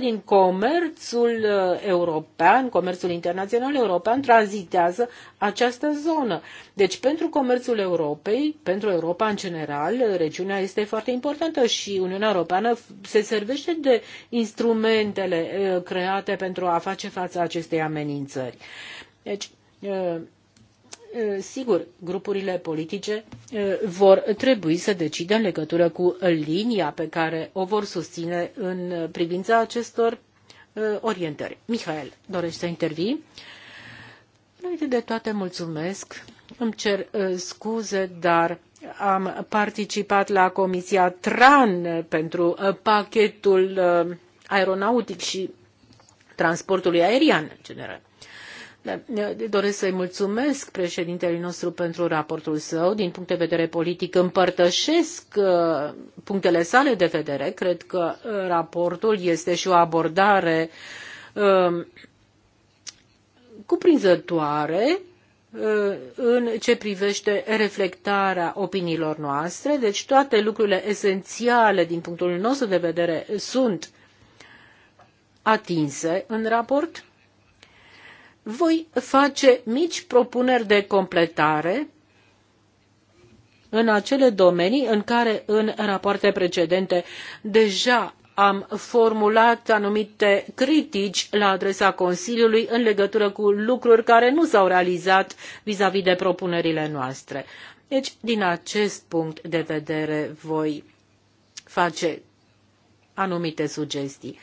din comerțul uh, european, comerțul internațional european tranzitează această zonă. Deci pentru comerțul Europei, pentru Europa în general, regiunea este foarte importantă și Uniunea Europeană se servește de instrumentele create pentru a face față acestei amenințări. Deci, Uh, uh, sigur, grupurile politice uh, vor trebui să decidă în legătură cu linia pe care o vor susține în privința acestor orientări. Mihail, dorești să intervii? Înainte de toate, mulțumesc. Îmi cer scuze, dar am participat la Comisia TRAN pentru pachetul aeronautic și transportului aerian în general da, da, doresc să-i mulțumesc președintelui nostru pentru raportul său. Din punct de vedere politic împărtășesc uh, punctele sale de vedere. Cred că uh, raportul este și o abordare um, cuprinzătoare uh, în ce privește reflectarea opiniilor noastre. Deci toate lucrurile esențiale din punctul nostru de vedere sunt atinse în raport voi face mici propuneri de completare în acele domenii în care în rapoarte precedente deja am formulat anumite critici la adresa Consiliului în legătură cu lucruri care nu s-au realizat vis-a-vis de propunerile noastre. Deci, din acest punct de vedere, voi face anumite sugestii.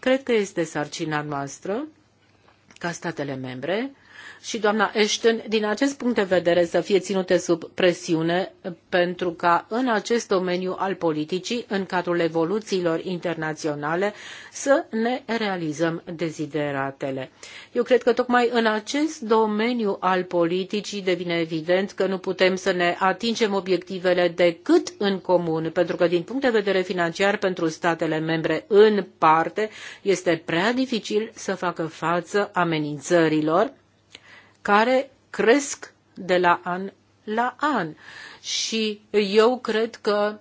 Cred că este sarcina noastră ca statele membre și doamna Ashton, din acest punct de vedere, să fie ținute sub presiune pentru ca în acest domeniu al politicii, în cadrul evoluțiilor internaționale, să ne realizăm dezideratele. Eu cred că tocmai în acest domeniu al politicii devine evident că nu putem să ne atingem obiectivele decât în comun, pentru că din punct de vedere financiar pentru statele membre în parte este prea dificil să facă față amenințărilor care cresc de la an la an. Și eu cred că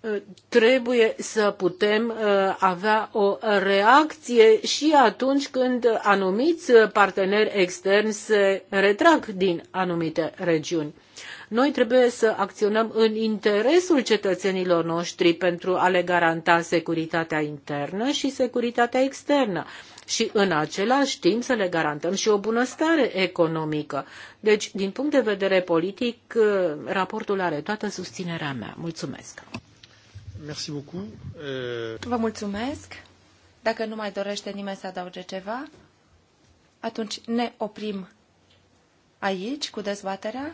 uh, trebuie să putem uh, avea o reacție și atunci când anumiți parteneri externi se retrag din anumite regiuni. Noi trebuie să acționăm în interesul cetățenilor noștri pentru a le garanta securitatea internă și securitatea externă și în același timp să le garantăm și o bunăstare economică. Deci, din punct de vedere politic, uh, raportul are toată susținerea mea. Mulțumesc! Merci beaucoup. Euh, Vă mulțumesc! Dacă nu mai dorește nimeni să adauge ceva, atunci ne oprim aici cu dezbaterea.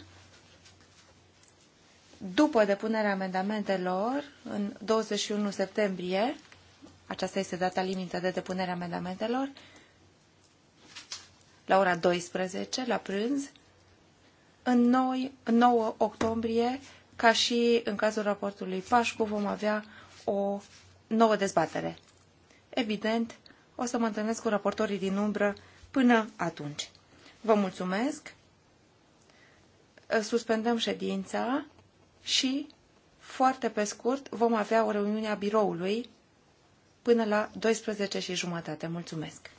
După depunerea amendamentelor, în 21 septembrie, aceasta este data limită de depunere a amendamentelor. La ora 12, la prânz, în 9, 9 octombrie, ca și în cazul raportului Pașcu, vom avea o nouă dezbatere. Evident, o să mă întâlnesc cu raportorii din umbră până atunci. Vă mulțumesc, suspendăm ședința și, foarte pe scurt, vom avea o reuniune a biroului până la 12 și jumătate. Mulțumesc!